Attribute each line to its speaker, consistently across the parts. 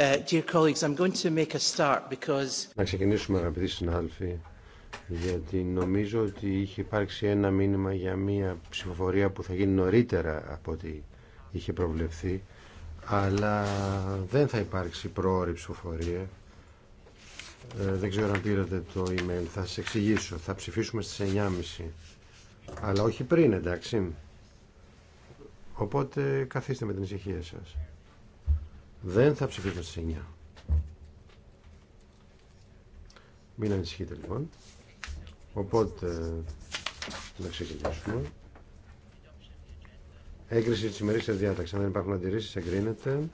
Speaker 1: Ε, start
Speaker 2: Να ξεκινήσουμε αγαπητοί συνάδελφοι, γιατί νομίζω ότι είχε υπάρξει ένα μήνυμα για μια ψηφοφορία που θα γίνει νωρίτερα από ό,τι είχε προβλεφθεί, αλλά δεν θα υπάρξει πρόορη ψηφοφορία. Ε, δεν ξέρω αν πήρατε το email, θα σας εξηγήσω. Θα ψηφίσουμε στις 9.30, αλλά όχι πριν εντάξει. Οπότε καθίστε με την ησυχία σας. Δεν θα ψηφίσουμε στις 9. Μην ανησυχείτε λοιπόν. Οπότε να ξεκινήσουμε. Έγκριση της ημερής σε διάταξη. Αν δεν υπάρχουν αντιρρήσεις εγκρίνεται.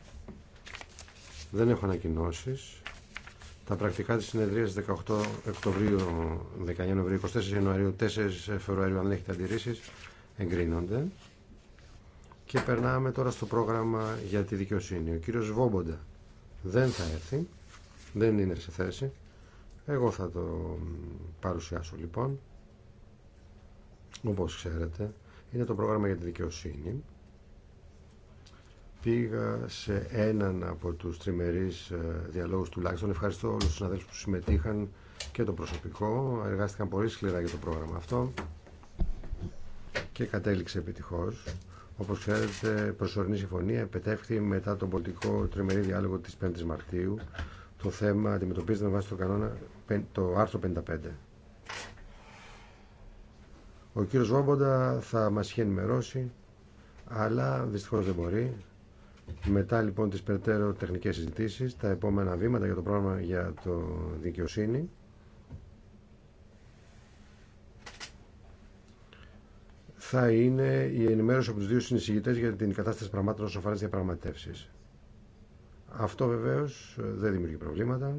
Speaker 2: Δεν έχω ανακοινώσει. Τα πρακτικά της συνεδρίας 18 Οκτωβρίου, 19 Νοεμβρίου, 24 Ιανουαρίου, 4 Φεβρουαρίου αν έχετε αντιρρήσεις εγκρίνονται. Και περνάμε τώρα στο πρόγραμμα για τη δικαιοσύνη. Ο κύριος Βόμποντα δεν θα έρθει, δεν είναι σε θέση. Εγώ θα το παρουσιάσω λοιπόν. Όπως ξέρετε, είναι το πρόγραμμα για τη δικαιοσύνη. Πήγα σε έναν από τους τριμερείς ε, διαλόγους τουλάχιστον. Ευχαριστώ όλους τους συναδέλφους που συμμετείχαν και το προσωπικό. Εργάστηκαν πολύ σκληρά για το πρόγραμμα αυτό και κατέληξε επιτυχώς. Όπως ξέρετε, προσωρινή συμφωνία επετεύχθη μετά τον πολιτικό τριμερή διάλογο της 5ης Μαρτίου. Το θέμα αντιμετωπίζεται με βάση το, κανόνα, το άρθρο 55. Ο κύριος Βόμποντα θα μας είχε ενημερώσει, αλλά δυστυχώς δεν μπορεί. Μετά λοιπόν τις περαιτέρω τεχνικές συζητήσεις, τα επόμενα βήματα για το πρόγραμμα για το δικαιοσύνη, θα είναι η ενημέρωση από του δύο συνεισηγητέ για την κατάσταση πραγμάτων όσο αφορά τι διαπραγματεύσεις. Αυτό βεβαίως ε, δεν δημιουργεί προβλήματα.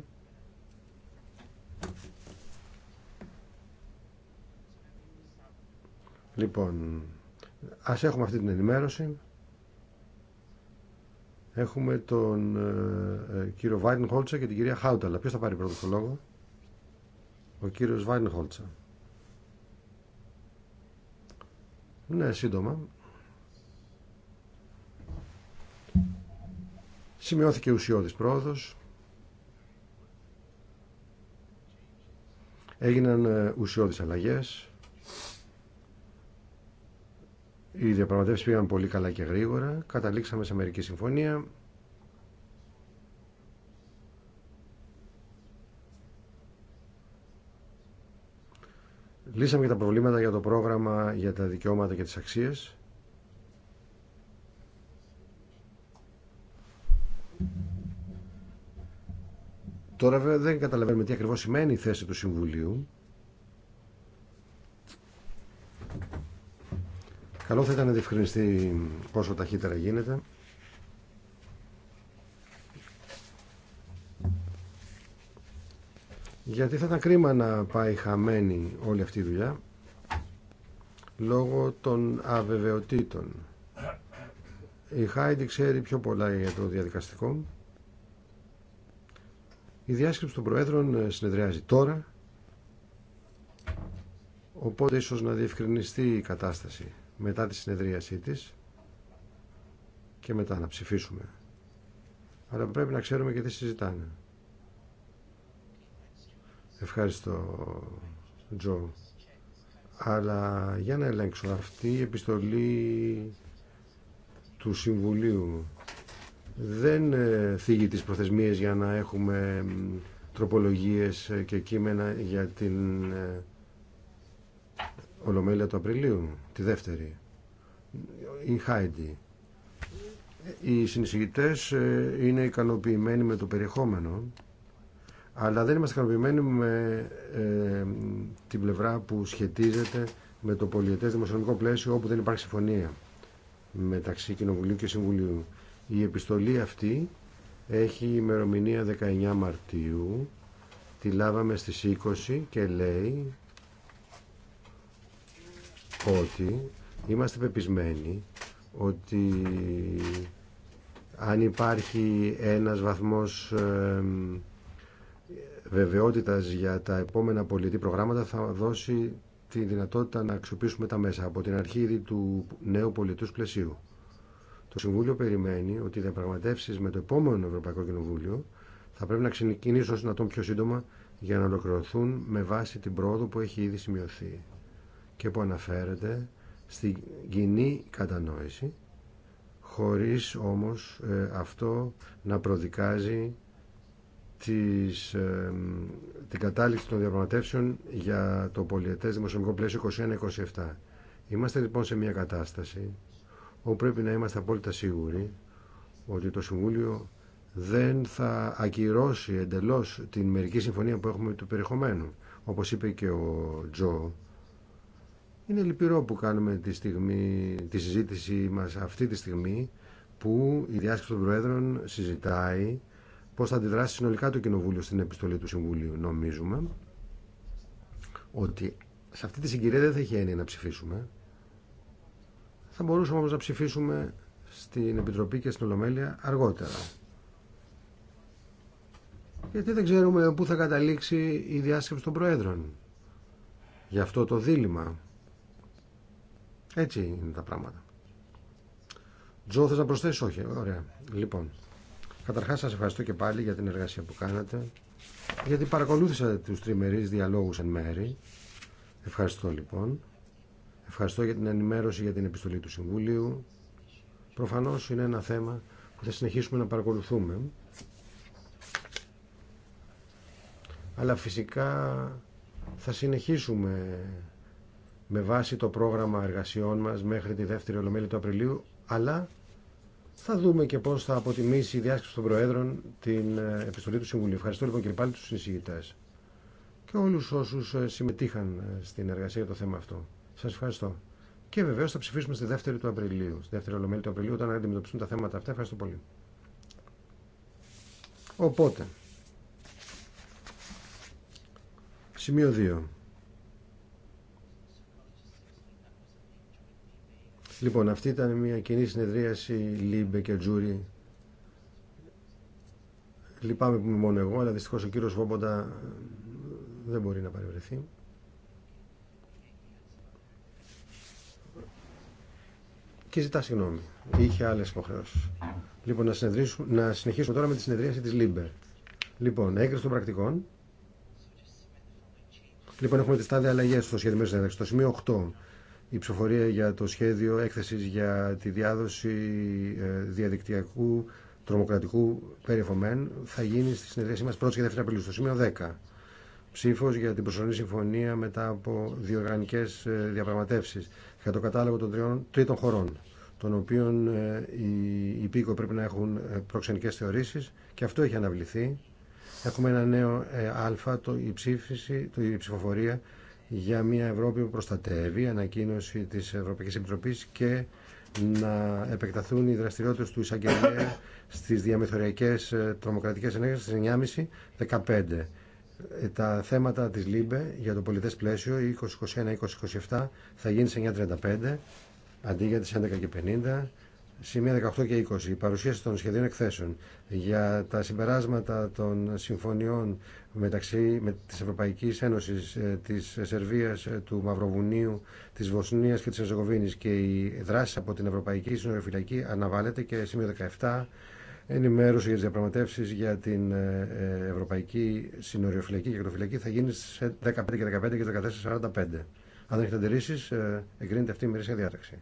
Speaker 2: Λοιπόν, ας έχουμε αυτή την ενημέρωση. Έχουμε τον ε, ε, κύριο Βάιντεν Χόλτσα και την κυρία Χάουταλα. Ποιος θα πάρει πρώτο το λόγο? Ο κύριος Βάιντεν Χόλτσα. Ναι, σύντομα. Σημειώθηκε ουσιώδης πρόοδος. Έγιναν ε, ουσιώδεις αλλαγές. Οι διαπραγματεύσεις πήγαν πολύ καλά και γρήγορα. Καταλήξαμε σε μερική συμφωνία. Λύσαμε και τα προβλήματα για το πρόγραμμα για τα δικαιώματα και τις αξίες. Τώρα βέβαια δεν καταλαβαίνουμε τι ακριβώς σημαίνει η θέση του Συμβουλίου. Καλό θα ήταν να διευκρινιστεί πόσο ταχύτερα γίνεται. γιατί θα ήταν κρίμα να πάει χαμένη όλη αυτή η δουλειά λόγω των αβεβαιοτήτων. Η Χάιντι ξέρει πιο πολλά για το διαδικαστικό. Η διάσκεψη των Προέδρων ε, συνεδριάζει τώρα, οπότε ίσως να διευκρινιστεί η κατάσταση μετά τη συνεδρίασή της και μετά να ψηφίσουμε. Αλλά πρέπει να ξέρουμε και τι συζητάνε. Ευχαριστώ, Τζο. Αλλά για να ελέγξω αυτή η επιστολή του Συμβουλίου δεν ε, θίγει τις προθεσμίες για να έχουμε τροπολογίες ε, και κείμενα για την ε, Ολομέλεια του Απριλίου, τη δεύτερη. Η Χάιντι. Οι συνεισηγητές είναι ικανοποιημένοι με το περιεχόμενο αλλά δεν είμαστε ικανοποιημένοι με ε, την πλευρά που σχετίζεται με το πολιετές δημοσιονομικό πλαίσιο όπου δεν υπάρχει συμφωνία μεταξύ Κοινοβουλίου και Συμβουλίου. Η επιστολή αυτή έχει ημερομηνία 19 Μαρτίου, τη λάβαμε στις 20 και λέει ότι είμαστε πεπισμένοι ότι αν υπάρχει ένας βαθμός ε, βεβαιότητα για τα επόμενα πολιτή προγράμματα θα δώσει τη δυνατότητα να αξιοποιήσουμε τα μέσα από την αρχή του νέου πολιτού πλαισίου. Το Συμβούλιο περιμένει ότι οι διαπραγματεύσει με το επόμενο Ευρωπαϊκό Κοινοβούλιο θα πρέπει να ξεκινήσουν όσο να το πιο σύντομα για να ολοκληρωθούν με βάση την πρόοδο που έχει ήδη σημειωθεί και που αναφέρεται στην κοινή κατανόηση χωρίς όμως ε, αυτό να προδικάζει της ε, την κατάληξη των διαπραγματεύσεων για το πολιετές δημοσιονομικό πλαίσιο 21-27. Είμαστε λοιπόν σε μια κατάσταση όπου πρέπει να είμαστε απόλυτα σίγουροι ότι το Συμβούλιο δεν θα ακυρώσει εντελώς την μερική συμφωνία που έχουμε του περιεχομένου. Όπως είπε και ο Τζο, είναι λυπηρό που κάνουμε τη, στιγμή, τη συζήτηση μας αυτή τη στιγμή που η διάσκεψη των Προέδρων συζητάει πώς θα αντιδράσει συνολικά το Κοινοβούλιο στην επιστολή του Συμβουλίου. Νομίζουμε ότι σε αυτή τη συγκυρία δεν θα είχε έννοια να ψηφίσουμε. Θα μπορούσαμε όμω να ψηφίσουμε στην Επιτροπή και στην Ολομέλεια αργότερα. Γιατί δεν ξέρουμε πού θα καταλήξει η διάσκεψη των Προέδρων. για αυτό το δίλημα. Έτσι είναι τα πράγματα. Τζο, θες να προσθέσεις, όχι. Ε, ωραία. Λοιπόν. Καταρχάς σας ευχαριστώ και πάλι για την εργασία που κάνατε, γιατί παρακολούθησα τους τριμερείς διαλόγους εν μέρη. Ευχαριστώ λοιπόν. Ευχαριστώ για την ενημέρωση για την επιστολή του Συμβουλίου. Προφανώς είναι ένα θέμα που θα συνεχίσουμε να παρακολουθούμε. Αλλά φυσικά θα συνεχίσουμε με βάση το πρόγραμμα εργασιών μας μέχρι τη δεύτερη ολομέλη του Απριλίου, αλλά θα δούμε και πώ θα αποτιμήσει η διάσκεψη των Προέδρων την ε, επιστολή του Συμβουλίου. Ευχαριστώ λοιπόν και πάλι του συζητητές και όλου όσου ε, συμμετείχαν ε, στην εργασία για το θέμα αυτό. Σα ευχαριστώ. Και βεβαίω θα ψηφίσουμε στη δεύτερη του Απριλίου, στη δεύτερη ολομέλη του Απριλίου, όταν αντιμετωπιστούν τα θέματα αυτά. Ευχαριστώ πολύ. Οπότε, σημείο 2. Λοιπόν, αυτή ήταν μια κοινή συνεδρίαση Λίμπε και Τζούρι. Λυπάμαι που είμαι μόνο εγώ, αλλά δυστυχώς ο κύριος Βόμποντα ε, δεν μπορεί να παρευρεθεί. Και ζητά συγγνώμη. Είχε άλλες υποχρεώσεις. Λοιπόν, να, να συνεχίσουμε τώρα με τη συνεδρίαση της Λίμπε. Λοιπόν, έγκριση των πρακτικών. Λοιπόν, έχουμε τη στάδια αλλαγές στο σχέδιο μέσα Το σημείο 8 η ψηφοφορία για το σχέδιο έκθεσης για τη διάδοση ε, διαδικτυακού τρομοκρατικού περιεχομένου θα γίνει στη συνεδρίαση μας 1η και 2η Απριλίου, στο σημείο 10. Ψήφος για την προσωρινή συμφωνία μετά από διοργανικές ε, διαπραγματεύσεις για το κατάλογο των τριών, τρίτων χωρών των οποίων ε, οι υπήκοοι πρέπει να έχουν προξενικές θεωρήσεις και αυτό έχει αναβληθεί. Έχουμε ένα νέο α, το, η, ψήφιση, το, η ψηφοφορία για μια Ευρώπη που προστατεύει, ανακοίνωση της Ευρωπαϊκής Επιτροπής και να επεκταθούν οι δραστηριότητες του εισαγγελέα στις διαμεθοριακές ε, τρομοκρατικές ενέργειες στις 9.30 15. Ε, τα θέματα της ΛΥΜΠΕ για το πολιτές πλαίσιο 2021-2027 θα γίνει σε 9.35 αντί για τις 11.50 Σημεία 18 και 20. Η παρουσίαση των σχεδίων εκθέσεων για τα συμπεράσματα των συμφωνιών μεταξύ με της Ευρωπαϊκής Ένωσης, ε, της Σερβίας, ε, του Μαυροβουνίου, της Βοσνίας και της Ερζεγοβίνης και η δράση από την Ευρωπαϊκή Συνοριοφυλακή αναβάλλεται και σημείο 17 ενημέρωση για τις διαπραγματεύσεις για την ε, Ευρωπαϊκή Συνοριοφυλακή και Εκτοφυλακή θα γίνει στις 15 και 15 και 14.45. Αν δεν έχετε αντιρρήσεις, εγκρίνεται αυτή η μερίσια διάταξη.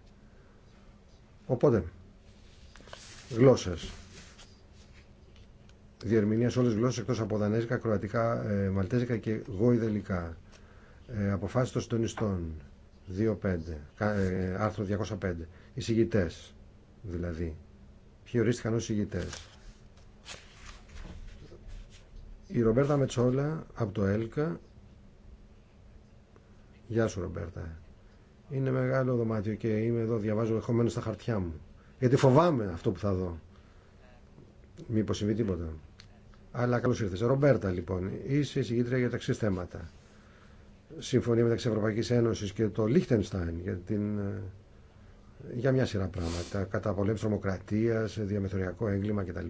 Speaker 2: Οπότε, γλώσσες. Διερμηνία σε όλες τις γλώσσες εκτός από δανέζικα, κροατικά, ε, μαλτέζικα και γοηδελικά. Ε, αποφάσεις των συντονιστών 2.5, ε, άρθρο 205. Εισηγητές δηλαδή. Ποιοι ορίστηκαν ως εισηγητές. Η Ρομπέρτα Μετσόλα από το ΕΛΚΑ. Γεια σου Ρομπέρτα. Είναι μεγάλο δωμάτιο και είμαι εδώ, διαβάζω εχόμενα στα χαρτιά μου. Γιατί φοβάμαι αυτό που θα δω. Μήπω συμβεί τίποτα. Αλλά καλώ ήρθες. Ρομπέρτα λοιπόν, είσαι εισηγήτρια για τα εξή θέματα. Συμφωνία μεταξύ Ευρωπαϊκής Ένωσης και το Λίχτενστάιν για, την... Ε, για μια σειρά πράγματα. Κατά πολέμης τρομοκρατία, διαμεθοριακό έγκλημα κτλ.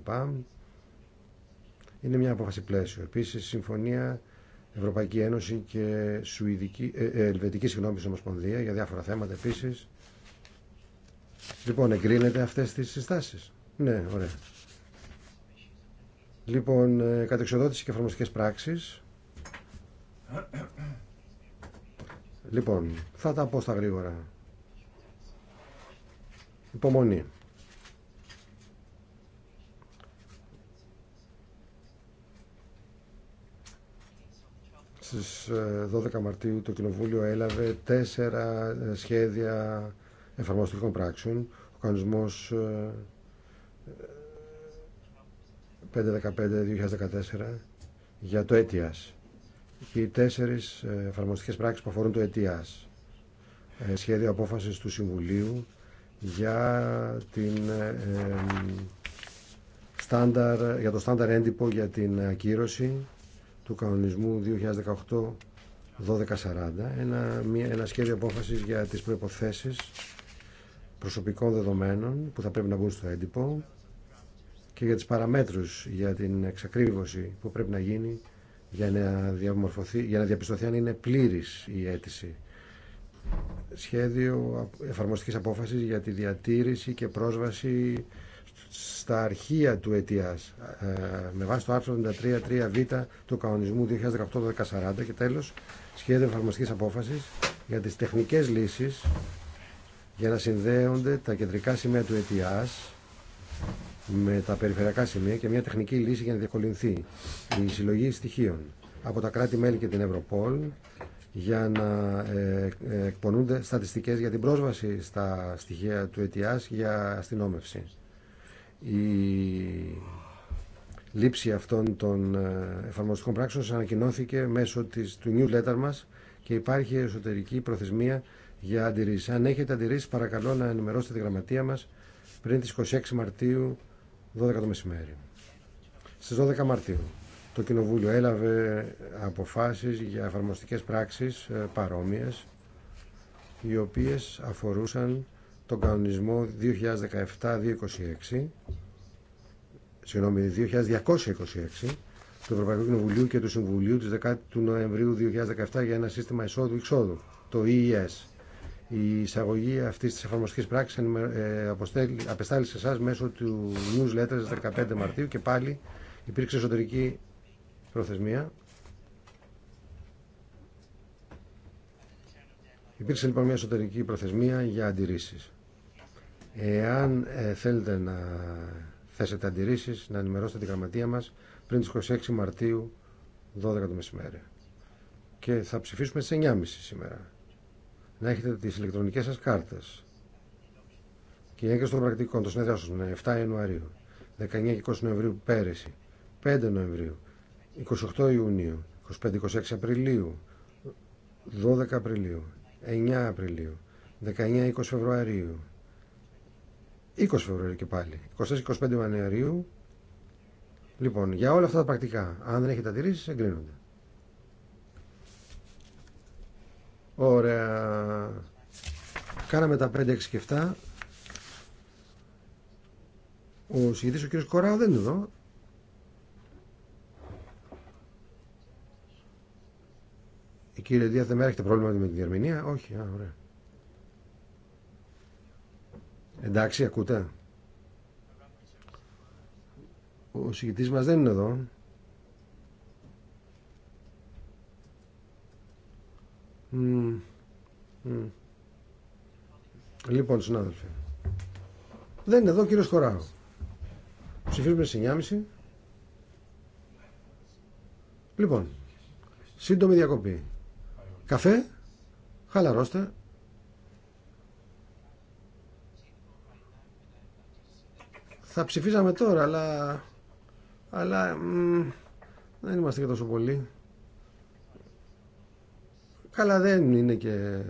Speaker 2: Είναι μια απόφαση πλαίσιο. Επίση, συμφωνία Ευρωπαϊκή Ένωση και Σουηδική, ε, ε, Ελβετική συγγνώμη Ομοσπονδία για διάφορα θέματα επίση Λοιπόν, εγκρίνεται αυτές τις συστάσεις. Ναι, ωραία. Λοιπόν, ε, κατεξοδότηση και εφαρμοστικές πράξεις. Λοιπόν, θα τα πω στα γρήγορα. Υπομονή. Στις 12 ε, Μαρτίου το Κοινοβούλιο έλαβε τέσσερα ε, σχέδια εφαρμοστικών πράξεων. Ο κανονισμός 515-2014 ε, ε, για το αιτία. οι τέσσερις ε, εφαρμοστικέ πράξεις που αφορούν το αιτία, Σχέδιο απόφασης του Συμβουλίου για, την, στάνταρ, για το στάνταρ έντυπο για την ακύρωση του κανονισμού 2018-1240 ένα, ένα σχέδιο απόφασης για τις προϋποθέσεις προσωπικών δεδομένων που θα πρέπει να μπουν στο έντυπο και για τις παραμέτρους για την εξακρίβωση που πρέπει να γίνει για να, διαμορφωθεί, για να διαπιστωθεί αν είναι πλήρης η αίτηση. Σχέδιο εφαρμοστικής απόφασης για τη διατήρηση και πρόσβαση στα αρχεία του αιτίας ε, με βάση το αρθρο 933 73.3β του κανονισμού 2018-2040 και τέλος σχέδιο εφαρμοστικής απόφασης για τις τεχνικές λύσεις για να συνδέονται τα κεντρικά σημεία του ΕΤΙΑΣ με τα περιφερειακά σημεία και μια τεχνική λύση για να διακολυνθεί η συλλογή στοιχείων από τα κράτη-μέλη και την Ευρωπόλ για να ε, ε, εκπονούνται στατιστικές για την πρόσβαση στα στοιχεία του ΕΤΙΑΣ για αστυνόμευση. Η λήψη αυτών των ε, εφαρμοστικών πράξεων ανακοινώθηκε μέσω της, του newsletter μας και υπάρχει εσωτερική προθεσμία για αντιρρήσει, Αν έχετε αντιρρήσει, παρακαλώ να ενημερώσετε τη γραμματεία μας πριν τι 26 Μαρτίου 12 το μεσημέρι. Στις 12 Μαρτίου το Κοινοβούλιο έλαβε αποφάσεις για εφαρμοστικέ πράξεις ε, παρόμοιε, οι οποίες αφορούσαν τον κανονισμό 2017-226 συγγνώμη 2226 του Ευρωπαϊκού Κοινοβουλίου και του Συμβουλίου της 10 του Νοεμβρίου 2017 για ένα σύστημα εισόδου-εξόδου, το EES. Η εισαγωγή αυτή τη εφαρμοστική πράξη ε, απεστάλλει σε εσά μέσω του newsletter 15 Μαρτίου και πάλι υπήρξε εσωτερική προθεσμία. Υπήρξε λοιπόν μια εσωτερική προθεσμία για αντιρρήσει. Εάν ε, θέλετε να θέσετε αντιρρήσει, να ενημερώσετε την γραμματεία μα πριν τι 26 Μαρτίου 12 το μεσημέρι. Και θα ψηφίσουμε στι 9.30 σήμερα να έχετε τι ηλεκτρονικέ σας κάρτες. Και η έγκριση των πρακτικών, το συνέδριό είναι 7 Ιανουαρίου, 19 και 20 Νοεμβρίου πέρυσι, 5 Νοεμβρίου, 28 Ιουνίου, 25-26 Απριλίου, 12 Απριλίου, 9 Απριλίου, 19-20 Φεβρουαρίου, 20 Φεβρουαρίου και πάλι, 24-25 Ιανουαρίου. Λοιπόν, για όλα αυτά τα πρακτικά, αν δεν έχετε αντιρρήσει εγκρίνονται. Ωραία. Κάναμε τα 5, 6 και 7. Ο συγητής ο κύριος Κοράου δεν είναι εδώ. Η ε, κύριε Δία δεν έχετε πρόβλημα με τη διερμηνία. Όχι, α, ωραία. Εντάξει, ακούτε. Ο συγητής μα δεν είναι εδώ. Λοιπόν, συνάδελφοι. Δεν είναι εδώ ο κύριος Κοράου. Ψηφίζουμε στις 9.30. Λοιπόν, σύντομη διακοπή. Καφέ, χαλαρώστε. Θα ψηφίζαμε τώρα, αλλά... Αλλά μ, δεν είμαστε και τόσο πολλοί. Καλά δεν είναι και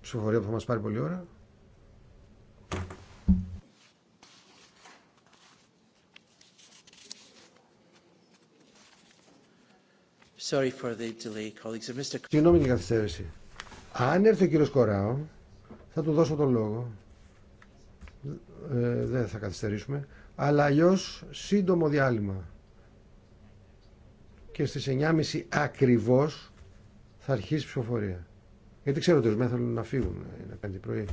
Speaker 2: ψηφοφορία που θα μας πάρει πολύ ώρα.
Speaker 1: Sorry for the delay, colleagues. Uh, Mr. Συγγνώμη για την καθυστέρηση.
Speaker 2: Αν έρθει ο κύριο Κοράο, θα του δώσω τον λόγο. Ε, δεν θα καθυστερήσουμε. Αλλά αλλιώ σύντομο διάλειμμα. Και στις 9.30 ακριβώς θα αρχίσει η ψηφοφορία. Γιατί ξέρω ότι ορισμένοι να φύγουν, είναι πέντε πρωί.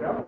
Speaker 3: Yeah.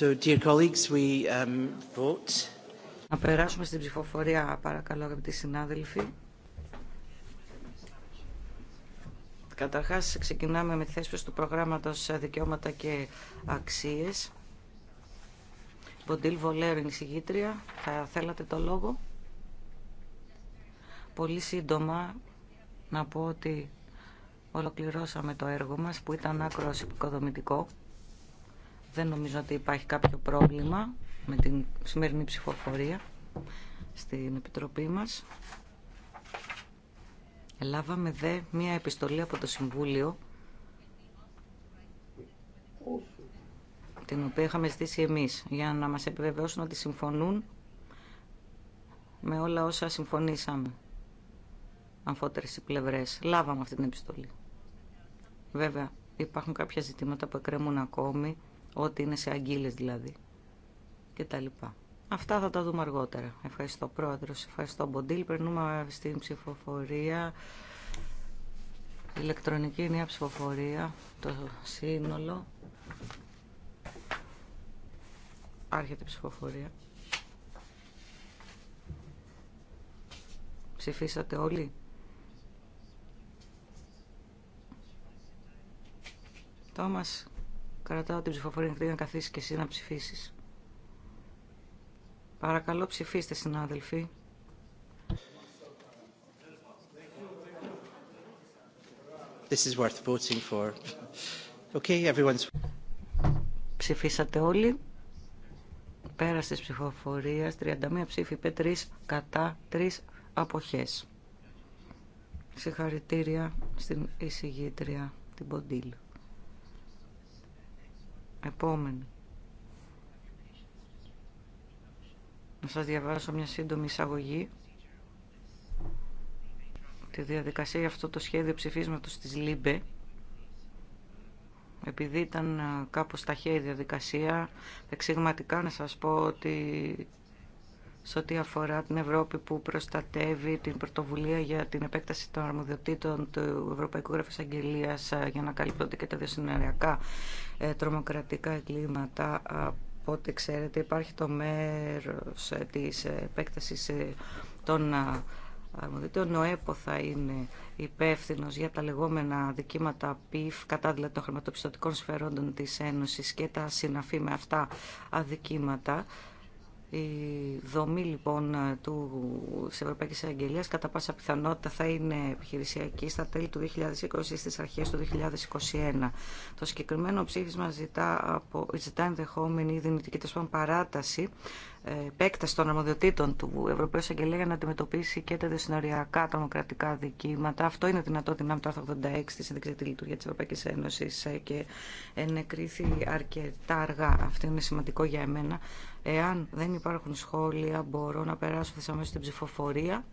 Speaker 1: Um,
Speaker 4: να περάσουμε στην ψηφοφορία, παρακαλώ, αγαπητοί συνάδελφοι. Καταρχάς, ξεκινάμε με τη θέσπιση του προγράμματος Δικαιώματα και Αξίες. Μποντήλ Βολέρη, εισηγήτρια. Θα θέλατε το λόγο. Πολύ σύντομα να πω ότι ολοκληρώσαμε το έργο μας που ήταν άκρο δεν νομίζω ότι υπάρχει κάποιο πρόβλημα με την σημερινή ψηφοφορία στην Επιτροπή μας. Λάβαμε δε μία επιστολή από το Συμβούλιο την οποία είχαμε ζητήσει εμείς για να μας επιβεβαιώσουν ότι συμφωνούν με όλα όσα συμφωνήσαμε αμφότερες οι πλευρές. Λάβαμε αυτή την επιστολή. Βέβαια, υπάρχουν κάποια ζητήματα που εκκρεμούν ακόμη ό,τι είναι σε αγγείλες δηλαδή και τα λοιπά. Αυτά θα τα δούμε αργότερα. Ευχαριστώ πρόεδρος, ευχαριστώ Μποντήλ. Περνούμε στην ψηφοφορία, ηλεκτρονική νέα ψηφοφορία, το σύνολο. Άρχεται η ψηφοφορία. Ψηφίσατε όλοι. Τόμας, Κρατάω την ψηφοφορία να καθίσει και εσύ να ψηφίσει. Παρακαλώ ψηφίστε συνάδελφοι. This is worth voting for. Okay, everyone's... Ψηφίσατε όλοι. Πέρασες τη ψηφοφορία 31 ψήφοι 3 κατά, 3 αποχές. Συγχαρητήρια στην εισηγήτρια, την Ποντήλ. Επόμενη. Να σας διαβάσω μια σύντομη εισαγωγή τη διαδικασία για αυτό το σχέδιο ψηφίσματος της ΛΥΜΠΕ επειδή ήταν ε, κάπως ταχαία η διαδικασία δεξιγματικά να σας πω ότι σε ό,τι αφορά την Ευρώπη που προστατεύει την πρωτοβουλία για την επέκταση των αρμοδιοτήτων του Ευρωπαϊκού Γραφείου Αγγελία ε, για να καλύπτονται και τα ε, τρομοκρατικά εγκλήματα. Από ό,τι ξέρετε, υπάρχει το μέρο ε, τη επέκταση ε, των αρμοδιοτήτων. Ο ΕΠΟ θα είναι υπεύθυνο για τα λεγόμενα δικήματα ΠΙΦ, κατά δηλαδή των χρηματοπιστωτικών σφαιρόντων τη Ένωση και τα συναφή με αυτά αδικήματα. Η δομή λοιπόν του Ευρωπαϊκή Αγγελία κατά πάσα πιθανότητα θα είναι επιχειρησιακή στα τέλη του 2020 ή στι αρχέ του 2021. Το συγκεκριμένο ψήφισμα ζητά, από, ζητά ενδεχόμενη δυνητική πάνω, παράταση ε, επέκταση των αρμοδιοτήτων του Ευρωπαίου Εισαγγελέα για να αντιμετωπίσει και τα διασυνοριακά τρομοκρατικά δικήματα. Αυτό είναι δυνατό δυνάμε το άρθρο 86 τη τη Λειτουργία τη Ευρωπαϊκή Ένωση ε, και ενεκρίθη αρκετά αργά. Αυτό είναι σημαντικό για εμένα. Εάν δεν υπάρχουν σχόλια, μπορώ να περάσω θες αμέσως στην ψηφοφορία.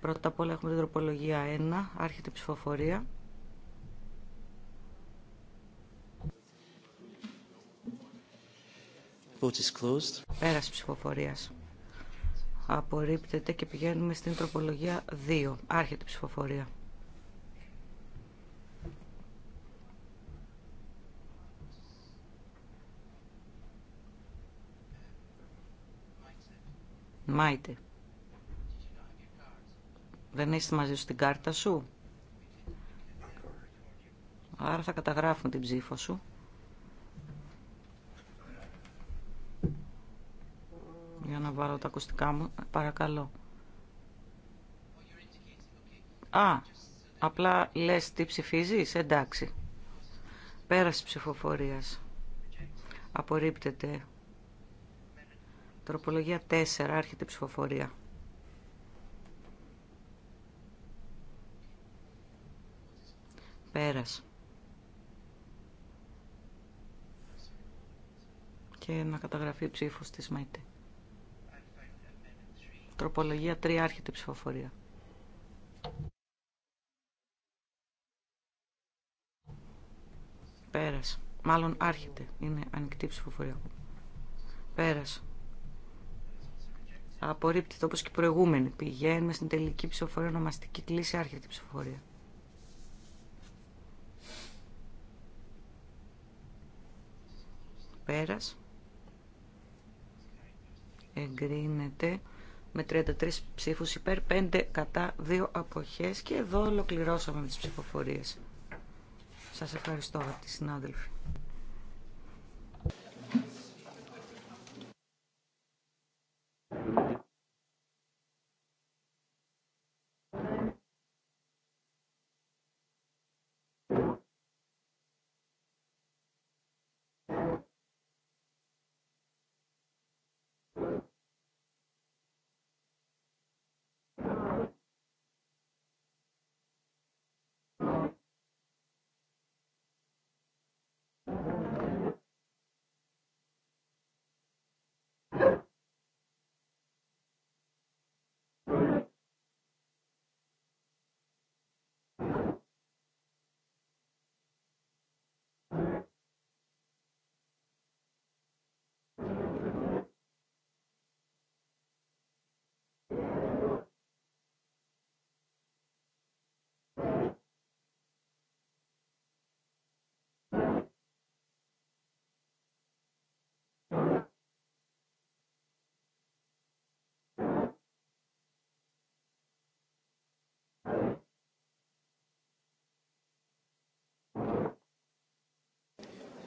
Speaker 4: Πρώτα απ' όλα έχουμε την τροπολογία 1, άρχεται η ψηφοφορία. Πέραση ψηφοφορίας. Απορρίπτεται και πηγαίνουμε στην τροπολογία 2, άρχεται η ψηφοφορία. Μάιτε. Δεν είσαι μαζί σου την κάρτα σου. Άρα θα καταγράφουν την ψήφο σου. Για να βάλω τα ακουστικά μου, παρακαλώ. Α, απλά λες τι ψηφίζεις, εντάξει. Πέραση ψηφοφορίας. Απορρίπτεται. Τροπολογία 4. Άρχεται η ψηφοφορία. Πέρας. Και να καταγραφεί η ψήφος της ΜΑΙΤΕ. Τροπολογία 3. Άρχεται η ψηφοφορία. Πέρας. Μάλλον άρχεται. Είναι ανοιχτή ψηφοφορία. Πέρας το όπως και προηγούμενη. Πηγαίνουμε στην τελική ψηφοφορία, ονομαστική κλίση, άρχεται ψηφοφορία. Πέρας. Εγκρίνεται με 33 ψήφους υπέρ, 5 κατά, 2 αποχές και εδώ ολοκληρώσαμε τις ψηφοφορίες. Σας ευχαριστώ αγαπητοί συνάδελφοι.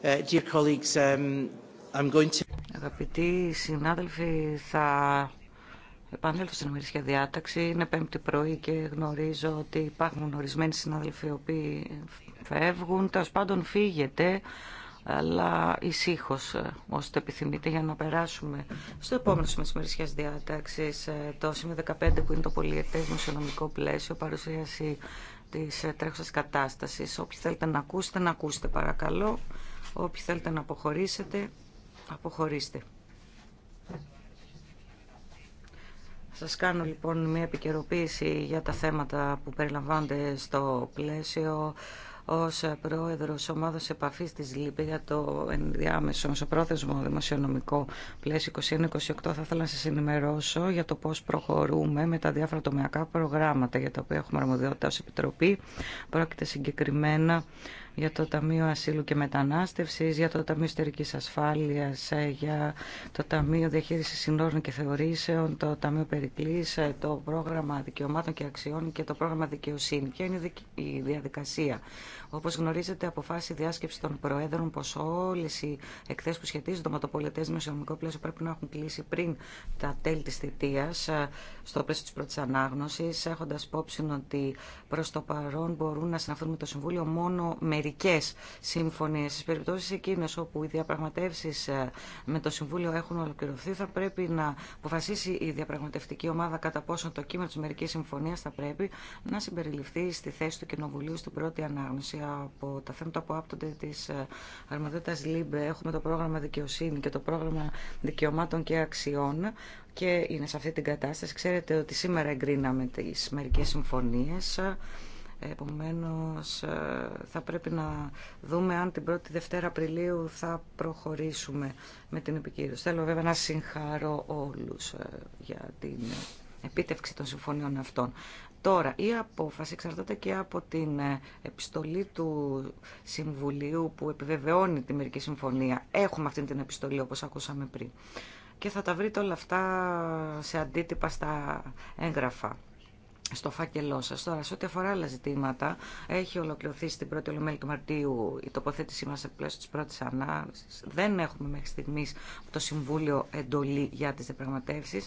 Speaker 1: Uh, dear colleagues,
Speaker 4: um, Αγαπητοί συνάδελφοι, θα επανέλθω στην ημερήσια διάταξη. Είναι πέμπτη πρωί και γνωρίζω ότι υπάρχουν ορισμένοι συνάδελφοι οι οποίοι φεύγουν. Τέλο πάντων φύγετε, αλλά ησύχω ε, το επιθυμείτε για να περάσουμε στο επόμενο σημείο τη ημερήσια διάταξη, ε, το σημείο 15 που είναι το πολιετέ μεσονομικό πλαίσιο, παρουσίαση τη ε, τρέχουσα κατάσταση. Όποιοι θέλετε να ακούσετε, να ακούσετε παρακαλώ. Όποιοι θέλετε να αποχωρήσετε, αποχωρήστε. Σας κάνω λοιπόν μια επικαιροποίηση για τα θέματα που περιλαμβάνονται στο πλαίσιο ως πρόεδρος ομάδας επαφής της ΛΥΠΗ για το ενδιάμεσο μεσοπρόθεσμο δημοσιονομικό πλαίσιο 21-28 θα ήθελα να σας ενημερώσω για το πώς προχωρούμε με τα διάφορα τομεακά προγράμματα για τα οποία έχουμε αρμοδιότητα ως Επιτροπή. Πρόκειται συγκεκριμένα για το Ταμείο Ασύλου και Μετανάστευσης, για το Ταμείο Στερικής Ασφάλειας, ε, για το Ταμείο Διαχείρισης Συνόρων και Θεωρήσεων, το Ταμείο Περικλής, ε, το Πρόγραμμα Δικαιωμάτων και Αξιών και το Πρόγραμμα Δικαιοσύνη. Ποια είναι η διαδικασία Όπω γνωρίζετε, αποφάσισε η διάσκεψη των Προέδρων πω όλε οι εκθέσει που σχετίζονται με το πολιτέ μεσονομικό πλαίσιο πρέπει να έχουν κλείσει πριν τα τέλη τη θητεία, ε, στο πλαίσιο τη πρώτη ανάγνωση, έχοντα υπόψη ότι προ το παρόν μπορούν να συναφθούν με το Συμβούλιο μόνο μερικέ σύμφωνε. Στι περιπτώσει εκείνε όπου οι διαπραγματεύσει ε, με το Συμβούλιο έχουν ολοκληρωθεί, θα πρέπει να αποφασίσει η διαπραγματευτική ομάδα κατά πόσο το κείμενο τη μερική συμφωνία θα πρέπει να συμπεριληφθεί στη θέση του Κοινοβουλίου στην πρώτη ανάγνωση από τα θέματα που άπτονται τη ε, αρμοδιότητα ΛΥΜΠΕ. Έχουμε το πρόγραμμα δικαιοσύνη και το πρόγραμμα δικαιωμάτων και αξιών και είναι σε αυτή την κατάσταση. Ξέρετε ότι σήμερα εγκρίναμε τι μερικέ συμφωνίε. Ε, Επομένω, ε, θα πρέπει να δούμε αν την 1η Δευτέρα Απριλίου θα προχωρήσουμε με την επικύρωση. Θέλω βέβαια να συγχαρώ όλου για την επίτευξη των συμφωνιών αυτών. Τώρα, η απόφαση εξαρτάται και από την ε, επιστολή του Συμβουλίου που επιβεβαιώνει τη μερική συμφωνία. Έχουμε αυτή την επιστολή όπως ακούσαμε πριν. Και θα τα βρείτε όλα αυτά σε αντίτυπα στα έγγραφα στο φάκελό σα. Τώρα, σε ό,τι αφορά άλλα ζητήματα, έχει ολοκληρωθεί στην πρώτη ολομέλη του Μαρτίου η τοποθέτησή μα σε πλαίσιο τη πρώτη ανάγκη. Δεν έχουμε μέχρι στιγμή το Συμβούλιο εντολή για τι διαπραγματεύσει.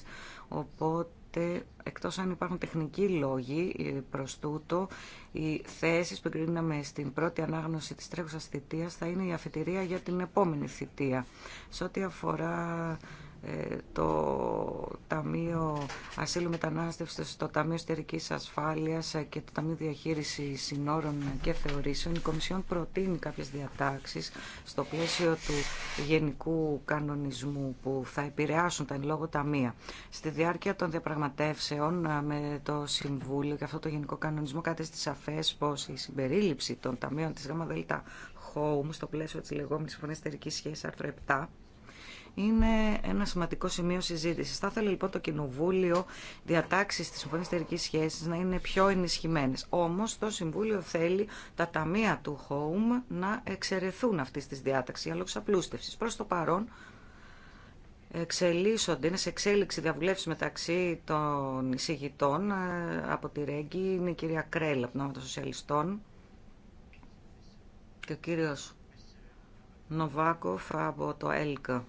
Speaker 4: Οπότε, εκτός αν υπάρχουν τεχνικοί λόγοι ε, προς τούτο, οι θέσεις που εγκρίναμε στην πρώτη ανάγνωση της τρέχουσας θητείας θα είναι η αφετηρία για την επόμενη θητεία. Σε ό,τι αφορά ε, το Ταμείο Ασύλου Μετανάστευσης, το Ταμείο Στερικής Ασφάλειας και το Ταμείο Διαχείριση Συνόρων και Θεωρήσεων. Η Κομισιόν προτείνει κάποιες διατάξεις στο πλαίσιο του γενικού κανονισμού που θα επηρεάσουν τα εν λόγω ταμεία. Στη διάρκεια των διαπραγματεύσεων ε, με το Συμβούλιο και αυτό το γενικό κανονισμό στις σαφές πως η συμπερίληψη των ταμείων της ΓΔ Home στο πλαίσιο της λεγόμενης συμφωνια σχέσης άρθρο 7 είναι ένα σημαντικό σημείο συζήτηση. Θα θέλει λοιπόν το Κοινοβούλιο διατάξει τη Συμφωνία Εταιρική Σχέση να είναι πιο ενισχυμένε. Όμω το Συμβούλιο θέλει τα ταμεία του Home να εξαιρεθούν αυτή τη διάταξη για λόγου απλούστευση. Προ το παρόν, εξελίσσονται, είναι σε εξέλιξη διαβουλεύση μεταξύ των εισηγητών ε, από τη Ρέγκη, είναι η κυρία Κρέλα από των Σοσιαλιστών και ο κύριος Νοβάκοφ από το ΕΛΚΑ.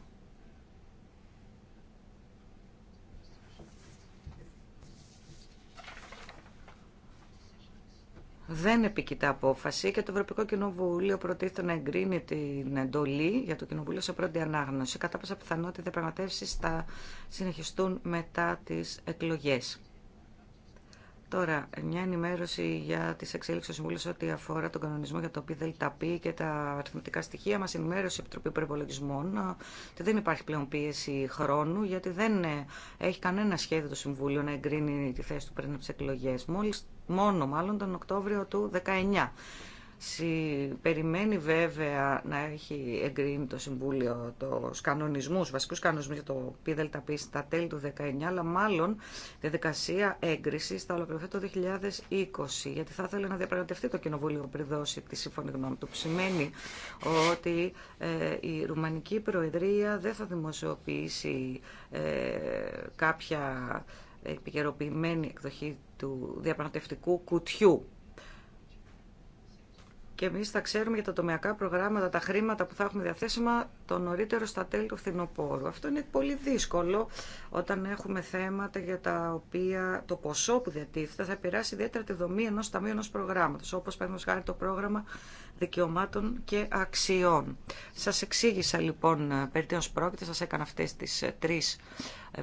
Speaker 4: δεν επικοιτά απόφαση και το Ευρωπαϊκό Κοινοβούλιο προτίθεται να εγκρίνει την εντολή για το Κοινοβούλιο σε πρώτη ανάγνωση. Κατά πάσα πιθανότητα οι διαπραγματεύσει θα συνεχιστούν μετά τι εκλογέ. Τώρα, μια ενημέρωση για τι εξέλιξει του Συμβούλου ό,τι αφορά τον κανονισμό για το ΠΔΕΛΤΑΠΗ και τα αριθμητικά στοιχεία. Μα ενημέρωσε η Επιτροπή Προπολογισμών ότι δεν υπάρχει πλέον πίεση χρόνου, γιατί δεν ε, έχει κανένα σχέδιο το Συμβούλιο να εγκρίνει τη θέση του πριν από τι εκλογέ. Μόνο μάλλον τον Οκτώβριο του 2019. Περιμένει βέβαια να έχει εγκρίνει το Συμβούλιο του κανονισμού, βασικού κανονισμού για το πι-δελ-τα-πι στα τέλη του 2019, αλλά μάλλον τη διαδικασία έγκριση θα ολοκληρωθεί το 2020, γιατί θα ήθελε να διαπραγματευτεί το Κοινοβούλιο πριν δώσει τη σύμφωνη γνώμη του, που σημαίνει ότι ε, η Ρουμανική Προεδρία δεν θα δημοσιοποιήσει ε, κάποια επικαιροποιημένη εκδοχή του διαπραγματευτικού κουτιού και εμεί θα ξέρουμε για τα τομεακά προγράμματα, τα χρήματα που θα έχουμε διαθέσιμα το νωρίτερο στα τέλη του φθινοπόρου. Αυτό είναι πολύ δύσκολο όταν έχουμε θέματα για τα οποία το ποσό που διατίθεται θα επηρεάσει ιδιαίτερα τη δομή ενό ταμείου ενό προγράμματο. Όπω παραδείγματο χάρη το πρόγραμμα δικαιωμάτων και αξιών. Σας εξήγησα λοιπόν ε, περί τίνος πρόκειται, σας έκανα αυτές τις ε, τρεις ε,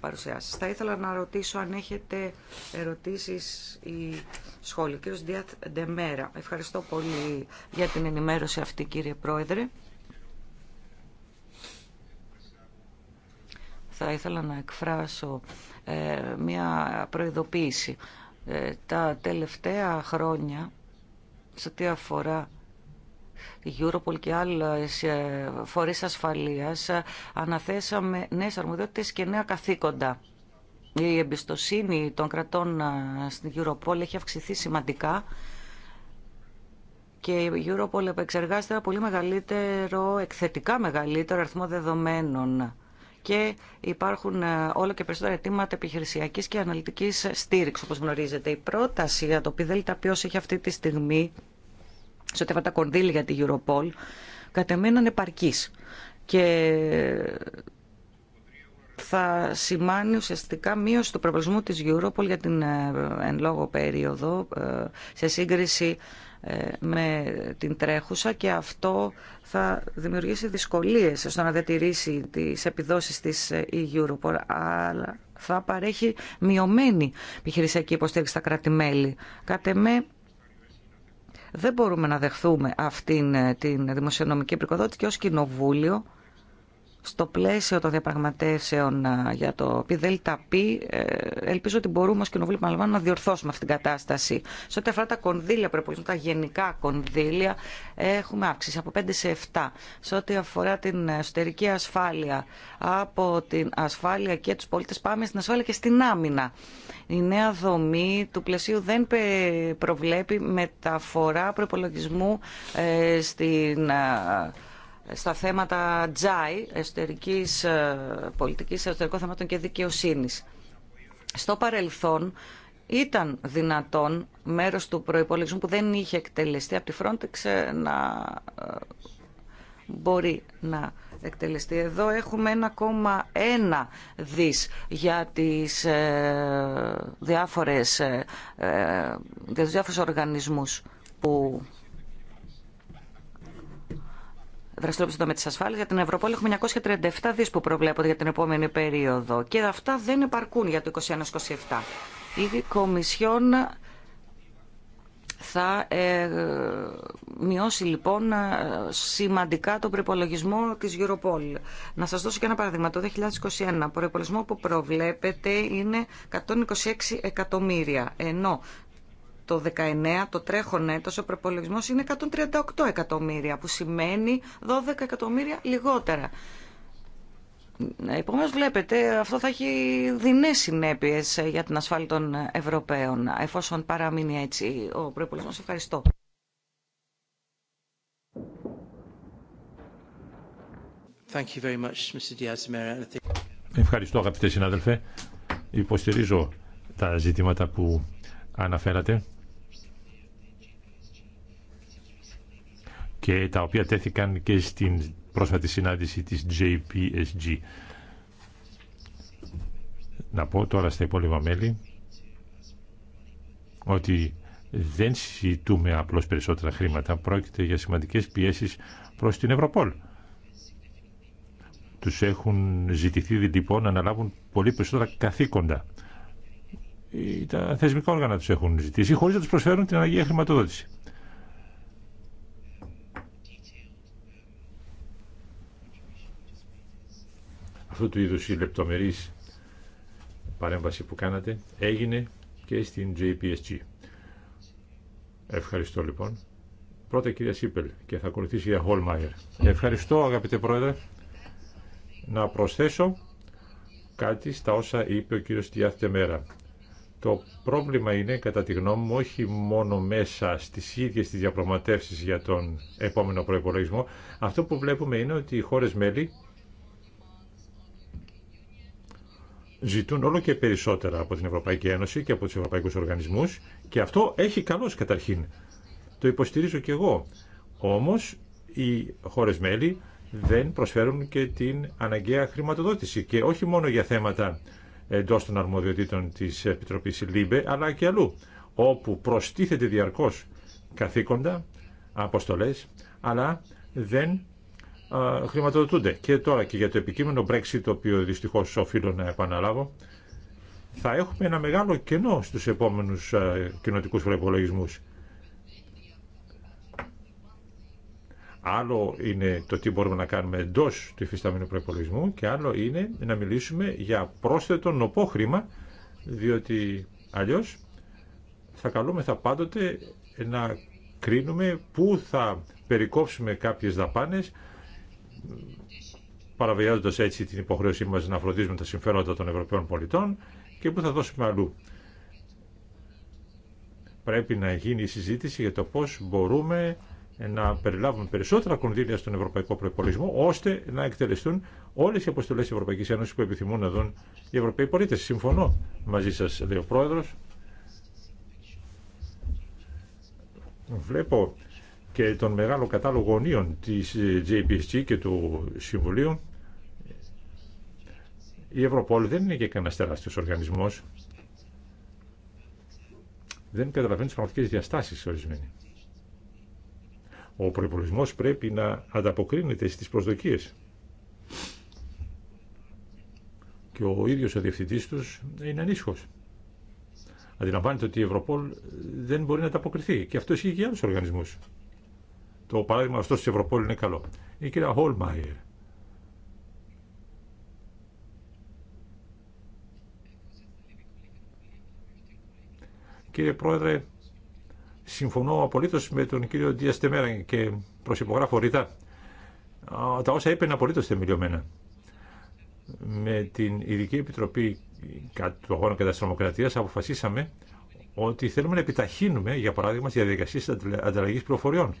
Speaker 4: παρουσιάσεις. Θα ήθελα να ρωτήσω αν έχετε ερωτήσεις ή σχόλια. διά Διάθ Ντεμέρα, ευχαριστώ πολύ για την ενημέρωση αυτή κύριε Πρόεδρε. Θα ήθελα να εκφράσω μια προειδοποίηση. τα τελευταία χρόνια σε ό,τι αφορά η Europol και άλλες ε, φορείς ασφαλείας, ε, αναθέσαμε νέες αρμοδιότητες και νέα καθήκοντα. Η εμπιστοσύνη των κρατών ε, στην Europol έχει αυξηθεί σημαντικά και η Europol επεξεργάζεται ένα πολύ μεγαλύτερο, εκθετικά μεγαλύτερο αριθμό δεδομένων και υπάρχουν όλο και περισσότερα αιτήματα επιχειρησιακής και αναλυτικής στήριξης, όπως γνωρίζετε. Η πρόταση για το πιδέλτα ποιος έχει αυτή τη στιγμή σε ό,τι αφορά τα κονδύλια για τη Europol, κατά μένα επαρκής. Και θα σημάνει ουσιαστικά μείωση του προβλησμού της Europol για την ε, εν λόγω περίοδο ε, σε σύγκριση ε, με την τρέχουσα και αυτό θα δημιουργήσει δυσκολίες στο να διατηρήσει τις επιδόσεις της Europol αλλά θα παρέχει μειωμένη επιχειρησιακή υποστήριξη στα κράτη-μέλη. Κατ' Δεν μπορούμε να δεχθούμε αυτήν ε, την δημοσιονομική πρικοδότηση και ως κοινοβούλιο στο πλαίσιο των διαπραγματεύσεων για το ΠΔΠ, ε, ελπίζω ότι μπορούμε ως κοινοβούλιο να διορθώσουμε αυτή την κατάσταση. Σε ό,τι αφορά τα κονδύλια τα γενικά κονδύλια, έχουμε αύξηση από 5 σε 7. Σε ό,τι αφορά την εσωτερική ασφάλεια, από την ασφάλεια και τους πολίτες πάμε στην ασφάλεια και στην άμυνα. Η νέα δομή του πλαισίου δεν προβλέπει μεταφορά προπολογισμού ε, στην στα θέματα τζάι, εσωτερικής ε, πολιτικής, εσωτερικών θεμάτων και δικαιοσύνης. Στο παρελθόν ήταν δυνατόν μέρος του προϋπολογισμού που δεν είχε εκτελεστεί από τη Frontex ε, να ε, μπορεί να εκτελεστεί. Εδώ έχουμε 1,1 δις για τις διάφορες, για τους διάφορους οργανισμούς που δραστηριοποιούνται με τι ασφάλειε. Για την Ευρωπόλη έχουμε 937 δι που προβλέπονται για την επόμενη περίοδο. Και αυτά δεν επαρκούν για το 2021-2027. Η Κομισιόν θα ε, μειώσει λοιπόν σημαντικά τον προπολογισμό τη Europol. Να σα δώσω και ένα παράδειγμα. Το 2021 προπολογισμό που προβλέπεται είναι 126 εκατομμύρια, ενώ το 19, το τρέχον έτος, ο προπολογισμό είναι 138 εκατομμύρια, που σημαίνει 12 εκατομμύρια λιγότερα. Ε, Επομένω, βλέπετε, αυτό θα έχει δεινέ συνέπειε για την ασφάλεια των Ευρωπαίων, εφόσον παραμείνει έτσι ο προπολογισμό. Ευχαριστώ. Thank
Speaker 1: you very much, Mr.
Speaker 5: Ευχαριστώ αγαπητέ συνάδελφε. Υποστηρίζω τα ζητήματα που αναφέρατε. και τα οποία τέθηκαν και στην πρόσφατη συνάντηση της JPSG. Να πω τώρα στα υπόλοιπα μέλη ότι δεν συζητούμε απλώς περισσότερα χρήματα. Πρόκειται για σημαντικές πιέσεις προς την Ευρωπόλ. Τους έχουν ζητηθεί λοιπόν να αναλάβουν πολύ περισσότερα καθήκοντα. Τα θεσμικά όργανα τους έχουν ζητήσει χωρίς να τους προσφέρουν την αναγκαία χρηματοδότηση. αυτού του είδους η λεπτομερής παρέμβαση που κάνατε έγινε και στην JPSG. Ευχαριστώ λοιπόν. Πρώτα κυρία Σίπελ και θα ακολουθήσει η κυρία Ευχαριστώ αγαπητέ πρόεδρε. Να προσθέσω κάτι στα όσα είπε ο κύριος Τιάθτε Μέρα. Το πρόβλημα είναι, κατά τη γνώμη μου, όχι μόνο μέσα στις ίδιες τις διαπραγματεύσεις για τον επόμενο προϋπολογισμό. Αυτό που βλέπουμε είναι ότι οι χώρες μέλη ζητούν όλο και περισσότερα από την Ευρωπαϊκή Ένωση και από τους ευρωπαϊκούς οργανισμούς και αυτό έχει καλώς καταρχήν. Το υποστηρίζω και εγώ. Όμως οι χώρες μέλη δεν προσφέρουν και την αναγκαία χρηματοδότηση και όχι μόνο για θέματα εντό των αρμοδιοτήτων της Επιτροπής ΛΥΜΠΕ αλλά και αλλού όπου προστίθεται διαρκώς καθήκοντα, αποστολές αλλά δεν χρηματοδοτούνται. Και τώρα και για το επικείμενο Brexit, το οποίο δυστυχώς οφείλω να επαναλάβω, θα έχουμε ένα μεγάλο κενό στους επόμενους κοινοτικούς προϋπολογισμούς. Άλλο είναι το τι μπορούμε να κάνουμε εντό του υφιστάμενου προπολογισμού και άλλο είναι να μιλήσουμε για πρόσθετο νοπό χρήμα, διότι αλλιώ θα θα πάντοτε να κρίνουμε πού θα περικόψουμε κάποιες δαπάνες παραβιάζοντας έτσι την υποχρέωσή μας να φροντίζουμε τα συμφέροντα των Ευρωπαίων πολιτών και που θα δώσουμε αλλού. Πρέπει να γίνει η συζήτηση για το πώς μπορούμε να περιλάβουμε περισσότερα κονδύλια στον ευρωπαϊκό προπολογισμό, ώστε να εκτελεστούν όλε οι αποστολέ τη Ευρωπαϊκή Ένωση που επιθυμούν να δουν οι Ευρωπαίοι πολίτε. Συμφωνώ μαζί σα, λέει ο Πρόεδρο. Βλέπω και τον μεγάλο κατάλογο ονείων της ε, JPSG και του Συμβουλίου, η Ευρωπόλ δεν είναι και κανένα τεράστιο οργανισμό. Δεν καταλαβαίνει τι πραγματικέ διαστάσει ορισμένοι. Ο προπολογισμό πρέπει να ανταποκρίνεται στι προσδοκίε. Και ο ίδιο ο διευθυντή του είναι ανήσυχο. Αντιλαμβάνεται ότι η Ευρωπόλ δεν μπορεί να ανταποκριθεί. Και αυτό ισχύει και για άλλου οργανισμού. Το παράδειγμα αυτό τη Ευρωπόλη είναι καλό. Η κυρία Χολμάιερ. Κύριε Πρόεδρε, συμφωνώ απολύτω με τον κύριο Ντία Στεμέρα και προσυπογράφω ρητά. Τα όσα είπε είναι απολύτω θεμελιωμένα. Με την Ειδική Επιτροπή του Αγώνα κατά τη Τρομοκρατία αποφασίσαμε ότι θέλουμε να επιταχύνουμε, για παράδειγμα, διαδικασία διαδικασίε ανταλλαγή πληροφοριών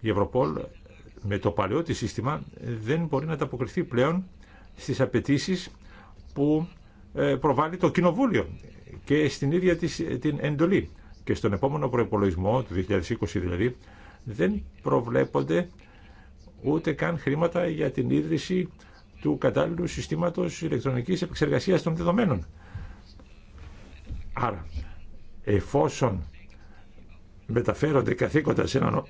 Speaker 5: η Ευρωπόλ με το παλαιό τη σύστημα δεν μπορεί να ανταποκριθεί πλέον στις απαιτήσει που ε, προβάλλει το Κοινοβούλιο και στην ίδια την εντολή. Και στον επόμενο προπολογισμό του 2020 δηλαδή δεν προβλέπονται ούτε καν χρήματα για την ίδρυση του κατάλληλου συστήματος ηλεκτρονικής επεξεργασίας των δεδομένων. Άρα, εφόσον μεταφέρονται καθήκοντα σε έναν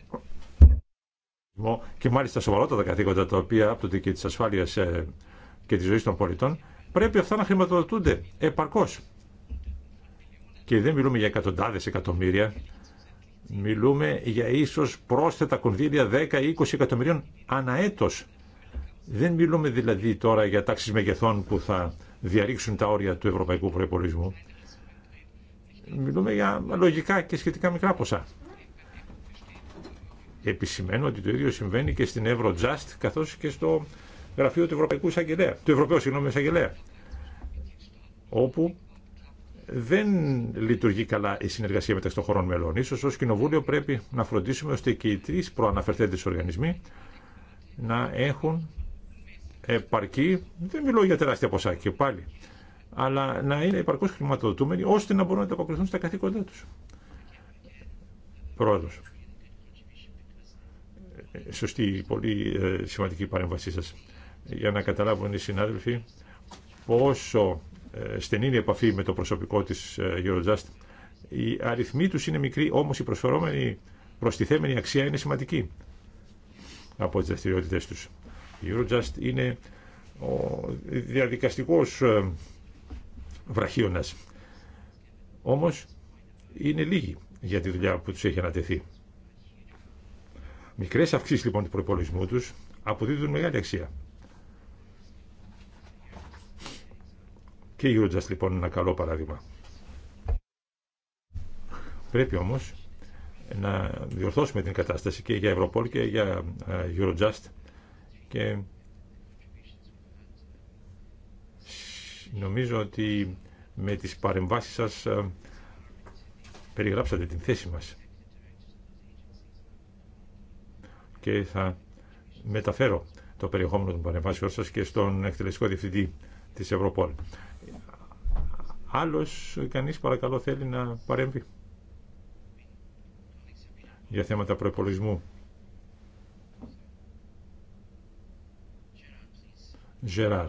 Speaker 5: και μάλιστα σοβαρότατα καθήκοντα τα οποία το ε, και τη ασφάλεια και τη ζωή των πολιτών, πρέπει αυτά να χρηματοδοτούνται επαρκώ. Και δεν μιλούμε για εκατοντάδε εκατομμύρια. Μιλούμε για ίσω πρόσθετα κονδύλια 10-20 εκατομμυρίων έτος. Δεν μιλούμε δηλαδή τώρα για τάξει μεγεθών που θα διαρρήξουν τα όρια του ευρωπαϊκού προπολογισμού. Μιλούμε για λογικά και σχετικά μικρά ποσά επισημαίνω ότι το ίδιο συμβαίνει και στην Eurojust καθώ και στο γραφείο του Ευρωπαϊκού Εισαγγελέα, του Ευρωπαίου συγγνώμη, Εισαγγελέα, όπου δεν λειτουργεί καλά η συνεργασία μεταξύ των χωρών μελών. Ίσως ω Κοινοβούλιο πρέπει να φροντίσουμε ώστε και οι τρει προαναφερθέντες οργανισμοί να έχουν επαρκή, δεν μιλώ για τεράστια ποσά και πάλι, αλλά να είναι επαρκώς χρηματοδοτούμενοι ώστε να μπορούν να ανταποκριθούν στα καθήκοντά του. Πρόεδρος σωστή, πολύ ε, σημαντική παρέμβασή σας για να καταλάβουν οι συνάδελφοι πόσο ε, στενή είναι η επαφή με το προσωπικό της ε, Eurojust. Οι αριθμοί τους είναι μικροί, όμως η προσφερόμενη προστιθέμενη αξία είναι σημαντική από τις δραστηριότητε τους. Η Eurojust είναι ο διαδικαστικός βραχίωνας. Όμως είναι λίγοι για τη δουλειά που τους έχει ανατεθεί. Μικρές αυξήσεις λοιπόν του προπολογισμού τους αποδίδουν μεγάλη αξία. Και η Eurojust λοιπόν είναι ένα καλό παράδειγμα. Πρέπει όμως να διορθώσουμε την κατάσταση και για Ευρωπόλ και για ε, Eurojust και νομίζω ότι με τις παρεμβάσεις σας ε, περιγράψατε την θέση μας. και θα μεταφέρω το περιεχόμενο των παρεμβάσεων σας και στον εκτελεστικό διευθυντή της Ευρωπόλ. Άλλος κανείς παρακαλώ θέλει να παρέμβει για θέματα προπολογισμού. Γεράρ.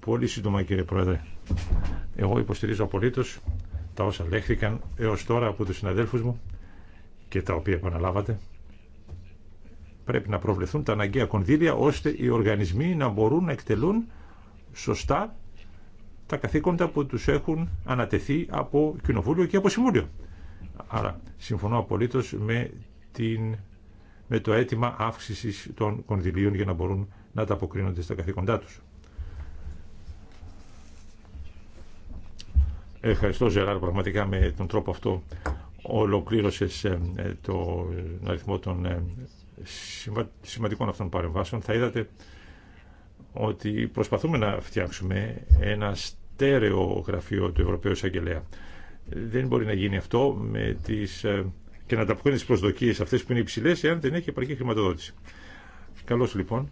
Speaker 5: Πολύ σύντομα κύριε Πρόεδρε. Εγώ υποστηρίζω απολύτως τα όσα λέχθηκαν έως τώρα από τους συναδέλφους μου και τα οποία επαναλάβατε. Πρέπει να προβλεφθούν τα αναγκαία κονδύλια ώστε οι οργανισμοί να μπορούν να εκτελούν σωστά τα καθήκοντα που τους έχουν ανατεθεί από Κοινοβούλιο και από Συμβούλιο. Άρα συμφωνώ απολύτως με, την, με το αίτημα αύξησης των κονδυλίων για να μπορούν να τα αποκρίνονται στα καθήκοντά τους. Ευχαριστώ Ζεράρ, πραγματικά με τον τρόπο αυτό ολοκλήρωσες ε, ε, τον αριθμό των ε, σημαντικών αυτών παρεμβάσεων θα είδατε ότι προσπαθούμε να φτιάξουμε ένα στέρεο γραφείο του Ευρωπαίου Εισαγγελέα. Δεν μπορεί να γίνει αυτό με τις, ε, και να ανταποκρίνει τι προσδοκίε αυτέ που είναι υψηλέ, εάν δεν έχει επαρκή χρηματοδότηση. Καλώ λοιπόν.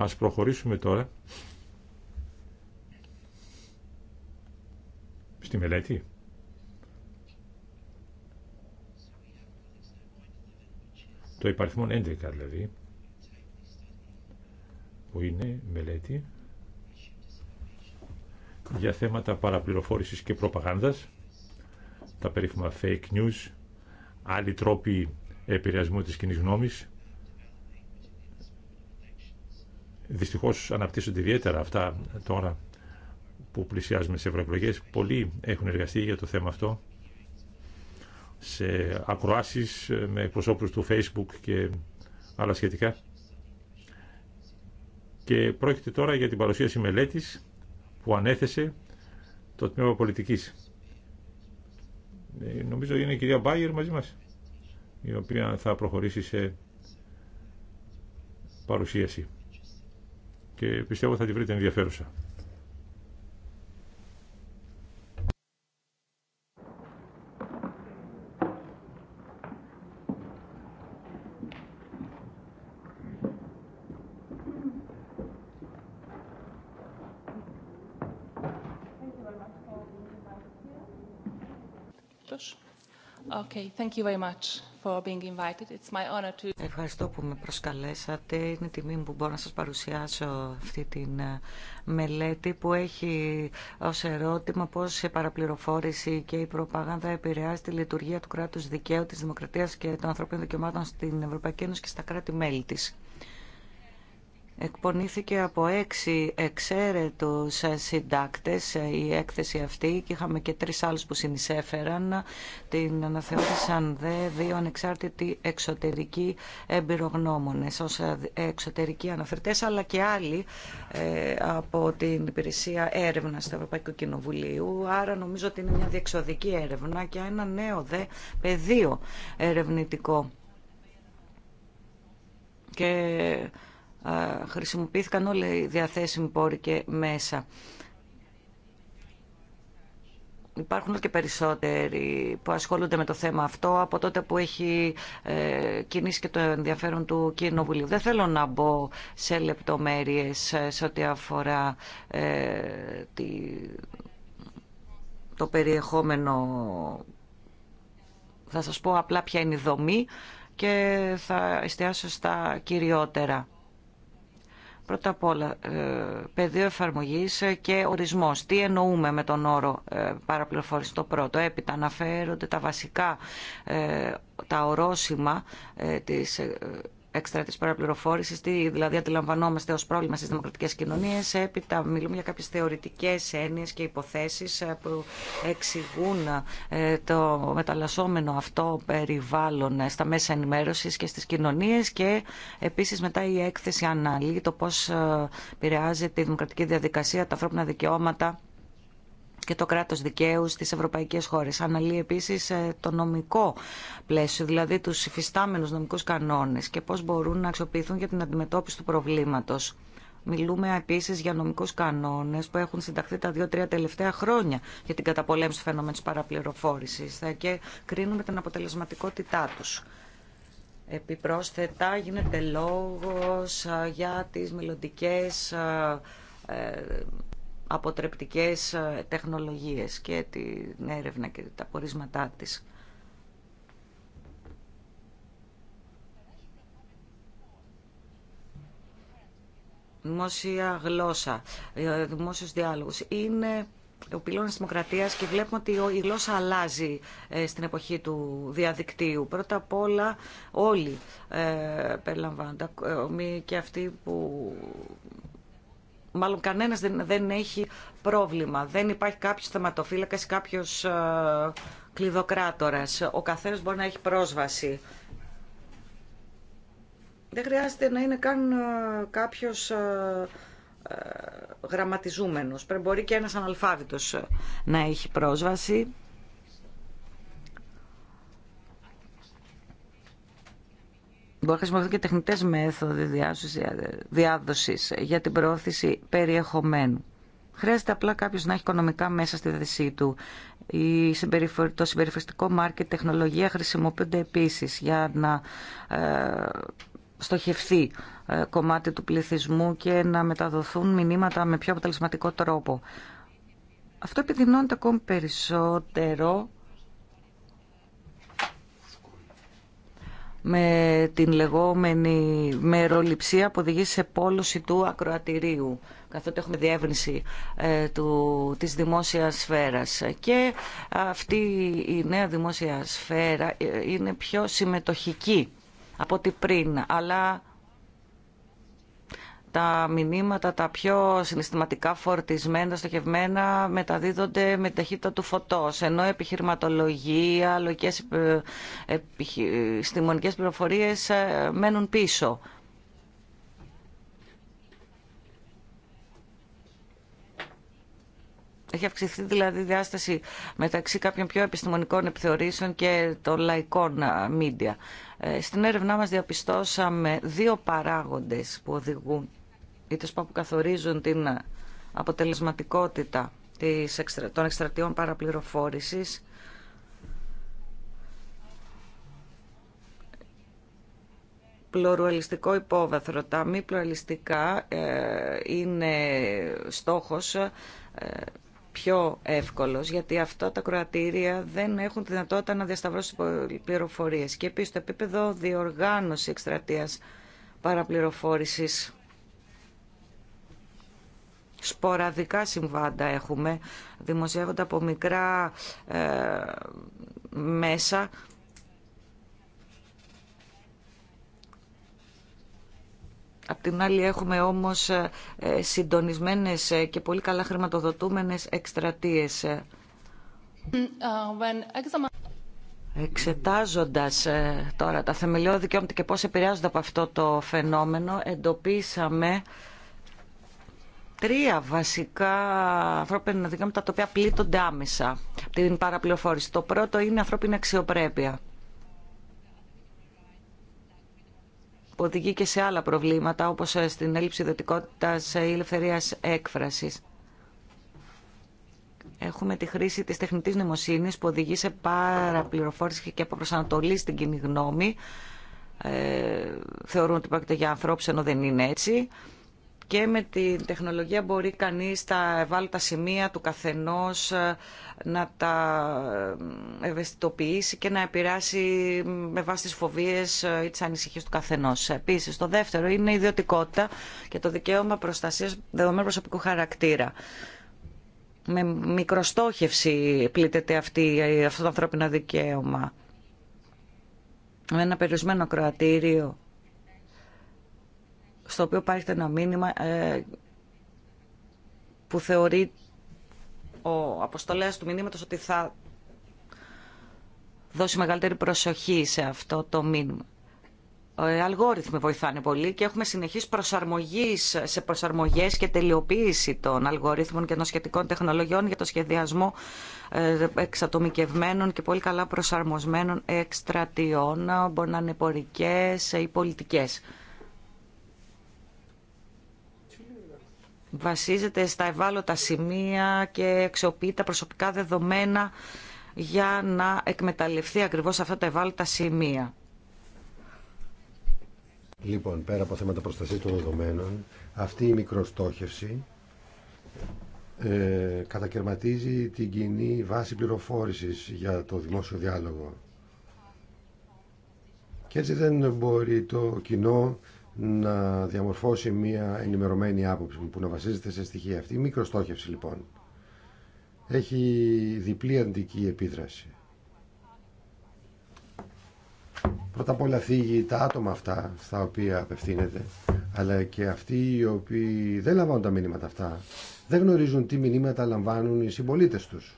Speaker 5: Ας προχωρήσουμε τώρα στη μελέτη. το υπαριθμό 11 δηλαδή, που είναι μελέτη για θέματα παραπληροφόρησης και προπαγάνδας, τα περίφημα fake news, άλλοι τρόποι επηρεασμού της κοινή γνώμης. Δυστυχώς αναπτύσσονται ιδιαίτερα αυτά τώρα που πλησιάζουμε σε ευρωεκλογέ. Πολλοί έχουν εργαστεί για το θέμα αυτό σε ακροάσεις ε, με εκπροσώπους του Facebook και άλλα σχετικά. Και πρόκειται τώρα για την παρουσίαση μελέτης που ανέθεσε το Τμήμα Πολιτικής. Ε, νομίζω είναι η κυρία Μπάγερ μαζί μας, η οποία θα προχωρήσει σε παρουσίαση. Και πιστεύω θα τη βρείτε ενδιαφέρουσα.
Speaker 4: Ευχαριστώ που με προσκαλέσατε. Είναι τιμή μου που μπορώ να σας παρουσιάσω αυτή την ε, μελέτη που έχει ως ερώτημα πώς η παραπληροφόρηση και η προπαγάνδα επηρεάζει τη λειτουργία του κράτους δικαίου, της δημοκρατίας και των ανθρωπίνων δικαιωμάτων στην Ευρωπαϊκή Ένωση και στα κράτη-μέλη της εκπονήθηκε από έξι εξαίρετους συντάκτες η έκθεση αυτή και είχαμε και τρεις άλλους που συνεισέφεραν. Την αναθεώρησαν δε δύο ανεξάρτητοι εξωτερικοί εμπειρογνώμονες ως εξωτερικοί αναφερτές αλλά και άλλοι ε, από την υπηρεσία έρευνας του Ευρωπαϊκού Κοινοβουλίου. Άρα νομίζω ότι είναι μια διεξοδική έρευνα και ένα νέο δε πεδίο ερευνητικό χρησιμοποιήθηκαν όλοι οι διαθέσιμοι πόροι και μέσα. Υπάρχουν και περισσότεροι που ασχολούνται με το θέμα αυτό από τότε που έχει ε, κινήσει και το ενδιαφέρον του Κοινοβουλίου. Δεν θέλω να μπω σε λεπτομέρειες ε, σε ό,τι αφορά ε, το περιεχόμενο. Θα σας πω απλά ποια είναι η δομή και θα εστιάσω στα κυριότερα. Πρώτα απ' όλα, ε, πεδίο εφαρμογή και ορισμός. Τι εννοούμε με τον όρο ε, παραπληροφόρηση το πρώτο. Έπειτα αναφέρονται τα βασικά, ε, τα ορόσημα της έξτρα τη παραπληροφόρηση, τι δηλαδή αντιλαμβανόμαστε ω πρόβλημα στι δημοκρατικέ κοινωνίε. Έπειτα μιλούμε για κάποιε θεωρητικέ έννοιε και υποθέσει ε, που εξηγούν ε, το μεταλλασσόμενο αυτό περιβάλλον ε, στα μέσα ενημέρωση και στι κοινωνίε και επίση μετά η έκθεση αναλύει το πώ επηρεάζεται η δημοκρατική διαδικασία, τα ανθρώπινα δικαιώματα και το κράτο δικαίου στι ευρωπαϊκέ χώρε. Αναλύει επίσης ε, το νομικό πλαίσιο, δηλαδή τους υφιστάμενους νομικούς κανόνες και πώς μπορούν να αξιοποιηθούν για την αντιμετώπιση του προβλήματος. Μιλούμε επίση για νομικού κανόνε που έχουν συνταχθεί τα δύο-τρία τελευταία χρόνια για την καταπολέμηση του φαινομένου τη παραπληροφόρηση ε, και κρίνουμε την αποτελεσματικότητά του. Επιπρόσθετα γίνεται λόγος ε, για τις μελλοντικέ αποτρεπτικές ε, τεχνολογίες και την έρευνα και τα πορίσματά της. Δημόσια γλώσσα, ε, δημόσιος διάλογος. Είναι ο πυλώνας της δημοκρατίας και βλέπουμε ότι η γλώσσα αλλάζει ε, στην εποχή του διαδικτύου. Πρώτα απ' όλα όλοι ε, περιλαμβάνονται, και αυτοί που μάλλον κανένα δεν, δεν έχει πρόβλημα. Δεν υπάρχει κάποιος θεματοφύλακας, κάποιος ε, κλειδοκράτορα. Ο καθένα μπορεί να έχει πρόσβαση. Δεν χρειάζεται να είναι καν ε, κάποιος ε, ε, Μπορεί και ένας αναλφάβητος ε, να έχει πρόσβαση. Μπορεί να χρησιμοποιηθούν και τεχνητέ μέθοδοι ε, διάδοσης για την προώθηση περιεχομένου. Χρειάζεται απλά κάποιο να έχει οικονομικά μέσα στη θέση του. Το συμπεριφοριστικό μάρκετ τεχνολογία χρησιμοποιούνται επίσης για να ε, στοχευθεί ε, κομμάτι του πληθυσμού και να μεταδοθούν μηνύματα με πιο αποτελεσματικό τρόπο. Αυτό επιδεινώνεται ακόμη περισσότερο με την λεγόμενη μεροληψία που οδηγεί σε πόλωση του ακροατηρίου καθότι έχουμε διεύρυνση ε, του, της δημόσιας σφαίρας. Και αυτή η νέα δημόσια σφαίρα ε, είναι πιο συμμετοχική από ό,τι πριν, αλλά τα μηνύματα τα πιο συναισθηματικά φορτισμένα, στοχευμένα μεταδίδονται με ταχύτητα του φωτός, ενώ επιχειρηματολογία, λογικές ε, επιστημονικές πληροφορίες ε, μένουν πίσω. Έχει αυξηθεί δηλαδή η διάσταση μεταξύ κάποιων πιο επιστημονικών επιθεωρήσεων και των λαϊκών μίντια. Ε, στην έρευνά μας διαπιστώσαμε δύο παράγοντες που οδηγούν ή που καθορίζουν την αποτελεσματικότητα των εκστρατιών παραπληροφόρησης πλουραλιστικό υπόβαθρο. Τα μη πλουραλιστικά ε, είναι στόχος ε, πιο εύκολος, γιατί αυτά τα κροατήρια δεν έχουν τη δυνατότητα να διασταυρώσουν πληροφορίες. Και επίσης το επίπεδο διοργάνωση εκστρατείας παραπληροφόρησης σποραδικά συμβάντα έχουμε, δημοσιεύονται από μικρά ε, μέσα. Απ' την άλλη έχουμε όμως ε, ε, συντονισμένες και πολύ καλά χρηματοδοτούμενες εκστρατείες. Εξετάζοντας τώρα τα θεμελιώδη και πώς επηρεάζονται από αυτό το φαινόμενο, εντοπίσαμε τρία βασικά ανθρώπινα δικαιώματα τα οποία πλήττονται άμεσα από την παραπληροφόρηση. Το πρώτο είναι η ανθρώπινη αξιοπρέπεια που οδηγεί και σε άλλα προβλήματα όπως ε, στην έλλειψη ιδιωτικότητας ή ε, ελευθερίας έκφρασης. Έχουμε τη χρήση της τεχνητής νοημοσύνης που οδηγεί σε παραπληροφόρηση και προσανατολή στην κοινή γνώμη. Ε, θεωρούν ότι πρόκειται για ανθρώπου ενώ δεν είναι έτσι και με την τεχνολογία μπορεί κανείς τα ευάλωτα σημεία του καθενός ε, να τα ε, ευαισθητοποιήσει και να επηρεάσει με βάση τις φοβίες ε, ή τις ανησυχίες του καθενός. Επίσης, το δεύτερο είναι η ιδιωτικότητα και το δικαίωμα προστασίας δεδομένου προσωπικού χαρακτήρα. Με μικροστόχευση πλήττεται αυτή, αυτό το ανθρώπινο δικαίωμα. Με ένα περιορισμένο κροατήριο στο οποίο υπάρχει ένα μήνυμα ε, που θεωρεί ο αποστολέας του μηνύματος ότι θα δώσει μεγαλύτερη προσοχή σε αυτό το μήνυμα. Οι ε, αλγόριθμοι βοηθάνε πολύ και έχουμε συνεχής προσαρμογής σε προσαρμογές και τελειοποίηση των αλγορίθμων και των σχετικών τεχνολογιών για το σχεδιασμό ε, εξατομικευμένων και πολύ καλά προσαρμοσμένων εκστρατιών, μπορεί να είναι πορικές ή πολιτικές. βασίζεται στα ευάλωτα σημεία και αξιοποιεί τα προσωπικά δεδομένα για να εκμεταλλευτεί ακριβώς αυτά τα ευάλωτα σημεία.
Speaker 2: Λοιπόν, πέρα από θέματα προστασίας των δεδομένων, αυτή η μικροστόχευση ε, κατακαιρματίζει την κοινή βάση πληροφόρησης για το δημόσιο διάλογο. Και έτσι δεν μπορεί το κοινό να διαμορφώσει μια ενημερωμένη άποψη που να βασίζεται σε στοιχεία αυτή. Η μικροστόχευση λοιπόν έχει διπλή αντική επίδραση. Πρώτα απ' όλα θίγει τα άτομα αυτά στα οποία απευθύνεται, αλλά και αυτοί οι οποίοι δεν λαμβάνουν τα μηνύματα αυτά, δεν γνωρίζουν τι μηνύματα λαμβάνουν οι συμπολίτες τους.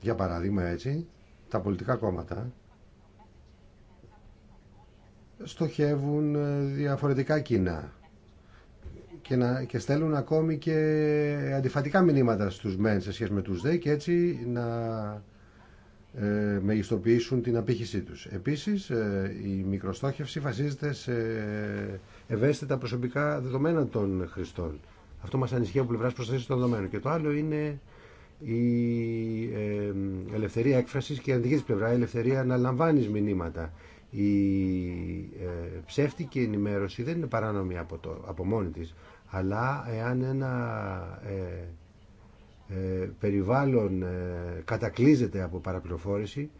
Speaker 2: Για παράδειγμα έτσι, τα πολιτικά κόμματα στοχεύουν ε, διαφορετικά κοινά και, να, και στέλνουν ακόμη και αντιφατικά μηνύματα στους μεν σε σχέση με τους δε και έτσι να ε, μεγιστοποιήσουν την απήχησή τους. Επίσης, ε, η μικροστόχευση βασίζεται σε ευαίσθητα προσωπικά δεδομένα των χρηστών. Αυτό μας ανησυχεί από πλευράς προστασίας των δεδομένων. Και το άλλο είναι η ε, ελευθερία έκφρασης και η αντική πλευρά η ελευθερία να λαμβάνεις μηνύματα. Η ε, ψεύτικη ενημέρωση δεν είναι παράνομη από, το, από μόνη της, αλλά εάν ένα ε, περιβάλλον ε, κατακλείζεται από παραπληροφόρηση,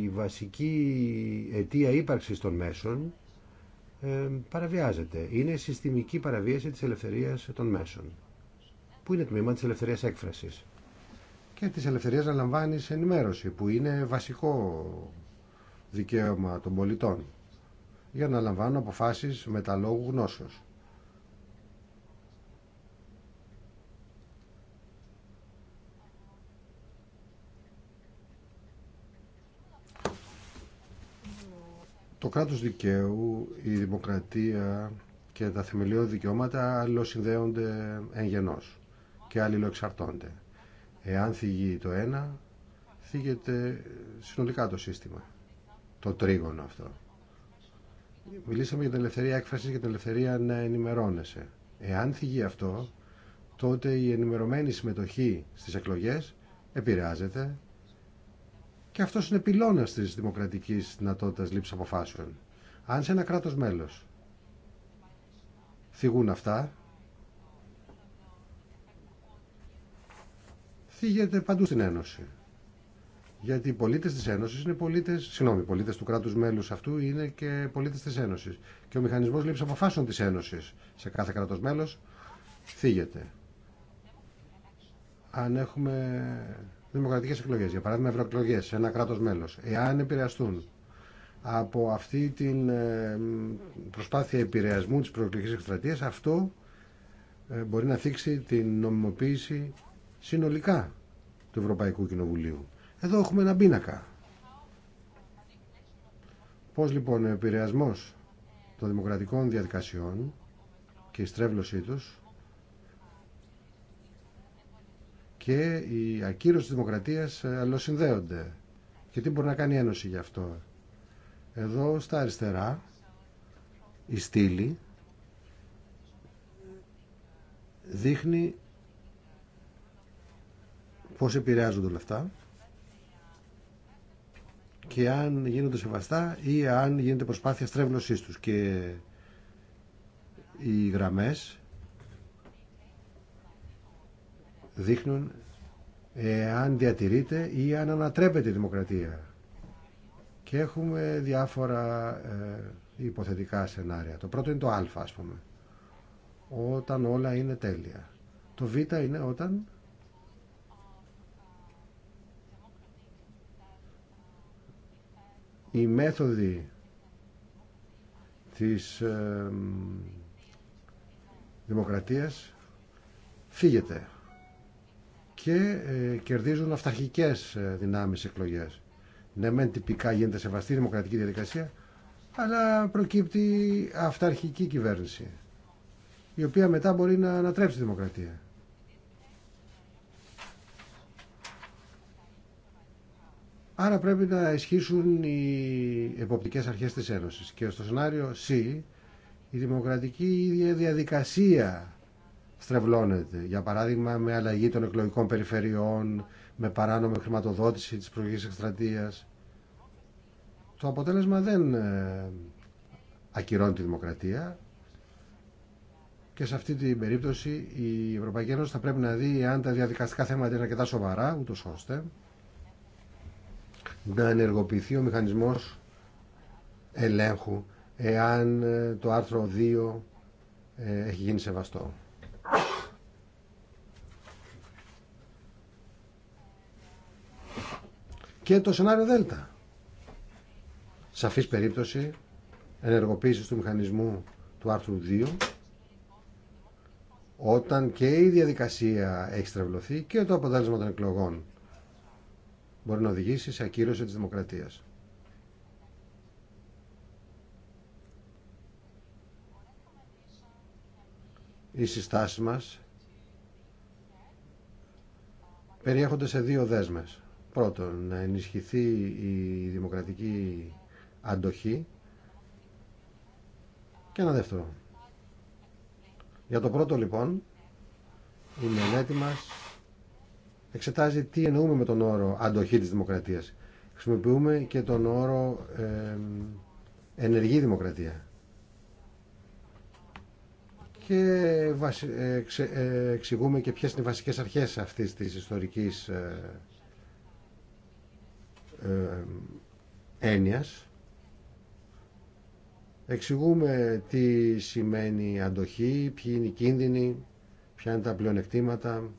Speaker 2: η βασική αιτία ύπαρξης των μέσων παραβιάζεται. Είναι συστημική παραβίαση της ελευθερίας των μέσων που είναι τμήμα της ελευθερίας έκφρασης και της ελευθερίας να λαμβάνεις ενημέρωση που είναι βασικό δικαίωμα των πολιτών για να λαμβάνω αποφάσεις με τα λόγου γνώσεως. Το κράτος δικαίου, η δημοκρατία και τα θεμελιώδη δικαιώματα αλληλοσυνδέονται εν γενός και αλληλοεξαρτώνται. Εάν θυγεί το ένα, θύγεται συνολικά το σύστημα. Το τρίγωνο αυτό. Μιλήσαμε για την ελευθερία έκφραση και την ελευθερία να ενημερώνεσαι. Εάν θυγεί αυτό, τότε η ενημερωμένη συμμετοχή στις εκλογές επηρεάζεται και αυτός είναι πυλώνας της δημοκρατικής δυνατότητας λήψης αποφάσεων. Αν σε ένα κράτος μέλος θυγούν αυτά, θίγεται παντού στην Ένωση. Γιατί οι πολίτε τη Ένωση είναι πολίτε, συγγνώμη, πολίτε του κράτου μέλου αυτού είναι και πολίτε τη Ένωση. Και ο μηχανισμό λήψη αποφάσεων τη Ένωση σε κάθε κράτο μέλο θίγεται. Αν έχουμε δημοκρατικέ εκλογέ, για παράδειγμα ευρωεκλογέ σε ένα κράτο μέλο, εάν επηρεαστούν από αυτή την ε, προσπάθεια επηρεασμού τη προεκλογική εκστρατεία, αυτό ε, μπορεί να θίξει την νομιμοποίηση συνολικά του Ευρωπαϊκού Κοινοβουλίου. Εδώ έχουμε ένα πίνακα. Πώς λοιπόν ο επηρεασμό των δημοκρατικών διαδικασιών και η στρέβλωσή τους και η ακύρωση της δημοκρατίας ε, αλλοσυνδέονται. Και τι μπορεί να κάνει η Ένωση γι' αυτό. Εδώ στα αριστερά η στήλη δείχνει πώς επηρεάζονται όλα αυτά και αν γίνονται σεβαστά ή αν γίνεται προσπάθεια στρέβλωσής τους και οι γραμμές δείχνουν αν διατηρείται ή αν ανατρέπεται η δημοκρατία και έχουμε διάφορα ε, υποθετικά σενάρια το πρώτο είναι το α ας πούμε όταν όλα είναι τέλεια το β είναι όταν οι μέθοδοι της ε, δημοκρατίας φύγεται και ε, κερδίζουν αυταρχικές ε, δυνάμεις εκλογές. Ναι, μεν τυπικά γίνεται σεβαστή δημοκρατική διαδικασία, αλλά προκύπτει αυταρχική κυβέρνηση, η οποία μετά μπορεί να ανατρέψει τη δημοκρατία. Άρα πρέπει να ισχύσουν οι εποπτικές αρχές της Ένωσης. Και στο σενάριο C, η δημοκρατική διαδικασία στρεβλώνεται. Για παράδειγμα, με αλλαγή των εκλογικών περιφερειών, με παράνομη χρηματοδότηση της προηγής εκστρατεία. Το αποτέλεσμα δεν ε, ακυρώνει τη δημοκρατία και σε αυτή την περίπτωση η Ευρωπαϊκή Ένωση θα πρέπει να δει αν τα διαδικαστικά θέματα είναι αρκετά σοβαρά, ούτως ώστε να ενεργοποιηθεί ο μηχανισμός ελέγχου εάν ε, το άρθρο 2 ε, έχει γίνει σεβαστό. Και το σενάριο Δέλτα. Σαφής περίπτωση ενεργοποίησης του μηχανισμού του άρθρου 2 όταν και η διαδικασία έχει στρεβλωθεί και το αποτέλεσμα των εκλογών μπορεί να οδηγήσει σε ακύρωση της δημοκρατίας. Οι συστάσεις μας περιέχονται σε δύο δέσμες. Πρώτον, να ενισχυθεί η δημοκρατική αντοχή και ένα δεύτερο. Για το πρώτο λοιπόν, η μελέτη μας εξετάζει τι εννοούμε με τον όρο αντοχή της δημοκρατίας. Χρησιμοποιούμε και τον όρο ενεργή δημοκρατία. Και ε, ε, εξηγούμε και ποιες είναι οι βασικές αρχές αυτής της ιστορικής ε, ε, έννοιας. Εξηγούμε τι σημαίνει αντοχή, ποιοι είναι οι κίνδυνοι, ποια είναι τα πλεονεκτήματα,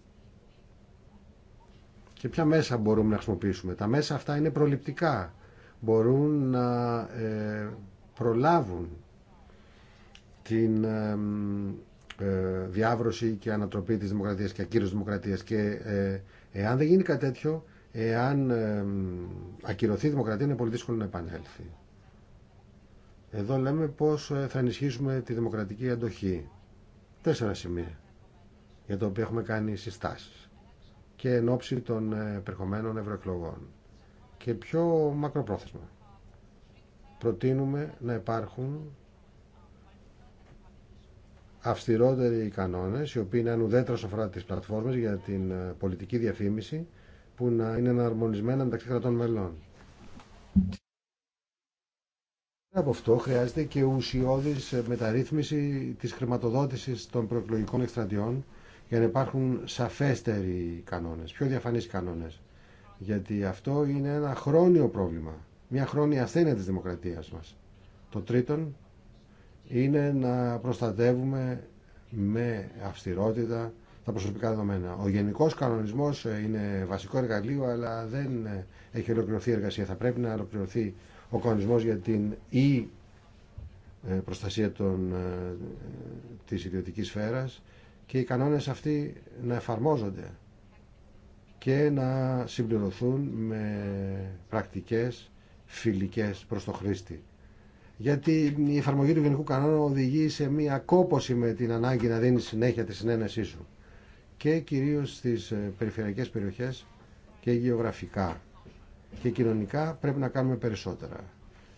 Speaker 2: και ποια μέσα μπορούμε να χρησιμοποιήσουμε. Τα μέσα αυτά είναι προληπτικά. Μπορούν να ε, προλάβουν την ε, διάβρωση και ανατροπή της δημοκρατίας και ακύρωση της δημοκρατίας και ε, εάν δεν γίνει κάτι τέτοιο, εάν ακυρωθεί η δημοκρατία είναι πολύ δύσκολο να επανέλθει. Εδώ λέμε πώς θα ενισχύσουμε τη δημοκρατική αντοχή. Τέσσερα σημεία για τα οποία έχουμε κάνει συστάσεις και εν ώψη των ε, επερχομένων ευρωεκλογών. Και πιο μακροπρόθεσμα. Προτείνουμε να υπάρχουν αυστηρότεροι κανόνες, οι οποίοι να είναι ουδέτερα σοφρά τις πλατφόρμες για την ε, πολιτική διαφήμιση, που να είναι αναρμονισμένα μεταξύ κρατών μελών. Από αυτό χρειάζεται και ουσιώδης μεταρρύθμιση της χρηματοδότησης των προεκλογικών εκστρατιών για να υπάρχουν σαφέστεροι κανόνες, πιο διαφανείς κανόνες. Γιατί αυτό είναι ένα χρόνιο πρόβλημα, μια χρόνια ασθένεια της δημοκρατίας μας. Το τρίτον είναι να προστατεύουμε με αυστηρότητα τα προσωπικά δεδομένα. Ο γενικός κανονισμός ε, είναι βασικό εργαλείο, αλλά δεν ε, έχει ολοκληρωθεί η εργασία. Θα πρέπει να ολοκληρωθεί ο κανονισμός για την ή ε, προστασία των, της ιδιωτικής σφαίρας και οι κανόνες αυτοί να εφαρμόζονται και να συμπληρωθούν με πρακτικές φιλικές προς το χρήστη. Γιατί η εφαρμογή του γενικού κανόνα οδηγεί σε μια κόποση με την ανάγκη να δίνει συνέχεια τη συνένεσή σου και κυρίως στις ε, περιφερειακές περιοχές και γεωγραφικά και κοινωνικά πρέπει να κάνουμε περισσότερα.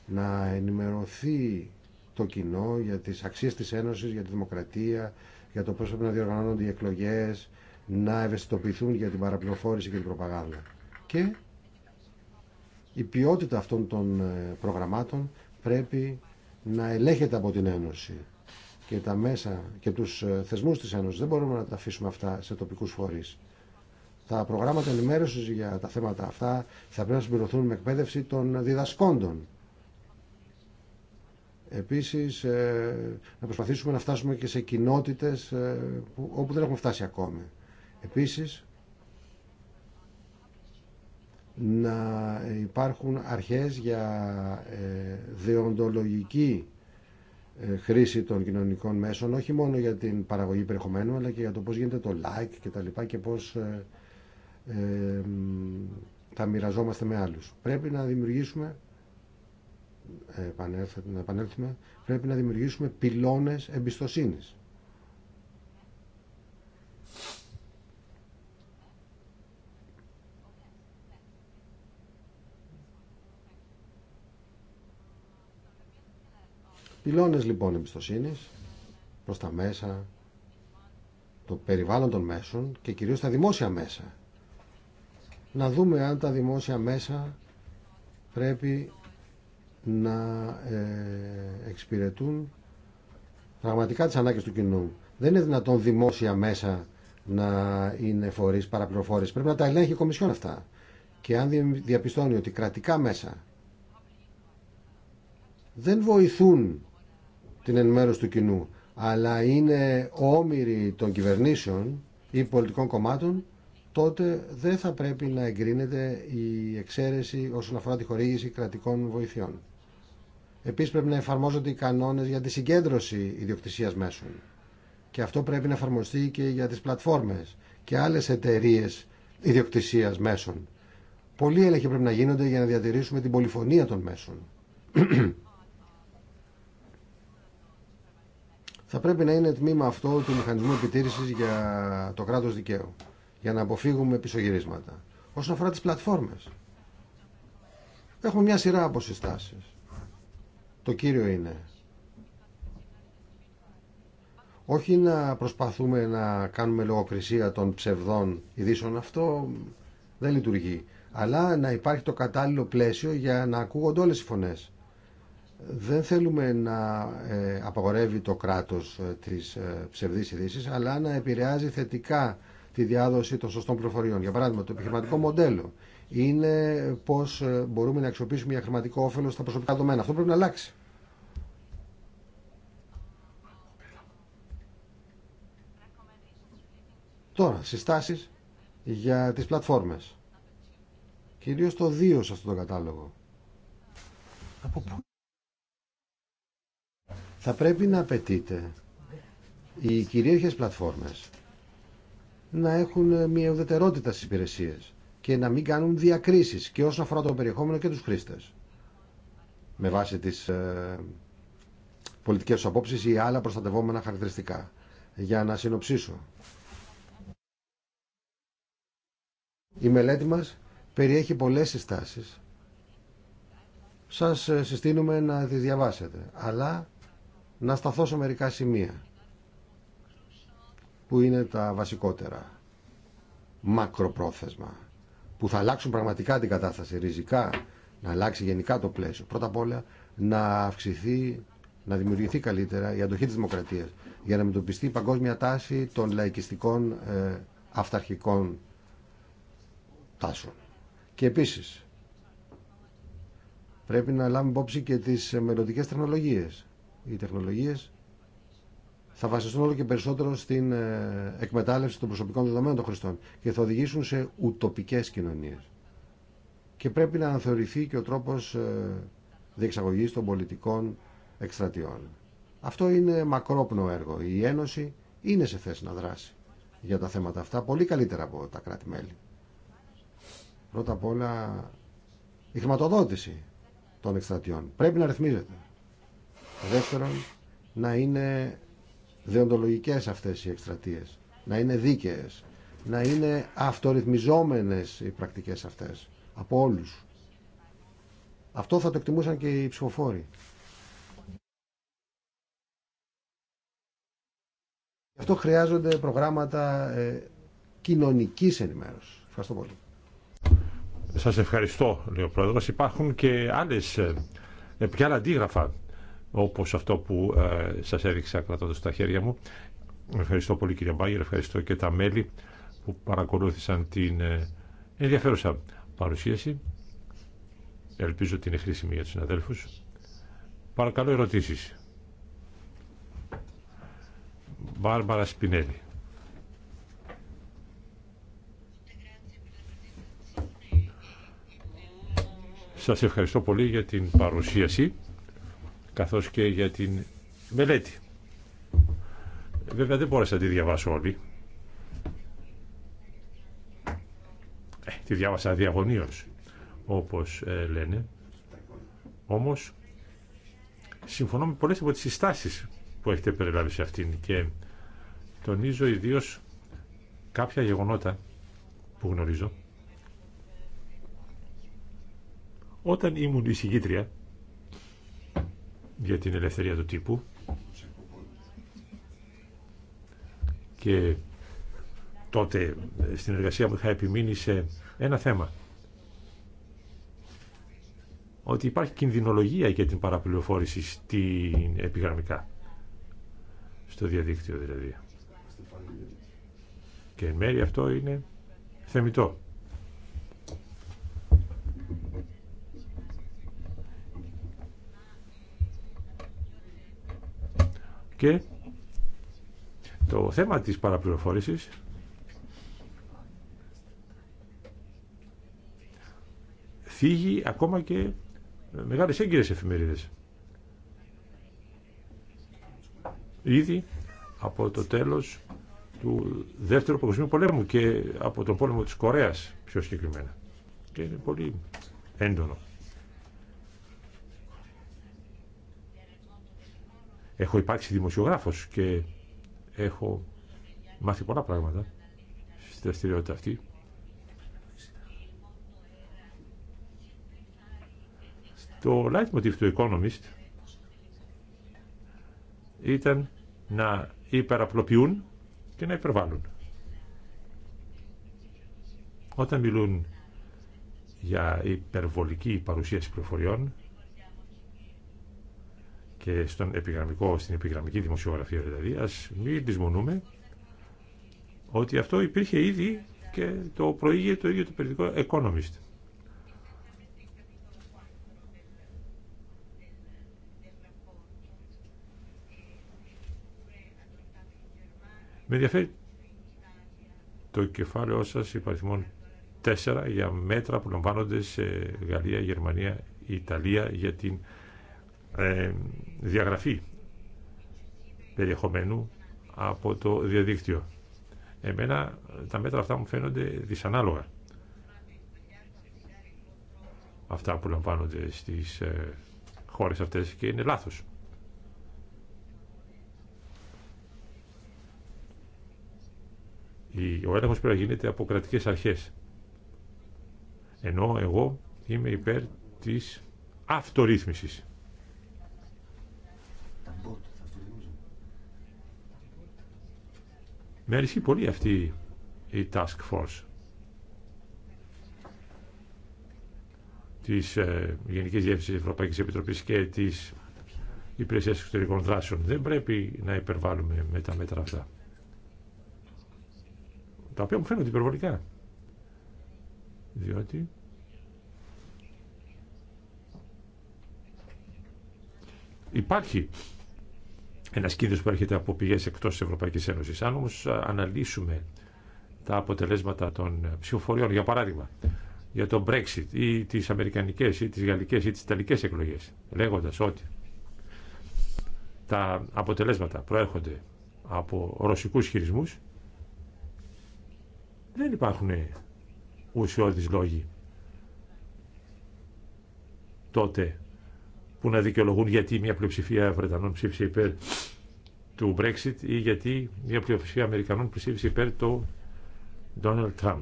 Speaker 2: Να ενημερωθεί το κοινό, για τις αξίες της Ένωσης, για τη δημοκρατία, για το πώς πρέπει να διοργανώνονται οι εκλογές, να ευαισθητοποιηθούν για την παραπληροφόρηση και την προπαγάνδα. Και η ποιότητα αυτών των ε, προγραμμάτων πρέπει να ελέγχεται από την Ένωση και τα μέσα και τους ε, θεσμούς της Ένωσης. Δεν μπορούμε να τα αφήσουμε αυτά σε τοπικούς φορείς. Τα προγράμματα ενημέρωση για τα θέματα αυτά θα πρέπει να συμπληρωθούν με εκπαίδευση των διδασκόντων Επίσης, ε, να προσπαθήσουμε να φτάσουμε και σε κοινότητες ε, όπου δεν έχουμε φτάσει ακόμη. Επίσης, να υπάρχουν αρχές για ε, δεοντολογική χρήση των κοινωνικών μέσων, όχι μόνο για την παραγωγή περιεχομένου, αλλά και για το πώς γίνεται το like και τα λοιπά και πώς θα μοιραζόμαστε με άλλους. Πρέπει να δημιουργήσουμε επανέλθουμε, να επανέλθουμε πρέπει να δημιουργήσουμε πυλώνες εμπιστοσύνης. Πυλώνες λοιπόν εμπιστοσύνης προς τα μέσα, το περιβάλλον των μέσων και κυρίως τα δημόσια μέσα. Να δούμε αν τα δημόσια μέσα πρέπει να ε, εξυπηρετούν πραγματικά τις ανάγκες του κοινού. Δεν είναι δυνατόν δημόσια μέσα να είναι φορείς παραπληροφόρηση. Πρέπει να τα ελέγχει η Κομισιόν αυτά. Και αν διαπιστώνει ότι κρατικά μέσα δεν βοηθούν την ενημέρωση του κοινού, αλλά είναι όμοιροι των κυβερνήσεων ή πολιτικών κομμάτων, τότε δεν θα πρέπει να εγκρίνεται η εξαίρεση όσον αφορά τη χορήγηση κρατικών βοηθειών. Επίσης πρέπει να εφαρμόζονται οι κανόνες για τη συγκέντρωση ιδιοκτησία μέσων. Και αυτό πρέπει να εφαρμοστεί και για τις πλατφόρμες και άλλες εταιρείε ιδιοκτησίας μέσων. Πολλοί έλεγχοι πρέπει να γίνονται για να διατηρήσουμε την πολυφωνία των μέσων. Θα πρέπει να είναι τμήμα αυτό του μηχανισμού επιτήρησης για το κράτος δικαίου, για να αποφύγουμε πισωγυρίσματα. Όσον αφορά τις πλατφόρμες, έχουμε μια σειρά από το κύριο είναι όχι να προσπαθούμε να κάνουμε λογοκρισία των ψευδών ειδήσεων, αυτό δεν λειτουργεί. Αλλά να υπάρχει το κατάλληλο πλαίσιο για να ακούγονται όλες οι φωνές. Δεν θέλουμε να ε, απαγορεύει το κράτος ε, τις ε, ψευδείς ειδήσει, αλλά να επηρεάζει θετικά τη διάδοση των σωστών πληροφοριών. Για παράδειγμα, το επιχειρηματικό μοντέλο είναι πώς ε, μπορούμε να αξιοποιήσουμε για χρηματικό όφελο στα προσωπικά δομένα. Αυτό πρέπει να αλλάξει. Τώρα, συστάσει για τις πλατφόρμες. Κυρίως το 2 σε αυτό τον κατάλογο. Θα πρέπει να απαιτείται οι κυρίαρχες πλατφόρμες να έχουν μια ουδετερότητα στις υπηρεσίες και να μην κάνουν διακρίσεις και όσον αφορά το περιεχόμενο και τους χρήστες με βάση τις ε, πολιτικές τους ή άλλα προστατευόμενα χαρακτηριστικά. Για να συνοψίσω. Η μελέτη μας περιέχει πολλές συστάσεις. Σας ε, συστήνουμε να τις διαβάσετε, αλλά να σταθώ σε μερικά σημεία που είναι τα βασικότερα. Μακροπρόθεσμα που θα αλλάξουν πραγματικά την κατάσταση ριζικά, να αλλάξει γενικά το πλαίσιο. Πρώτα απ' όλα να αυξηθεί, να δημιουργηθεί καλύτερα η αντοχή της δημοκρατίας για να μετωπιστεί η παγκόσμια τάση των λαϊκιστικών ε, αυταρχικών τάσεων. Και επίσης πρέπει να λάβουμε υπόψη και τις μελλοντικέ τεχνολογίες. Οι τεχνολογίες θα βασιστούν όλο και περισσότερο στην ε, εκμετάλλευση των προσωπικών δεδομένων των χρηστών και θα οδηγήσουν σε ουτοπικές κοινωνίες. Και πρέπει να αναθεωρηθεί και ο τρόπος ε, διεξαγωγής των πολιτικών εκστρατιών. Αυτό είναι μακρόπνο έργο. Η Ένωση είναι σε θέση να δράσει για τα θέματα αυτά πολύ καλύτερα από τα κράτη-μέλη. Πρώτα απ' όλα η χρηματοδότηση των εκστρατιών πρέπει να ρυθμίζεται. Δεύτερον, να είναι δεοντολογικές αυτές οι εκστρατείες, να είναι δίκαιες, να είναι αυτορυθμιζόμενες οι πρακτικές αυτές από όλους. Αυτό θα το εκτιμούσαν και οι ψηφοφόροι. Γι' αυτό χρειάζονται προγράμματα ε, κοινωνικής ενημέρωσης. Ευχαριστώ πολύ.
Speaker 5: Σας ευχαριστώ, λέει ο Υπάρχουν και άλλες, ε, και άλλα αντίγραφα όπως αυτό που ε, σας έδειξα κρατώντας τα χέρια μου. Ευχαριστώ πολύ κύριε Μπάγερ, ευχαριστώ και τα μέλη που παρακολούθησαν την ε, ενδιαφέρουσα παρουσίαση. Ελπίζω ότι είναι χρήσιμη για τους συναδέλφους. Παρακαλώ ερωτήσεις. Μπάρμπαρα Σπινέλη. Σας ευχαριστώ πολύ για την παρουσίαση καθώς και για την μελέτη. Βέβαια δεν μπόρεσα να τη διαβάσω όλη. Ε, τη διάβασα διαγωνίως, όπως ε, λένε. Όμως, συμφωνώ με πολλές από τις συστάσεις που έχετε περιλάβει σε αυτήν και τονίζω ιδίως κάποια γεγονότα που γνωρίζω. Όταν ήμουν εισηγήτρια, για την ελευθερία του τύπου και τότε ε, στην εργασία μου είχα επιμείνει σε ένα θέμα ότι υπάρχει κινδυνολογία για την παραπληροφόρηση στην επιγραμμικά στο διαδίκτυο δηλαδή και εν μέρει αυτό είναι θεμητό Και το θέμα της παραπληροφόρησης θίγει ακόμα και μεγάλες έγκυρες εφημερίδες. Ήδη από το τέλος του Δεύτερου Παγκοσμίου Πολέμου και από τον πόλεμο της Κορέας πιο συγκεκριμένα. Και είναι πολύ έντονο. Έχω υπάρξει δημοσιογράφος και έχω μάθει πολλά πράγματα στη δραστηριότητα αυτή. Το leitmotiv του Economist ήταν να υπεραπλοποιούν και να υπερβάλλουν. Όταν μιλούν για υπερβολική παρουσίαση πληροφοριών, και στον επιγραμμικό, στην επιγραμμική δημοσιογραφία δηλαδή, ας μην δυσμονούμε ότι αυτό υπήρχε ήδη και το προήγε το ίδιο το περιοδικό Economist. Με ενδιαφέρει το κεφάλαιό σας υπαριθμών 4 για μέτρα που λαμβάνονται σε Γαλλία, Γερμανία, Ιταλία για την ε, διαγραφή περιεχομένου από το διαδίκτυο. Εμένα τα μέτρα αυτά μου φαίνονται δυσανάλογα. Αυτά που λαμβάνονται στις ε, χώρες αυτές και είναι λάθος. Ο έλεγχος πρέπει να γίνεται από κρατικές αρχές. Ενώ εγώ είμαι υπέρ της αυτορύθμισης. Με αρισχύει πολύ αυτή η task force της ε, Γενικής Διεύθυνσης Ευρωπαϊκής Επιτροπής και της Υπηρεσίας Εξωτερικών Δράσεων. Δεν πρέπει να υπερβάλλουμε με τα μέτρα αυτά. Τα οποία μου φαίνονται υπερβολικά. Διότι υπάρχει ένα κίνδυνο που έρχεται από πηγέ εκτό τη Ευρωπαϊκή Ένωση. Αν όμω αναλύσουμε τα αποτελέσματα των ε, ψηφοφοριών, για παράδειγμα, για το Brexit ή τι Αμερικανικέ ή τι Γαλλικέ ή τι Ιταλικέ εκλογέ, λέγοντα ότι τα αποτελέσματα προέρχονται από ρωσικού χειρισμούς δεν υπάρχουν ουσιώδεις λόγοι τότε που να δικαιολογούν γιατί μια πλειοψηφία Βρετανών ψήφισε υπέρ του Brexit ή γιατί μια πλειοψηφία Αμερικανών ψήφισε υπέρ του Donald Trump.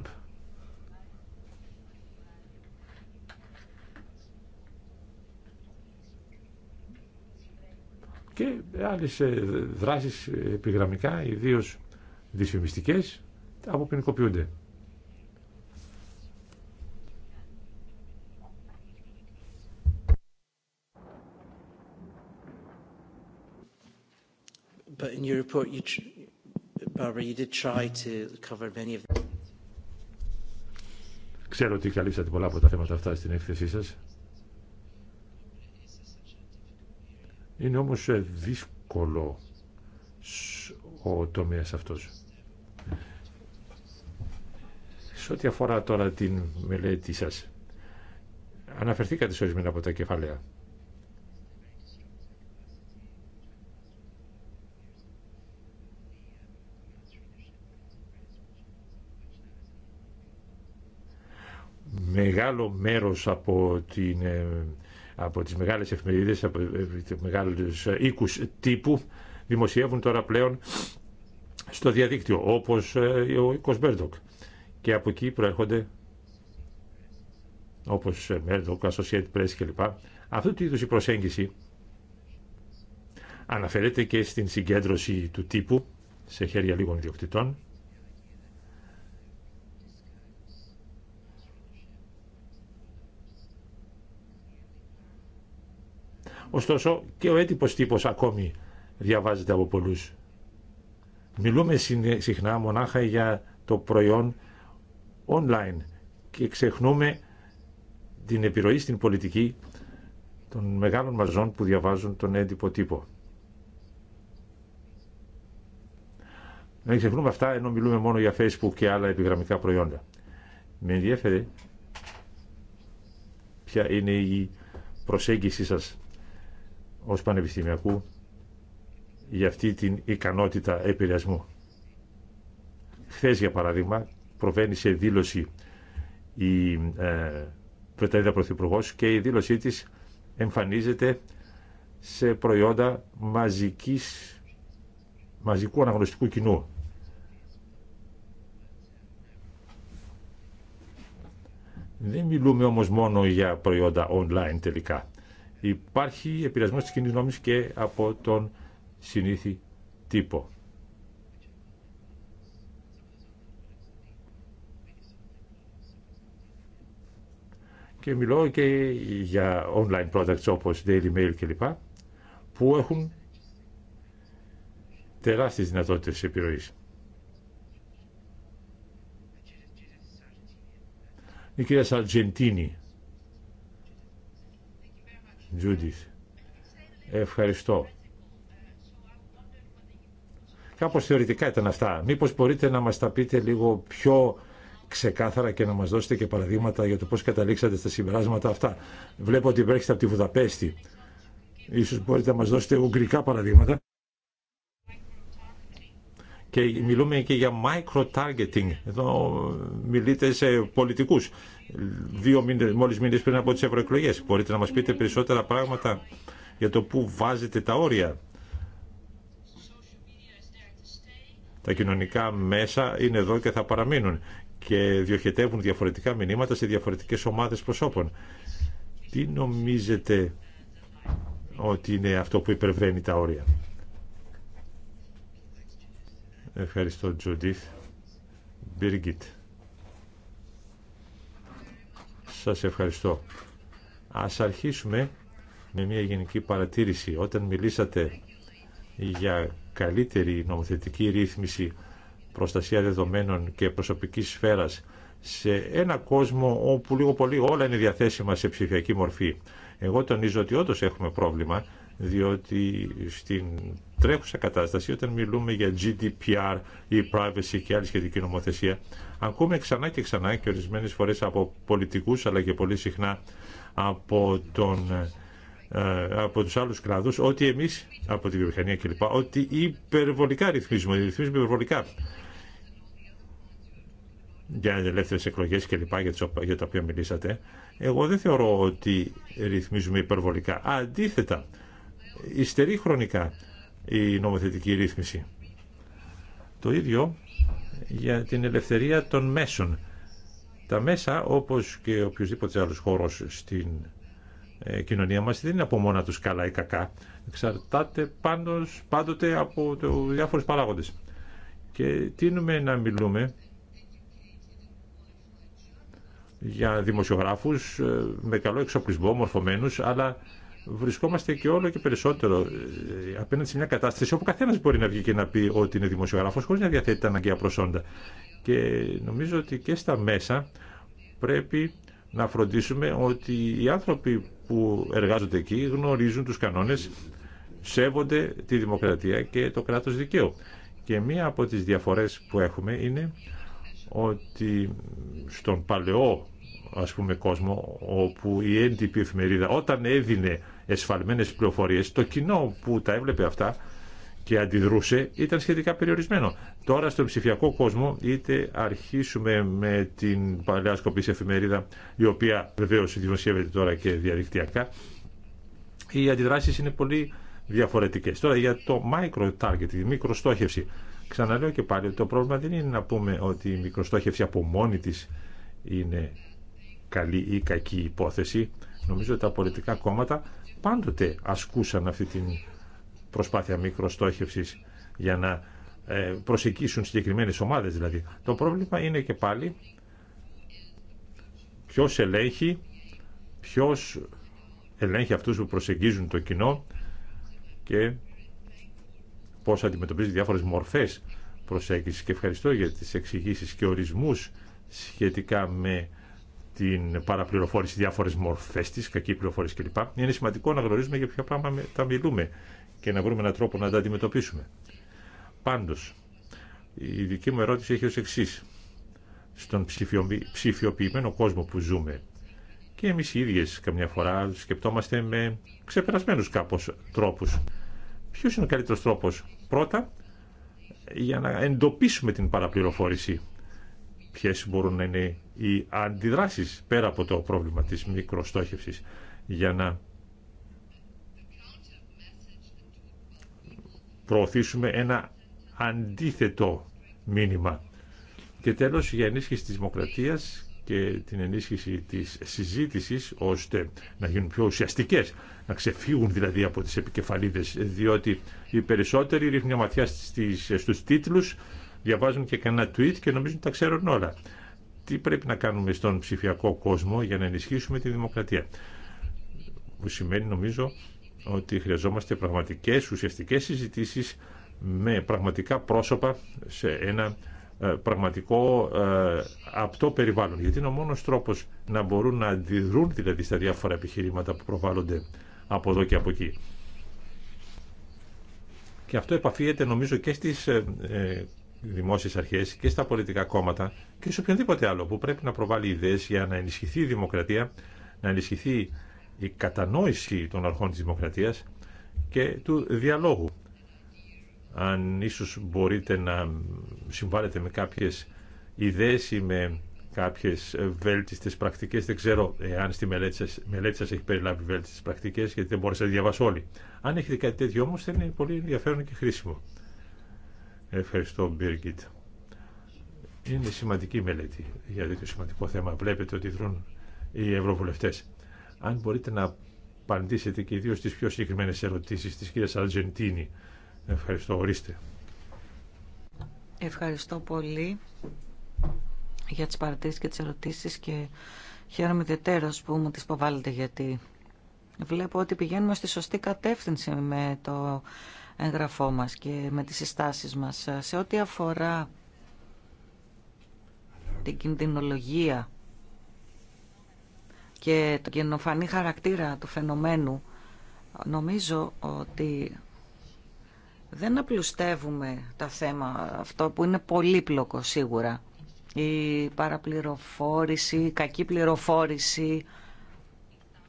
Speaker 5: και άλλες ε, δράσεις επιγραμμικά, ιδίως δυσφημιστικές, αποποινικοποιούνται.
Speaker 1: in your you, Barbara, you did try to cover many of
Speaker 5: Ξέρω ότι καλύψατε πολλά από τα θέματα αυτά στην έκθεσή σας. Είναι όμως ε, δύσκολο ο τομέας αυτός. Σε ό,τι αφορά τώρα την μελέτη σας, αναφερθήκατε σε ορισμένα από τα κεφαλαία. μεγάλο μέρος από, την, ε, από τις μεγάλες εφημερίδες, από τις ε, ε, μεγάλες οίκους τύπου, δημοσιεύουν τώρα πλέον στο διαδίκτυο, όπως ο οίκος Μέρδοκ. Και από εκεί προέρχονται, όπως Μέρδοκ, Associated Press κλπ. Αυτού του είδους η προσέγγιση αναφέρεται και στην συγκέντρωση του τύπου σε χέρια λίγων ιδιοκτητών, Ωστόσο και ο έντυπος τύπος ακόμη διαβάζεται από πολλούς. Μιλούμε συχνά μονάχα για το προϊόν online και ξεχνούμε την επιρροή στην πολιτική των μεγάλων μαζών που διαβάζουν τον έντυπο τύπο. Δεν ξεχνούμε αυτά ενώ μιλούμε μόνο για Facebook και άλλα επιγραμμικά προϊόντα. Με ενδιέφερε ποια είναι η προσέγγιση σας ως πανεπιστημιακού για αυτή την ικανότητα επηρεασμού. Χθε, για παράδειγμα, προβαίνει σε δήλωση η ε, και η δήλωσή της εμφανίζεται σε προϊόντα μαζικής, μαζικού αναγνωστικού κοινού. Δεν μιλούμε όμως μόνο για προϊόντα online τελικά υπάρχει επηρεασμό τη κοινή νόμη και από τον συνήθι τύπο. Και μιλώ και για online products όπως Daily Mail κλπ. που έχουν τεράστιες δυνατότητες επιρροής. Η κυρία Σαρτζεντίνη Τζούντις. Ευχαριστώ. Κάπως θεωρητικά ήταν αυτά. Μήπως μπορείτε να μας τα πείτε λίγο πιο ξεκάθαρα και να μας δώσετε και παραδείγματα για το πώς καταλήξατε στα συμπεράσματα αυτά. Βλέπω ότι βρέχετε από τη Βουδαπέστη. Ίσως μπορείτε να μας δώσετε ουγγρικά παραδείγματα και μιλούμε και για micro-targeting. Εδώ μιλείτε σε πολιτικού, Δύο μήνε, μόλις μήνες πριν από τι ευρωεκλογέ. Μπορείτε να μας πείτε περισσότερα πράγματα για το πού βάζετε τα όρια. Τα κοινωνικά μέσα είναι εδώ και θα παραμείνουν και διοχετεύουν διαφορετικά μηνύματα σε διαφορετικές ομάδες προσώπων. Τι νομίζετε ότι είναι αυτό που υπερβαίνει τα όρια. Ευχαριστώ, Τζούντιθ. Μπίργκιτ. Σας ευχαριστώ. Ας αρχίσουμε με μια γενική παρατήρηση. Όταν μιλήσατε για καλύτερη νομοθετική ρύθμιση, προστασία δεδομένων και προσωπικής σφαίρας σε ένα κόσμο όπου λίγο πολύ όλα είναι διαθέσιμα σε ψηφιακή μορφή. Εγώ τονίζω ότι όντως έχουμε πρόβλημα διότι στην τρέχουσα κατάσταση όταν μιλούμε για GDPR ή privacy και άλλη σχετική νομοθεσία ακούμε ξανά και ξανά και ορισμένες φορές από πολιτικούς αλλά και πολύ συχνά από, τον, ε, από τους άλλους κράτους ότι εμείς από την βιομηχανία κλπ ότι υπερβολικά ρυθμίζουμε, ρυθμίζουμε υπερβολικά για ελεύθερε εκλογέ και για τα οποία μιλήσατε εγώ δεν θεωρώ ότι ρυθμίζουμε υπερβολικά αντίθετα υστερεί χρονικά η νομοθετική ρύθμιση. Το ίδιο για την ελευθερία των μέσων. Τα μέσα, όπως και οποιοδήποτε άλλος χώρος στην ε, κοινωνία μας, δεν είναι από μόνα τους καλά ή κακά. Εξαρτάται πάντως, πάντοτε από το διάφορους παράγοντες. Και τίνουμε να μιλούμε για δημοσιογράφους ε, με καλό εξοπλισμό, μορφωμένους, αλλά βρισκόμαστε και όλο και περισσότερο ε, απέναντι σε μια κατάσταση όπου καθένα μπορεί να βγει και να πει ότι είναι δημοσιογράφος χωρί να διαθέτει τα αναγκαία προσόντα. Και νομίζω ότι και στα μέσα πρέπει να φροντίσουμε ότι οι άνθρωποι που εργάζονται εκεί γνωρίζουν τους κανόνες, σέβονται τη δημοκρατία και το κράτος δικαίου. Και μία από τις διαφορές που έχουμε είναι ότι στον παλαιό ας πούμε κόσμο όπου η έντυπη εφημερίδα όταν έδινε εσφαλμένες πληροφορίες, το κοινό που τα έβλεπε αυτά και αντιδρούσε ήταν σχετικά περιορισμένο. Τώρα στον ψηφιακό κόσμο είτε αρχίσουμε με την παλιά σκοπής εφημερίδα η οποία βεβαίως δημοσιεύεται τώρα και διαδικτυακά οι αντιδράσεις είναι πολύ διαφορετικές. Τώρα για το micro target η μικροστόχευση. Ξαναλέω και πάλι, ότι το πρόβλημα δεν είναι να πούμε ότι η μικροστόχευση από μόνη της είναι καλή ή κακή υπόθεση. Νομίζω ότι τα πολιτικά κόμματα πάντοτε ασκούσαν αυτή την προσπάθεια μικροστόχευσης για να ε, προσεγγίσουν συγκεκριμένες ομάδες δηλαδή. Το πρόβλημα είναι και πάλι ποιος ελέγχει, ποιος ελέγχει αυτούς που προσεγγίζουν το κοινό και πώς αντιμετωπίζει διάφορες μορφές προσέγγισης. Και ευχαριστώ για τις εξηγήσεις και ορισμούς σχετικά με την παραπληροφόρηση, διάφορε μορφέ τη, κακή πληροφόρηση κλπ. Είναι σημαντικό να γνωρίζουμε για ποια πράγματα μιλούμε και να βρούμε έναν τρόπο να τα αντιμετωπίσουμε. Πάντω, η δική μου ερώτηση έχει ω εξή. Στον ψηφιοποιημένο κόσμο που ζούμε, και εμεί οι ίδιε καμιά φορά σκεπτόμαστε με ξεπερασμένου κάπω τρόπου. Ποιο είναι ο καλύτερο τρόπο, πρώτα, για να εντοπίσουμε την παραπληροφόρηση. Ποιε μπορούν να είναι οι αντιδράσεις πέρα από το πρόβλημα της μικροστόχευσης για να προωθήσουμε ένα αντίθετο μήνυμα. Και τέλος για ενίσχυση της δημοκρατίας και την ενίσχυση της συζήτησης ώστε να γίνουν πιο ουσιαστικές, να ξεφύγουν δηλαδή από τις επικεφαλίδες, διότι οι περισσότεροι ρίχνουν μια ματιά στις, στους τίτλους, διαβάζουν και κανένα tweet και νομίζουν ότι τα ξέρουν όλα τι πρέπει να κάνουμε στον ψηφιακό κόσμο για να ενισχύσουμε τη δημοκρατία. Που σημαίνει νομίζω ότι χρειαζόμαστε πραγματικές ουσιαστικές συζητήσεις με πραγματικά πρόσωπα σε ένα ε, πραγματικό ε, απτό περιβάλλον. Γιατί είναι ο μόνος τρόπος να μπορούν να αντιδρούν δηλαδή στα διάφορα επιχειρήματα που προβάλλονται από εδώ και από εκεί. Και αυτό επαφίεται νομίζω και στις ε, Δημόσιε αρχέ και στα πολιτικά κόμματα και σε οποιονδήποτε άλλο που πρέπει να προβάλλει ιδέε για να ενισχυθεί η δημοκρατία, να ενισχυθεί η κατανόηση των αρχών τη δημοκρατία και του διαλόγου. Αν ίσω μπορείτε να συμβάλλετε με κάποιε ιδέε ή με κάποιε βέλτιστες πρακτικέ, δεν ξέρω αν στη μελέτη σα έχει περιλάβει βέλτιστες πρακτικέ, γιατί δεν μπορούσα να διαβάσω όλοι. Αν έχετε κάτι τέτοιο όμω θα είναι πολύ ενδιαφέρον και χρήσιμο. Ευχαριστώ, Μπίργκιτ. Είναι σημαντική μελέτη για το σημαντικό θέμα. Βλέπετε ότι δρούν οι ευρωβουλευτέ. Αν μπορείτε να απαντήσετε και ιδίω στι πιο συγκεκριμένε ερωτήσει τη κυρία Αργεντίνη. Ευχαριστώ. Ορίστε.
Speaker 4: Ευχαριστώ πολύ για τις παρατηρήσεις και τις ερωτήσεις και χαίρομαι ιδιαίτερως που μου τις υποβάλλετε γιατί βλέπω ότι πηγαίνουμε στη σωστή κατεύθυνση με το έγγραφό και με τις συστάσεις μας. Σε ό,τι αφορά την κινδυνολογία και το καινοφανή χαρακτήρα του φαινομένου, νομίζω ότι δεν απλουστεύουμε τα θέμα αυτό που είναι πολύπλοκο σίγουρα. Η παραπληροφόρηση, η κακή πληροφόρηση,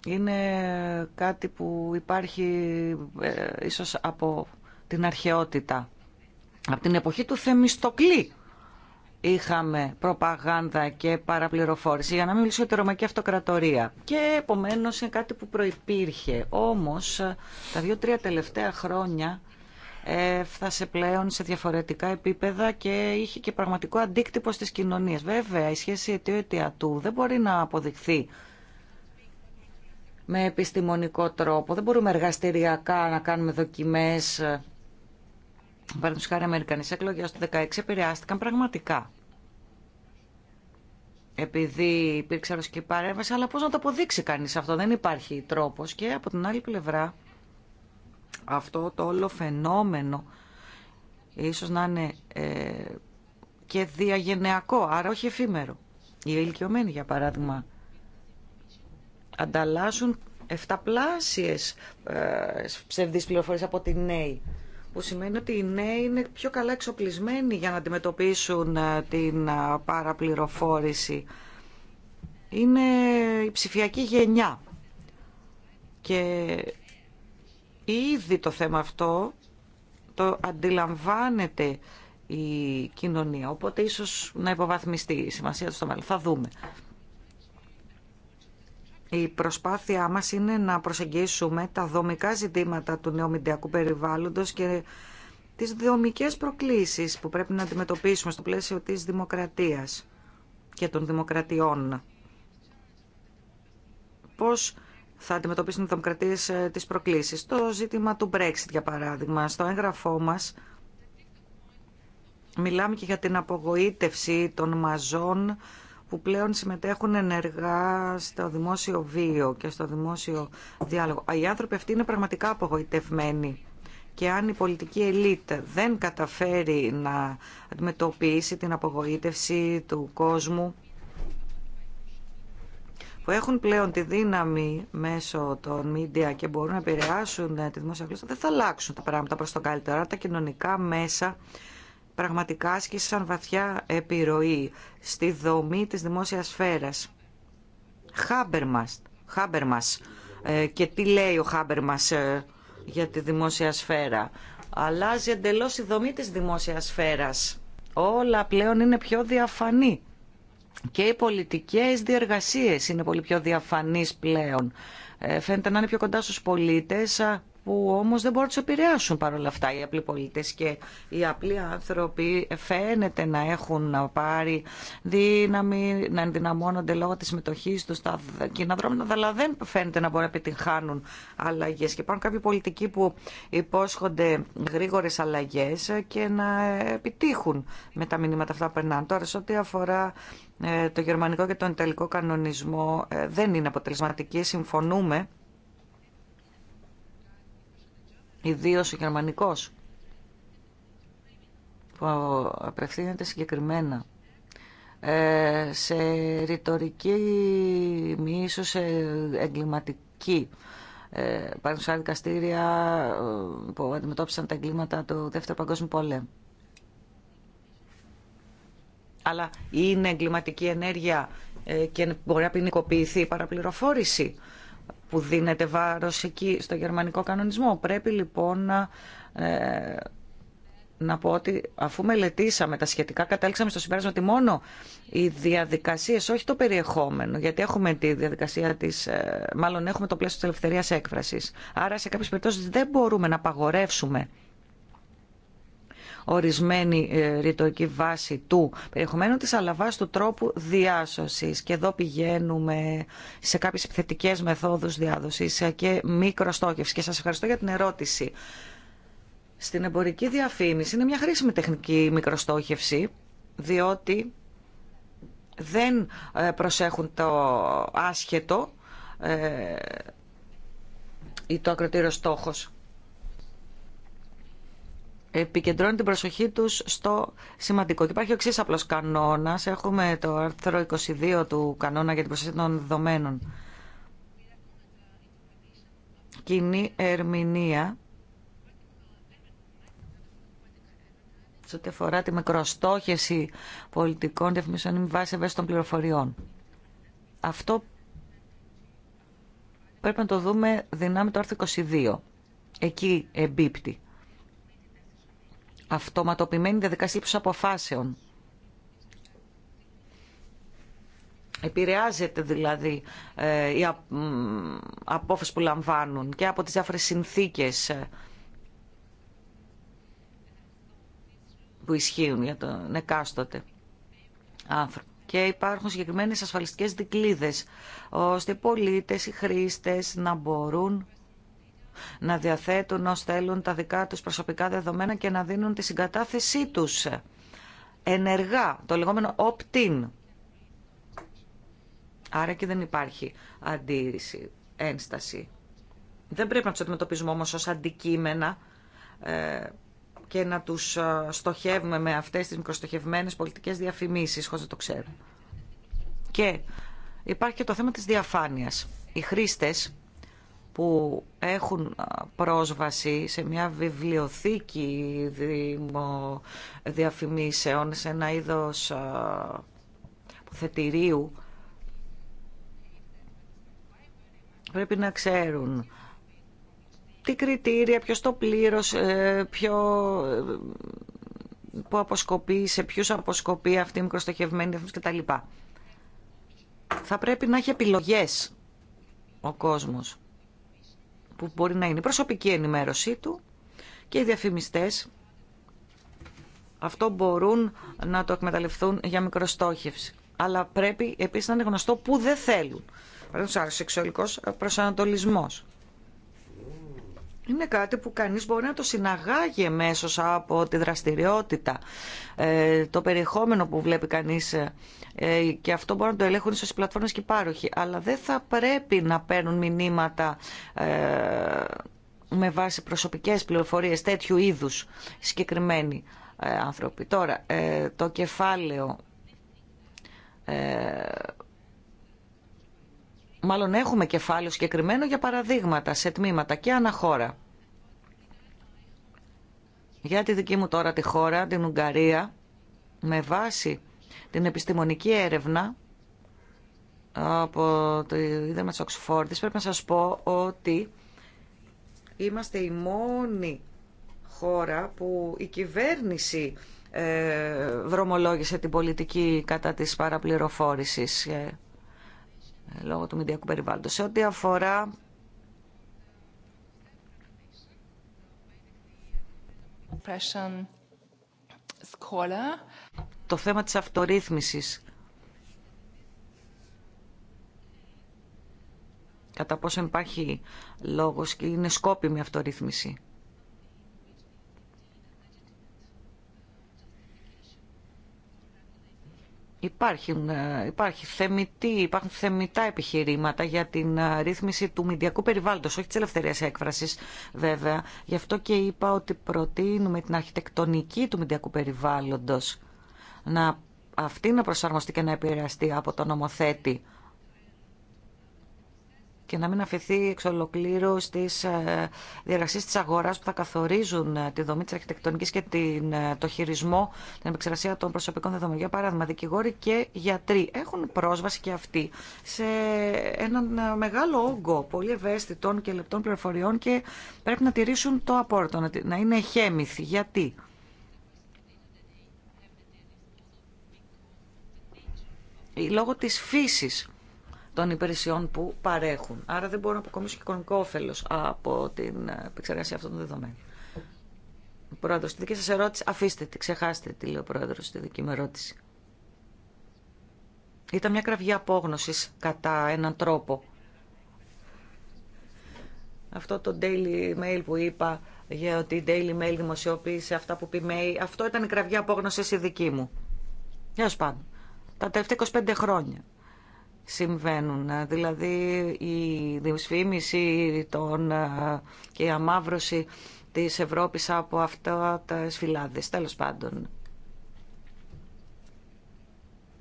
Speaker 4: είναι κάτι που υπάρχει ε, ίσως από την αρχαιότητα. Από την εποχή του Θεμιστοκλή είχαμε προπαγάνδα και παραπληροφόρηση για να μην μιλήσω τη Ρωμαϊκή Αυτοκρατορία. Και επομένως είναι κάτι που προϋπήρχε. Όμως τα δύο-τρία τελευταία χρόνια έφτασε πλέον σε διαφορετικά επίπεδα και είχε και πραγματικό αντίκτυπο στις κοινωνίες. Βέβαια, η σχεση αιτίο-αιτία δεν μπορεί να αποδειχθεί με επιστημονικό τρόπο. Δεν μπορούμε εργαστηριακά να κάνουμε δοκιμές. Παραδείγματος χάρη Αμερικανές εκλογές του 2016 επηρεάστηκαν πραγματικά. Επειδή υπήρξε ρωσική παρέμβαση, αλλά πώς να το αποδείξει κανείς αυτό. Δεν υπάρχει τρόπος και από την άλλη πλευρά αυτό το όλο φαινόμενο ίσως να είναι ε, και διαγενειακό, άρα όχι εφήμερο. Οι ηλικιωμένοι, για παράδειγμα, ανταλλάσσουν 7 ψευδεί πληροφορίε πληροφορίες από τη ΝΕΗ ΕΕ, που σημαίνει ότι οι νέοι είναι πιο καλά εξοπλισμένοι για να αντιμετωπίσουν ε, την ε, παραπληροφόρηση. Είναι η ψηφιακή γενιά. Και ήδη το θέμα αυτό το αντιλαμβάνεται η κοινωνία, οπότε ίσως να υποβαθμιστεί η σημασία του στο μέλλον. Θα δούμε. Η προσπάθειά μας είναι να προσεγγίσουμε τα δομικά ζητήματα του νεομηντιακού περιβάλλοντος και τις δομικές προκλήσεις που πρέπει να αντιμετωπίσουμε στο πλαίσιο της δημοκρατίας και των δημοκρατιών. Πώς θα αντιμετωπίσουν οι δημοκρατίες ε, τις προκλήσεις. Το ζήτημα του Brexit, για παράδειγμα, στο έγγραφό μας μιλάμε και για την απογοήτευση των μαζών που πλέον συμμετέχουν ενεργά στο δημόσιο βίο και στο δημόσιο διάλογο. Οι άνθρωποι αυτοί είναι πραγματικά απογοητευμένοι και αν η πολιτική ελίτ δεν καταφέρει να αντιμετωπίσει την απογοήτευση του κόσμου που έχουν πλέον τη δύναμη μέσω των μίντια και μπορούν να επηρεάσουν τη δημόσια γλώσσα, δεν θα αλλάξουν τα πράγματα προς το καλύτερο. Τα κοινωνικά μέσα πραγματικά άσκησαν βαθιά επιρροή στη δομή της δημόσιας σφαίρας. Χάμπερμας, ε, και τι λέει ο Χάμπερμας ε, για τη δημόσια σφαίρα. Αλλάζει εντελώς η δομή της δημόσιας σφαίρας. Όλα πλέον είναι πιο διαφανή. Και οι πολιτικές διεργασίες είναι πολύ πιο διαφανείς πλέον. Ε, φαίνεται να είναι πιο κοντά στους πολίτες που όμως δεν μπορούν να τους επηρεάσουν παρόλα αυτά οι απλοί πολίτες και οι απλοί άνθρωποι φαίνεται να έχουν πάρει δύναμη, να ενδυναμώνονται λόγω της συμμετοχής τους στα κοινά δρόμια αλλά δεν φαίνεται να μπορούν να επιτυγχάνουν αλλαγέ. Και υπάρχουν κάποιοι πολιτικοί που υπόσχονται γρήγορε αλλαγέ και να επιτύχουν με τα μηνύματα αυτά που περνάνε. Τώρα, σε ό,τι αφορά ε, το γερμανικό και τον ιταλικό κανονισμό, ε, δεν είναι αποτελεσματική. Συμφωνούμε Ιδίω ο γερμανικό που απευθύνεται συγκεκριμένα ε, σε ρητορική μίσο, σε εγκληματική. Ε, σαν δικαστήρια ε, που αντιμετώπισαν τα εγκλήματα του Δεύτερου Παγκόσμιου Πολέμου. Αλλά είναι εγκληματική ενέργεια ε, και μπορεί να ποινικοποιηθεί η παραπληροφόρηση που δίνεται βάρος εκεί στο γερμανικό κανονισμό. Πρέπει λοιπόν να, ε, να πω ότι αφού μελετήσαμε τα σχετικά κατέληξαμε στο συμπέρασμα ότι μόνο οι διαδικασίες, όχι το περιεχόμενο, γιατί έχουμε τη διαδικασία της, ε, μάλλον έχουμε το πλαίσιο της ελευθερίας έκφρασης. Άρα σε κάποιες περιπτώσεις δεν μπορούμε να απαγορεύσουμε ορισμένη ε, ρητορική βάση του περιεχομένου της, αλλά του τρόπου διάσωσης. Και εδώ πηγαίνουμε σε κάποιες επιθετικές μεθόδους διάδοσης ε, και μικροστόχευση. Και σας ευχαριστώ για την ερώτηση. Στην εμπορική διαφήμιση είναι μια χρήσιμη τεχνική μικροστόχευση, διότι δεν ε, προσέχουν το άσχετο ή το ακροτήριο στόχος επικεντρώνει την προσοχή τους στο σημαντικό. Και υπάρχει ο εξή απλό κανόνα. Έχουμε το άρθρο 22 του κανόνα για την προστασία των δεδομένων. Κοινή ερμηνεία σε ό,τι αφορά τη μικροστόχευση πολιτικών διαφημίσεων βάσει ευαίσθητων πληροφοριών. Αυτό πρέπει να το δούμε δυνάμει το άρθρο 22. Εκεί εμπίπτει αυτοματοποιημένη διαδικασία λήψης αποφάσεων. Επηρεάζεται δηλαδή ε, η απόφαση που λαμβάνουν και από τις διάφορες συνθήκες ε, που ισχύουν για τον εκάστοτε άνθρωπο. Και υπάρχουν συγκεκριμένες ασφαλιστικές δικλίδες, ώστε οι πολίτες, οι χρήστες να μπορούν να διαθέτουν ως θέλουν τα δικά τους προσωπικά δεδομένα και να δίνουν τη συγκατάθεσή τους ενεργά, το λεγόμενο opt-in. Άρα και δεν υπάρχει αντίρρηση, ένσταση. Δεν πρέπει να τους αντιμετωπίζουμε όμως ως αντικείμενα ε, και να τους ε, στοχεύουμε με αυτές τις μικροστοχευμένες πολιτικές διαφημίσεις, χωρίς να το ξέρουν. Και υπάρχει και το θέμα της διαφάνειας. Οι χρήστες που έχουν πρόσβαση σε μια βιβλιοθήκη διαφημίσεων, σε ένα είδος θετηρίου, πρέπει να ξέρουν τι κριτήρια, ποιος το πλήρωσε, ε, ποιο, ε, που αποσκοπεί, σε ποιους αποσκοπεί αυτή η μικροστοχευμένη διαφήμιση κτλ. Θα πρέπει να έχει επιλογές ο κόσμος που μπορεί να είναι η προσωπική ενημέρωσή του και οι διαφημιστές αυτό μπορούν να το εκμεταλλευτούν για μικροστόχευση. Αλλά πρέπει επίσης να είναι γνωστό που δεν θέλουν. Παραδείγματος ο σεξουαλικός προσανατολισμός. Είναι κάτι που κανείς μπορεί να το συναγάγει μέσω από τη δραστηριότητα, ε, το περιεχόμενο που βλέπει κανείς ε, ε, και αυτό μπορεί να το ελέγχουν ίσως οι πλατφόρμες και οι πάροχοι, αλλά δεν θα πρέπει να παίρνουν μηνύματα ε, με βάση προσωπικές πληροφορίες τέτοιου είδους συγκεκριμένοι ε, άνθρωποι. Τώρα, το κεφάλαιο μάλλον έχουμε κεφάλαιο συγκεκριμένο για παραδείγματα σε τμήματα και αναχώρα. Για τη δική μου τώρα τη χώρα, την Ουγγαρία, με βάση την επιστημονική έρευνα από το Ίδρυμα τη Οξφόρδης, πρέπει να σας πω ότι είμαστε η μόνη χώρα που η κυβέρνηση βρωμολόγησε ε, την πολιτική κατά της παραπληροφόρησης ε, λόγω του μηδιακού περιβάλλοντος. Σε ό,τι αφορά Scholar το θέμα της αυτορύθμισης. Κατά πόσο υπάρχει λόγος και είναι σκόπιμη αυτορύθμιση. Υπάρχει, ε, υπάρχει θεμητή, υπάρχουν θεμητά επιχειρήματα για την ε, ρύθμιση του μηντιακού περιβάλλοντος, όχι της ελευθερίας έκφρασης βέβαια. Γι' αυτό και είπα ότι προτείνουμε την αρχιτεκτονική του μηντιακού περιβάλλοντος να αυτή να προσαρμοστεί και να επηρεαστεί από τον νομοθέτη και να μην αφαιθεί εξ ολοκλήρου στι ε, διεργασίε τη αγορά που θα καθορίζουν ε, τη δομή τη αρχιτεκτονική και την, ε, το χειρισμό, την επεξεργασία των προσωπικών δεδομένων. Για παράδειγμα, δικηγόροι και γιατροί έχουν πρόσβαση και αυτοί σε έναν μεγάλο όγκο πολύ ευαίσθητων και λεπτών πληροφοριών και πρέπει να τηρήσουν το απόρριτο, να είναι χέμηθοι. Γιατί? λόγω της φύσης των υπηρεσιών που παρέχουν. Άρα δεν μπορώ να αποκομίσουν και οικονομικό όφελος από την επεξεργασία αυτών των δεδομένων. Πρόεδρο, στη δική σα ερώτηση, αφήστε τη, ξεχάστε τη, λέει ο πρόεδρο, στη δική μου ερώτηση. Ήταν μια κραυγή απόγνωση κατά έναν τρόπο. Αυτό το Daily Mail που είπα για ότι η Daily Mail δημοσιοποίησε αυτά που πει Mail, αυτό ήταν η κραυγή απόγνωση η δική μου. Τέλο πάντων τα τελευταία 25 χρόνια συμβαίνουν. Δηλαδή η δυσφήμιση των, ε, και η αμάυρωση της Ευρώπης από αυτά τα σφυλάδες, τέλος πάντων.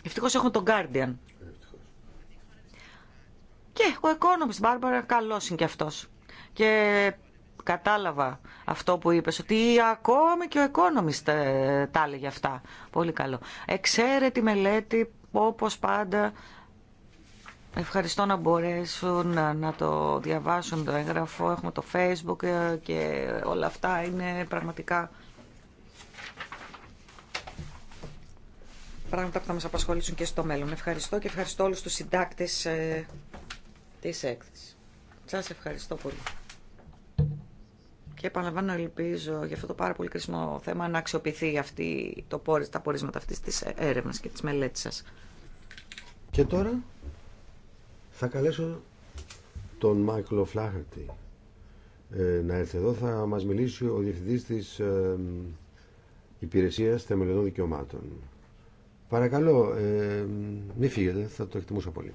Speaker 4: Ευτυχώ έχουν τον Guardian. Και ο Economist, Μπάρμπαρα, καλός είναι και αυτός. Και κατάλαβα αυτό που είπες, ότι ακόμη και ο Economist ε, τα έλεγε αυτά. Πολύ καλό. Εξαίρετη μελέτη, όπως πάντα, Ευχαριστώ να μπορέσουν να το διαβάσουν το έγγραφο. Έχουμε το facebook ε, και όλα αυτά είναι πραγματικά πράγματα που θα μας απασχολήσουν και στο μέλλον. Ευχαριστώ και ευχαριστώ όλους τους συντάκτες ε, της έκθεσης. Σας ευχαριστώ πολύ. Και επαναλαμβάνω, ελπίζω για αυτό το πάρα πολύ κρίσιμο θέμα να αξιοποιηθεί αυτή, το, τα πορίσματα αυτής της έρευνας και της μελέτης σας. Και τώρα
Speaker 2: θα καλέσω τον Μάικλο Φλάχαρτη ε, να έρθει εδώ. Θα μας μιλήσει ο Διευθυντής της ε, Υπηρεσίας Θεμελιωδών Δικαιωμάτων. Παρακαλώ, ε, μην φύγετε, θα το εκτιμούσα πολύ.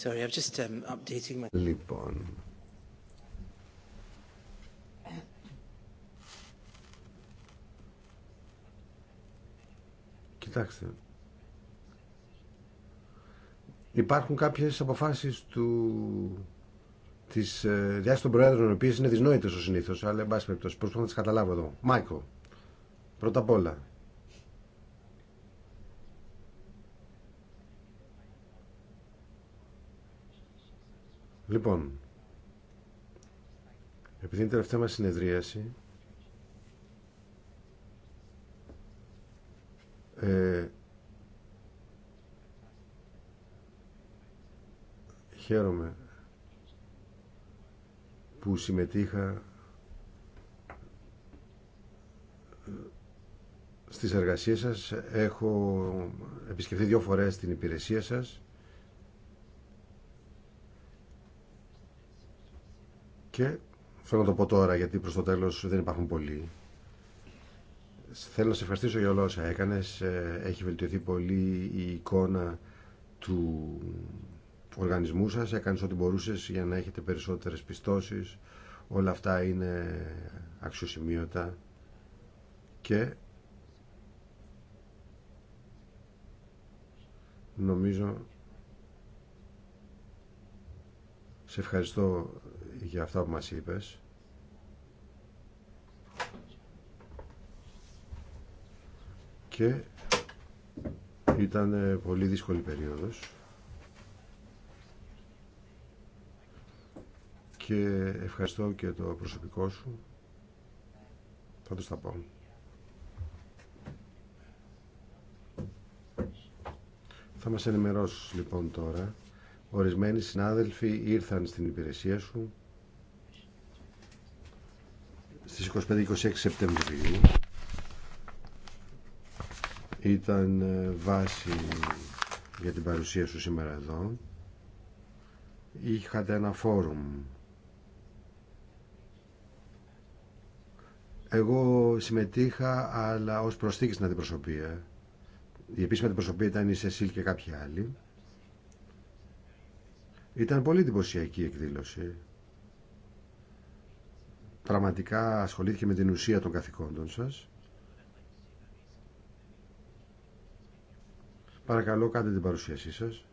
Speaker 1: Sorry, um, Λοιπόν,
Speaker 2: Κοιτάξτε, υπάρχουν κάποιες αποφάσεις του... της ε, του των Προέδρων, οι οποίες είναι δυσνόητες ο συνήθως, αλλά εν πάση περιπτώσει, προσπαθώ να τις καταλάβω εδώ. Μάικο, πρώτα απ' όλα, Λοιπόν, επειδή είναι τελευταία μας συνεδρίαση, ε, χαίρομαι που συμμετείχα στις εργασίες σας. Έχω επισκεφθεί δύο φορές την υπηρεσία σας και θέλω να το πω τώρα γιατί προς το τέλος δεν υπάρχουν πολλοί θέλω να σε ευχαριστήσω για όλα όσα έκανες ε, έχει βελτιωθεί πολύ η εικόνα του οργανισμού σας έκανες ό,τι μπορούσες για να έχετε περισσότερες πιστώσεις όλα αυτά είναι αξιοσημείωτα και νομίζω σε ευχαριστώ για αυτά που μας είπες. Και ήταν ε, πολύ δύσκολη περίοδος. Και ευχαριστώ και το προσωπικό σου. Θα το τα πω. Θα μας ενημερώσεις λοιπόν τώρα. Ορισμένοι συνάδελφοι ήρθαν στην υπηρεσία σου στις 25-26 Σεπτεμβρίου ήταν ε, βάση για την παρουσία σου σήμερα εδώ είχατε ένα φόρουμ εγώ συμμετείχα αλλά ως προσθήκη στην αντιπροσωπεία η επίσημη αντιπροσωπεία ήταν η Σεσίλ και κάποιοι άλλοι ήταν πολύ εντυπωσιακή εκδήλωση πραγματικά ασχολήθηκε με την ουσία των καθηκόντων σας. Παρακαλώ κάντε την παρουσίασή σας.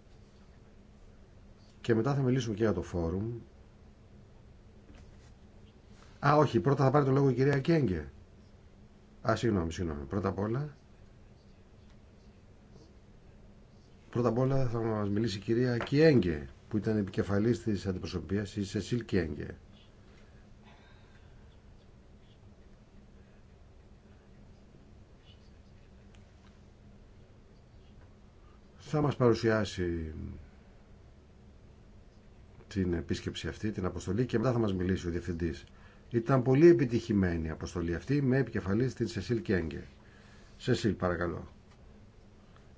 Speaker 2: Και μετά θα μιλήσουμε και για το φόρουμ. Α, όχι, πρώτα θα πάρει το λόγο η κυρία Κέγκε. Α, συγγνώμη, συγγνώμη. Πρώτα απ' όλα... Πρώτα απ' όλα θα μας μιλήσει η κυρία Κιέγκε, που ήταν επικεφαλής της αντιπροσωπείας, η Σεσίλ Κιέγκε. θα μας παρουσιάσει την επίσκεψη αυτή, την αποστολή και μετά θα μας μιλήσει ο Διευθυντής. Ήταν πολύ επιτυχημένη η αποστολή αυτή με επικεφαλή την Σεσίλ Κέγκε. Σεσίλ παρακαλώ.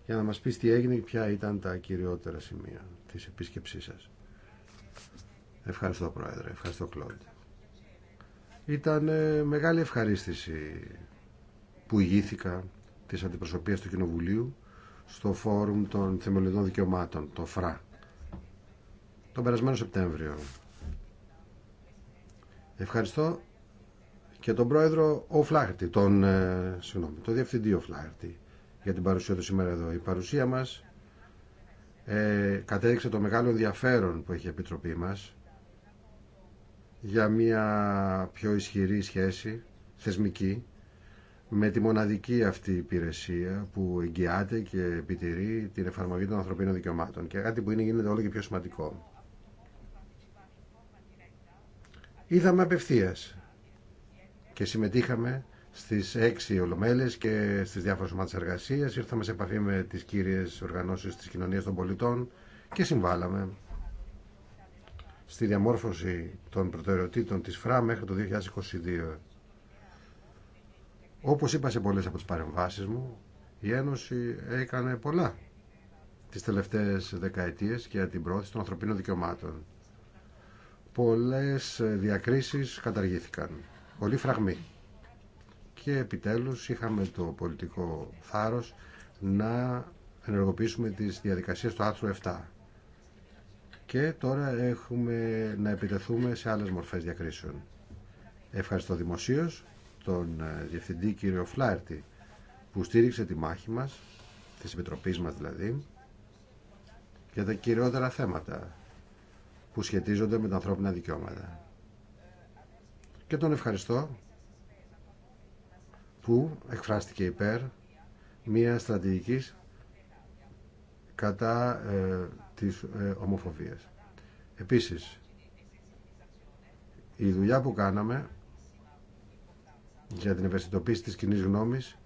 Speaker 2: Για να μας πεις τι έγινε και ποια ήταν τα κυριότερα σημεία της επίσκεψής σας. Ευχαριστώ Πρόεδρε, ευχαριστώ Κλόντ. Ήταν ε, μεγάλη ευχαρίστηση που ηγήθηκα της αντιπροσωπείας του Κοινοβουλίου στο Φόρουμ των Θεμελιωδών Δικαιωμάτων, το ΦΡΑ, τον περασμένο Σεπτέμβριο. Ευχαριστώ και τον πρόεδρο Ο Φλάχτη, τον, ε, συγγνώμη, τον διευθυντή Ο για την παρουσία του σήμερα εδώ. Η παρουσία μας ε, κατέδειξε το μεγάλο ενδιαφέρον που έχει η Επιτροπή μας για μια πιο ισχυρή σχέση θεσμική με τη μοναδική αυτή υπηρεσία που εγγυάται και επιτηρεί την εφαρμογή των ανθρωπίνων δικαιωμάτων και κάτι που είναι γίνεται όλο και πιο σημαντικό. Είδαμε απευθείας και συμμετείχαμε στις έξι ολομέλες και στις διάφορες ομάδες εργασίας. Ήρθαμε σε επαφή με τις κύριες οργανώσεις της κοινωνίας των πολιτών και συμβάλαμε στη διαμόρφωση των προτεραιοτήτων της ΦΡΑ μέχρι το 2022 όπως είπα σε πολλές από τις παρεμβάσεις μου, η Ένωση έκανε πολλά τις τελευταίες δεκαετίες για την πρόθεση των ανθρωπίνων δικαιωμάτων. Πολλές διακρίσεις καταργήθηκαν. Πολλοί φραγμοί. Και επιτέλους είχαμε το πολιτικό θάρρος να ενεργοποιήσουμε τις διαδικασίες του άρθρου 7. Και τώρα έχουμε να επιτεθούμε σε άλλες μορφές διακρίσεων. Ευχαριστώ δημοσίως τον ε, Διευθυντή κύριο Φλάρτη που στήριξε τη μάχη μας, της Επιτροπής μας δηλαδή, για τα κυριότερα θέματα που σχετίζονται με τα ανθρώπινα δικαιώματα. Και τον ευχαριστώ που εκφράστηκε υπέρ μια στρατηγικής κατά ε, της ε, ομοφοβίας. Επίσης, η δουλειά που κάναμε για την ευαισθητοποίηση της κοινή γνώμης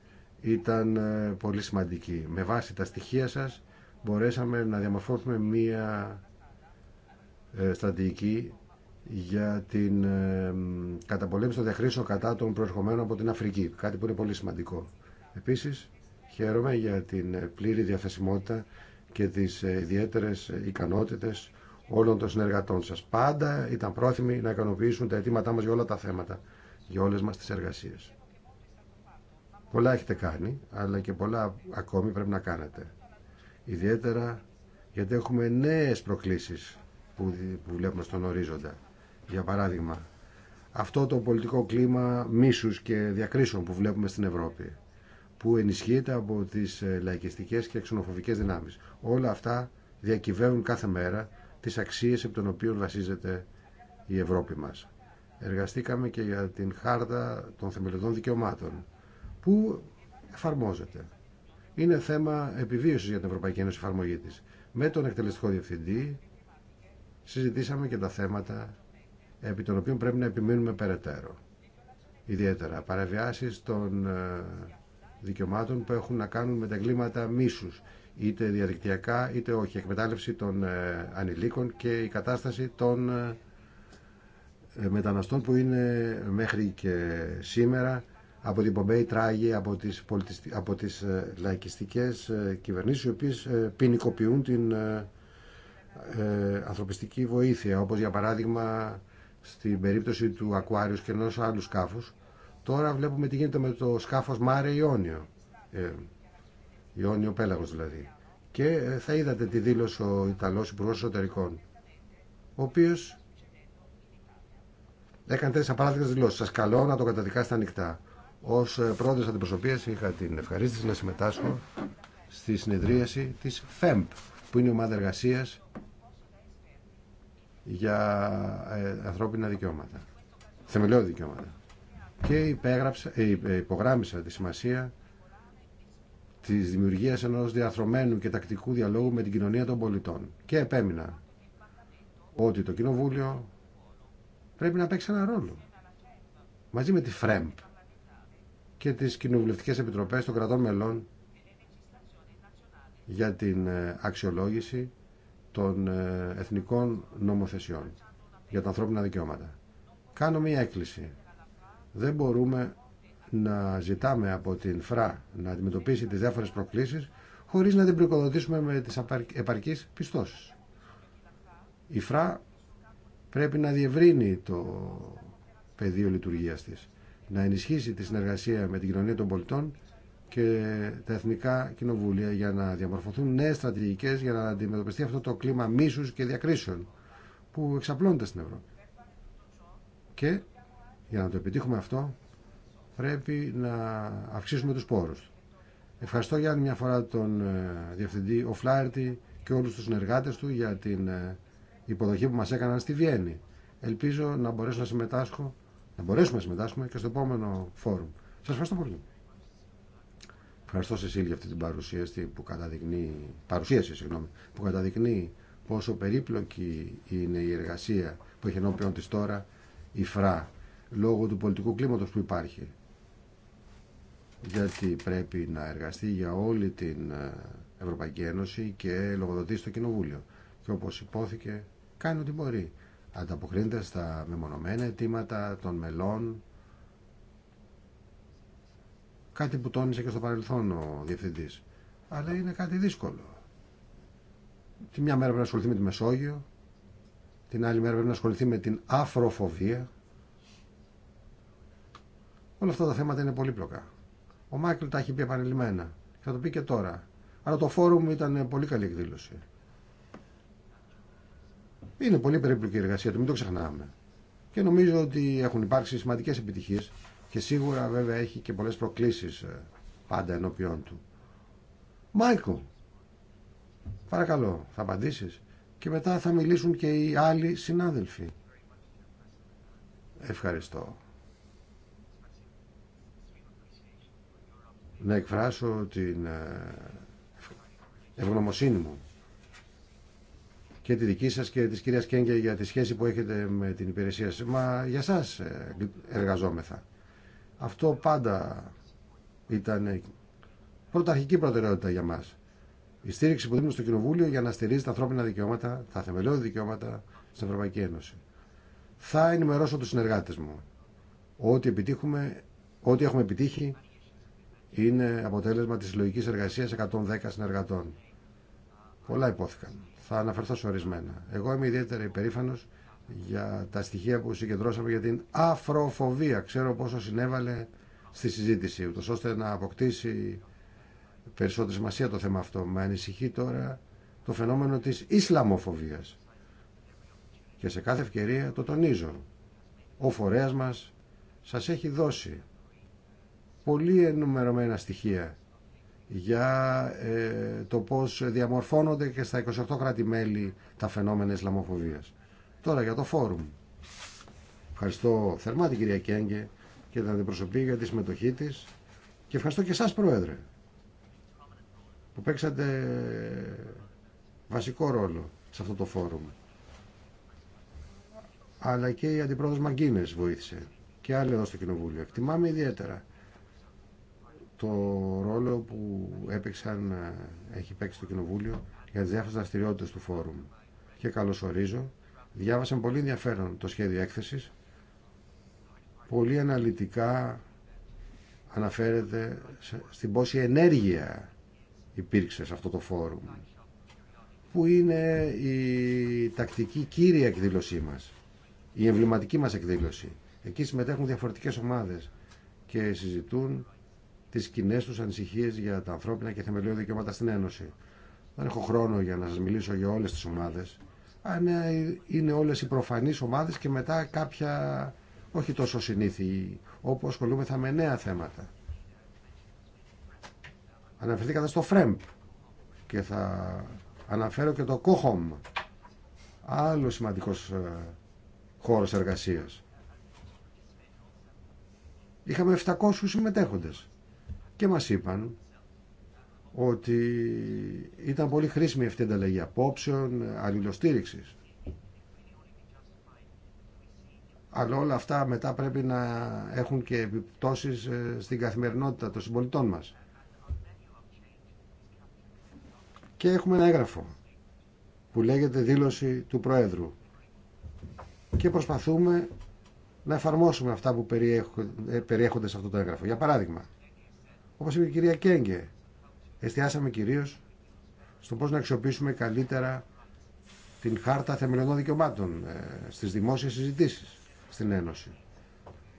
Speaker 2: ήταν ε, πολύ σημαντική. Με βάση τα στοιχεία σας μπορέσαμε να διαμορφώσουμε μία ε, στρατηγική για την ε, καταπολέμηση των διαχρήσεων κατά των προερχομένων από την Αφρική. Κάτι που είναι πολύ σημαντικό. Επίσης, χαίρομαι για την πλήρη διαθεσιμότητα και τις ιδιαίτερες ικανότητες όλων των συνεργατών σας. Πάντα ήταν πρόθυμοι να ικανοποιήσουν τα αιτήματά μας για όλα τα θέματα για όλες μας τις εργασίες. Πολλά έχετε κάνει, αλλά και πολλά ακόμη πρέπει να κάνετε. Ιδιαίτερα γιατί έχουμε νέες προκλήσεις που, που βλέπουμε στον ορίζοντα. Για παράδειγμα, αυτό το πολιτικό κλίμα μίσους και διακρίσεων που βλέπουμε στην Ευρώπη, που ενισχύεται από τις ε, λαϊκιστικές και ξενοφοβικές δυνάμεις. Όλα αυτά διακυβεύουν κάθε μέρα τις αξίες από τον οποίων βασίζεται η Ευρώπη μας. Εργαστήκαμε και για την χάρτα των θεμελιωδών δικαιωμάτων που εφαρμόζεται. Είναι θέμα επιβίωσης για την Ευρωπαϊκή Ένωση εφαρμογή της. Με τον εκτελεστικό διευθυντή συζητήσαμε και τα θέματα επί των οποίων πρέπει να επιμείνουμε περαιτέρω. Ιδιαίτερα παραβιάσεις των ε, δικαιωμάτων που έχουν να κάνουν με τα εγκλήματα μίσους, είτε διαδικτυακά είτε όχι, εκμετάλλευση των ε, ανηλίκων και η κατάσταση των ε, ε, μεταναστών που είναι μέχρι και σήμερα από την Πομπέη Τράγη, από τις, πολιτιστι... από τις ε, λαϊκιστικές ε, κυβερνήσεις οι οποίες ποινικοποιούν την ανθρωπιστική βοήθεια όπως για παράδειγμα στην περίπτωση του Ακουάριου και ενός άλλου σκάφους τώρα βλέπουμε τι γίνεται με το σκάφος Μάρε Ιόνιο Ιόνιο Πέλαγος δηλαδή και θα είδατε τη δήλωση ο Ιταλός Υπουργός Εσωτερικών ο οποίος έκανε τέσσερα απαράδεκτε δηλώσει. Σα καλώ να το καταδικάσετε ανοιχτά. Ω ε, πρόεδρο αντιπροσωπεία είχα την ευχαρίστηση να συμμετάσχω στη συνεδρίαση τη ΦΕΜΠ, που είναι η ομάδα εργασία για ε, ανθρώπινα δικαιώματα. Θεμελιώδη δικαιώματα. Και υπέγραψα, ε, τη σημασία τη δημιουργία ενό διαθρωμένου και τακτικού διαλόγου με την κοινωνία των πολιτών. Και επέμεινα ότι το Κοινοβούλιο πρέπει να παίξει ένα ρόλο. Μαζί με τη ΦΡΕΜΠ και τις κοινοβουλευτικές επιτροπές των κρατών μελών για την ε, αξιολόγηση των ε, εθνικών νομοθεσιών για τα ανθρώπινα δικαιώματα. Κάνω μία έκκληση. Δεν μπορούμε να ζητάμε από την ΦΡΑ να αντιμετωπίσει τις διάφορες προκλήσεις χωρίς να την προκοδοτήσουμε με τις επαρκείς πιστώσεις. Η ΦΡΑ πρέπει να διευρύνει το πεδίο λειτουργίας της, να ενισχύσει τη συνεργασία με την κοινωνία των πολιτών και τα εθνικά κοινοβούλια για να διαμορφωθούν νέες στρατηγικές για να αντιμετωπιστεί αυτό το κλίμα μίσους και διακρίσεων που εξαπλώνεται στην Ευρώπη. Και για να το επιτύχουμε αυτό πρέπει να αυξήσουμε τους πόρους. Ευχαριστώ για μια φορά τον ε, Διευθυντή Οφλάερτη και όλους τους συνεργάτες του για την ε, υποδοχή που μας έκαναν στη Βιέννη. Ελπίζω να μπορέσω να συμμετάσχω, να μπορέσουμε να συμμετάσχουμε και στο επόμενο φόρουμ. Σας ευχαριστώ πολύ. Ευχαριστώ σε για αυτή την παρουσίαση που καταδεικνύει, παρουσίαση, συγγνώμη, που καταδεικνύει πόσο περίπλοκη είναι η εργασία που έχει ενώπιον της τώρα η ΦΡΑ λόγω του πολιτικού κλίματος που υπάρχει. Γιατί πρέπει να εργαστεί για όλη την ε, Ευρωπαϊκή Ένωση και λογοδοτεί στο Κοινοβούλιο. Και όπως υπόθηκε κάνει ό,τι μπορεί. Ανταποκρίνεται στα μεμονωμένα αιτήματα των μελών. Κάτι που τόνισε και στο παρελθόν ο διευθυντή, Αλλά είναι κάτι δύσκολο. Τη μια μέρα πρέπει να ασχοληθεί με τη Μεσόγειο, την άλλη μέρα πρέπει να ασχοληθεί με την αφροφοβία. Όλα αυτά τα θέματα είναι πολύπλοκα. Ο Μάικλ τα έχει πει επανειλημμένα. Θα το πει και τώρα. Αλλά το φόρουμ ήταν πολύ καλή εκδήλωση. Είναι πολύ περίπλοκη η εργασία του, μην το ξεχνάμε. Και νομίζω ότι έχουν υπάρξει σημαντικέ επιτυχίε και σίγουρα βέβαια έχει και πολλέ προκλήσει ε, πάντα ενώπιον του. Μάικο, παρακαλώ, θα απαντήσει και μετά θα μιλήσουν και οι άλλοι συνάδελφοι. Ευχαριστώ. Να εκφράσω την ε, ευγνωμοσύνη μου και τη δική σας και της κυρίας Κέγκε για τη σχέση που έχετε με την υπηρεσία σας. Μα για σας ε, εργαζόμεθα. Αυτό πάντα ήταν πρωταρχική προτεραιότητα για μας. Η στήριξη που δίνουμε στο Κοινοβούλιο για να στηρίζει τα ανθρώπινα δικαιώματα, τα θεμελιώδη δικαιώματα στην Ευρωπαϊκή Ένωση. Θα ενημερώσω τους συνεργάτες μου ότι, επιτύχουμε, ότι έχουμε επιτύχει είναι αποτέλεσμα της συλλογικής εργασίας 110 συνεργατών. Πολλά υπόθηκαν. Θα αναφερθώ σε ορισμένα. Εγώ είμαι ιδιαίτερα υπερήφανο για τα στοιχεία που συγκεντρώσαμε για την αφροφοβία. Ξέρω πόσο συνέβαλε στη συζήτηση, ούτως ώστε να αποκτήσει περισσότερη σημασία το θέμα αυτό. Με ανησυχεί τώρα το φαινόμενο της Ισλαμοφοβίας. Και σε κάθε ευκαιρία το τονίζω. Ο φορέας μας σας έχει δώσει πολύ ενημερωμένα στοιχεία για ε, το πώς διαμορφώνονται και στα 28 κράτη-μέλη τα φαινόμενα Ισλαμοφοβίας. Τώρα για το φόρουμ. Ευχαριστώ θερμά την κυρία Κέγκε και την αντιπροσωπή για τη συμμετοχή της και ευχαριστώ και εσάς Πρόεδρε που παίξατε βασικό ρόλο σε αυτό το φόρουμ. Αλλά και η Αντιπρόεδρος Μαγκίνες βοήθησε και άλλοι εδώ στο Κοινοβούλιο. Εκτιμάμε ιδιαίτερα το ρόλο που έπαιξαν, ε, έχει παίξει το Κοινοβούλιο για τι διάφορε δραστηριότητε του Φόρουμ. Και ορίζω Διάβασαν πολύ ενδιαφέρον το σχέδιο έκθεσης. Πολύ αναλυτικά αναφέρεται στην πόση ενέργεια υπήρξε σε αυτό το φόρουμ που είναι η τακτική κύρια εκδήλωσή μας η εμβληματική μας εκδήλωση εκεί συμμετέχουν διαφορετικές ομάδες και συζητούν τις κοινέ του ανησυχίε για τα ανθρώπινα και θεμελιώδη δικαιώματα στην Ένωση. Δεν έχω χρόνο για να σας μιλήσω για όλες τις ομάδες. Αν ναι, είναι όλες οι προφανείς ομάδες και μετά κάποια όχι τόσο συνήθιοι, όπου ασχολούμεθα με νέα θέματα. Αναφερθήκατε στο ΦΡΕΜΠ και θα αναφέρω και το ΚΟΧΟΜ, άλλο σημαντικός ε, χώρος εργασίας. Είχαμε 700 συμμετέχοντες και μας είπαν ότι ήταν πολύ χρήσιμη αυτή η ανταλλαγή απόψεων, αλληλοστήριξης. Αλλά όλα αυτά μετά πρέπει να έχουν και επιπτώσεις ε, στην καθημερινότητα των συμπολιτών μας. Και έχουμε ένα έγγραφο που λέγεται δήλωση του Προέδρου και προσπαθούμε να εφαρμόσουμε αυτά που ε, περιέχονται σε αυτό το έγγραφο. Για παράδειγμα, Όπω είπε η κυρία Κέγκε, εστιάσαμε κυρίω στο πώς να αξιοποιήσουμε καλύτερα την χάρτα θεμελιωδών δικαιωμάτων ε, στις δημόσιες συζητήσει στην Ένωση.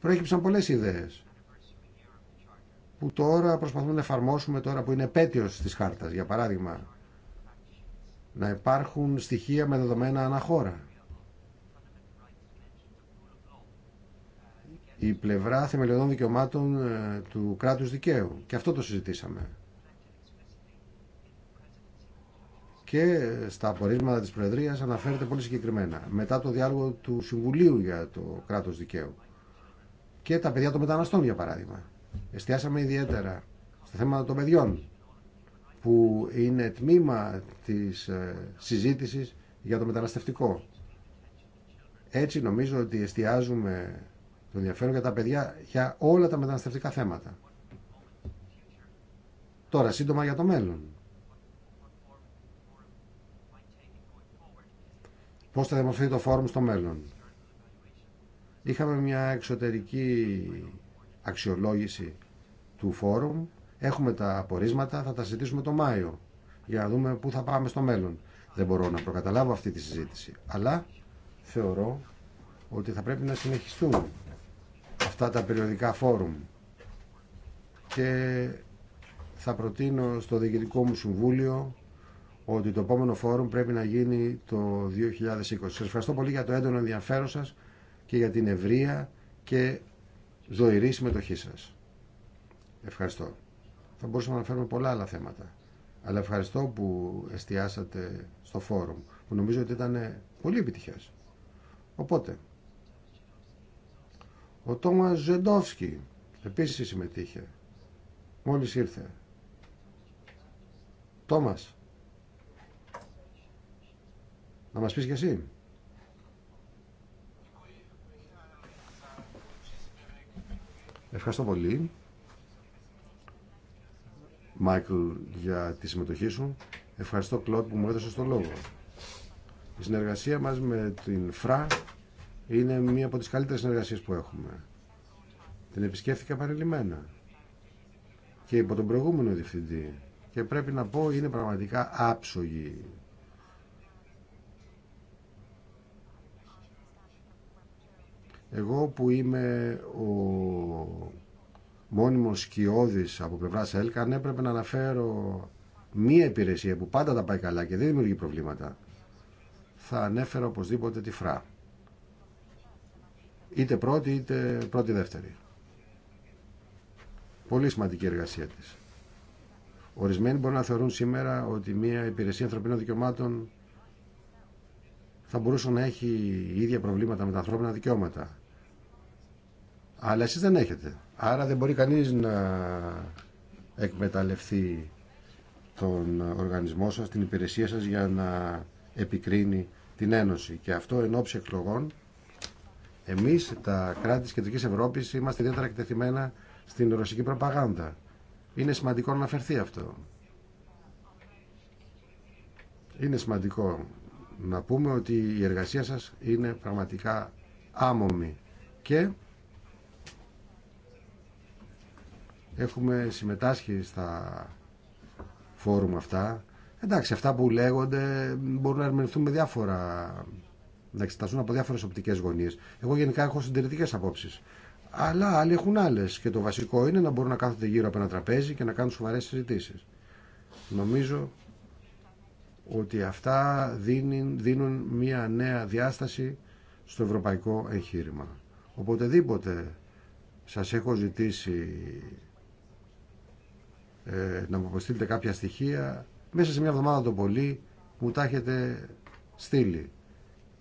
Speaker 2: Προέκυψαν πολλές ιδέες που τώρα προσπαθούμε να εφαρμόσουμε τώρα που είναι επέτειο της χάρτας. Για παράδειγμα, να υπάρχουν στοιχεία με δεδομένα αναχώρα. η πλευρά θεμελιωδών δικαιωμάτων ε, του κράτους δικαίου. Και αυτό το συζητήσαμε. Και ε, στα απορίσματα της Προεδρίας αναφέρεται πολύ συγκεκριμένα. Μετά το διάλογο του Συμβουλίου για το κράτος δικαίου. Και τα παιδιά των μεταναστών, για παράδειγμα. Εστιάσαμε ιδιαίτερα στα θέματα των παιδιών, που είναι τμήμα της ε, συζήτησης για το μεταναστευτικό. Έτσι νομίζω ότι εστιάζουμε το ενδιαφέρον για τα παιδιά για όλα τα μεταναστευτικά θέματα. Τώρα, σύντομα για το μέλλον. Πώς θα δημοσιεύει το φόρουμ στο μέλλον. Είχαμε μια εξωτερική αξιολόγηση του φόρουμ. Έχουμε τα απορίσματα, θα τα συζητήσουμε το Μάιο για να δούμε πού θα πάμε στο μέλλον. Δεν μπορώ να προκαταλάβω αυτή τη συζήτηση. Αλλά θεωρώ ότι θα πρέπει να συνεχιστούν αυτά τα περιοδικά φόρουμ και θα προτείνω στο Διοικητικό μου Συμβούλιο ότι το επόμενο φόρουμ πρέπει να γίνει το 2020. Σας ευχαριστώ πολύ για το έντονο ενδιαφέρον σας και για την ευρεία και ζωηρή συμμετοχή σας. Ευχαριστώ. Θα μπορούσαμε να φέρουμε πολλά άλλα θέματα. Αλλά ευχαριστώ που εστιάσατε στο φόρουμ, που νομίζω ότι ήταν πολύ επιτυχές. Οπότε, ο Τόμας Ζεντόφσκι επίσης συμμετείχε. Μόλις ήρθε. Τόμας. Να μας πεις κι εσύ. Ευχαριστώ πολύ, Μάικλ, για τη συμμετοχή σου. Ευχαριστώ, Κλοντ, που μου έδωσε το λόγο. Η συνεργασία μας με την ΦΡΑ είναι μία από τις καλύτερες συνεργασίες που έχουμε. Την επισκέφθηκα παρελειμμένα και υπό τον προηγούμενο διευθυντή και πρέπει να πω είναι πραγματικά άψογη. Εγώ που είμαι ο μόνιμος σκιώδης από πλευράς ΕΛΚΑ έπρεπε να αναφέρω μία υπηρεσία που πάντα τα πάει καλά και δεν δημιουργεί προβλήματα θα ανέφερα οπωσδήποτε τη ΦΡΑ είτε πρώτη είτε πρώτη δεύτερη. Πολύ σημαντική εργασία της. Ορισμένοι μπορούν να θεωρούν σήμερα ότι μια υπηρεσία ανθρωπίνων δικαιωμάτων θα μπορούσε να έχει ίδια προβλήματα με τα ανθρώπινα δικαιώματα. Αλλά εσείς δεν έχετε. Άρα δεν μπορεί κανείς να εκμεταλλευτεί τον οργανισμό σας, την υπηρεσία σας για να επικρίνει την Ένωση. Και αυτό εν ώψη εκλογών εμείς, τα κράτη της Κεντρικής Ευρώπης, είμαστε ιδιαίτερα εκτεθειμένα στην ρωσική προπαγάνδα. Είναι σημαντικό να αναφερθεί αυτό. Είναι σημαντικό να πούμε ότι η εργασία σας είναι πραγματικά άμομη και έχουμε συμμετάσχει στα φόρουμ αυτά. Εντάξει, αυτά που λέγονται μπορούν να ερμηνευτούν με διάφορα να εξεταστούν από διάφορε οπτικέ γωνίε. Εγώ γενικά έχω συντηρητικέ απόψει. Αλλά άλλοι έχουν άλλε. Και το βασικό είναι να μπορούν να κάθονται γύρω από ένα τραπέζι και να κάνουν σοβαρέ συζητήσει. Νομίζω ότι αυτά δίνουν, δίνουν μια νέα διάσταση στο ευρωπαϊκό εγχείρημα. Οποτεδήποτε σας έχω ζητήσει ε, να μου αποστείλετε κάποια στοιχεία, μέσα σε μια εβδομάδα το πολύ μου τα έχετε στείλει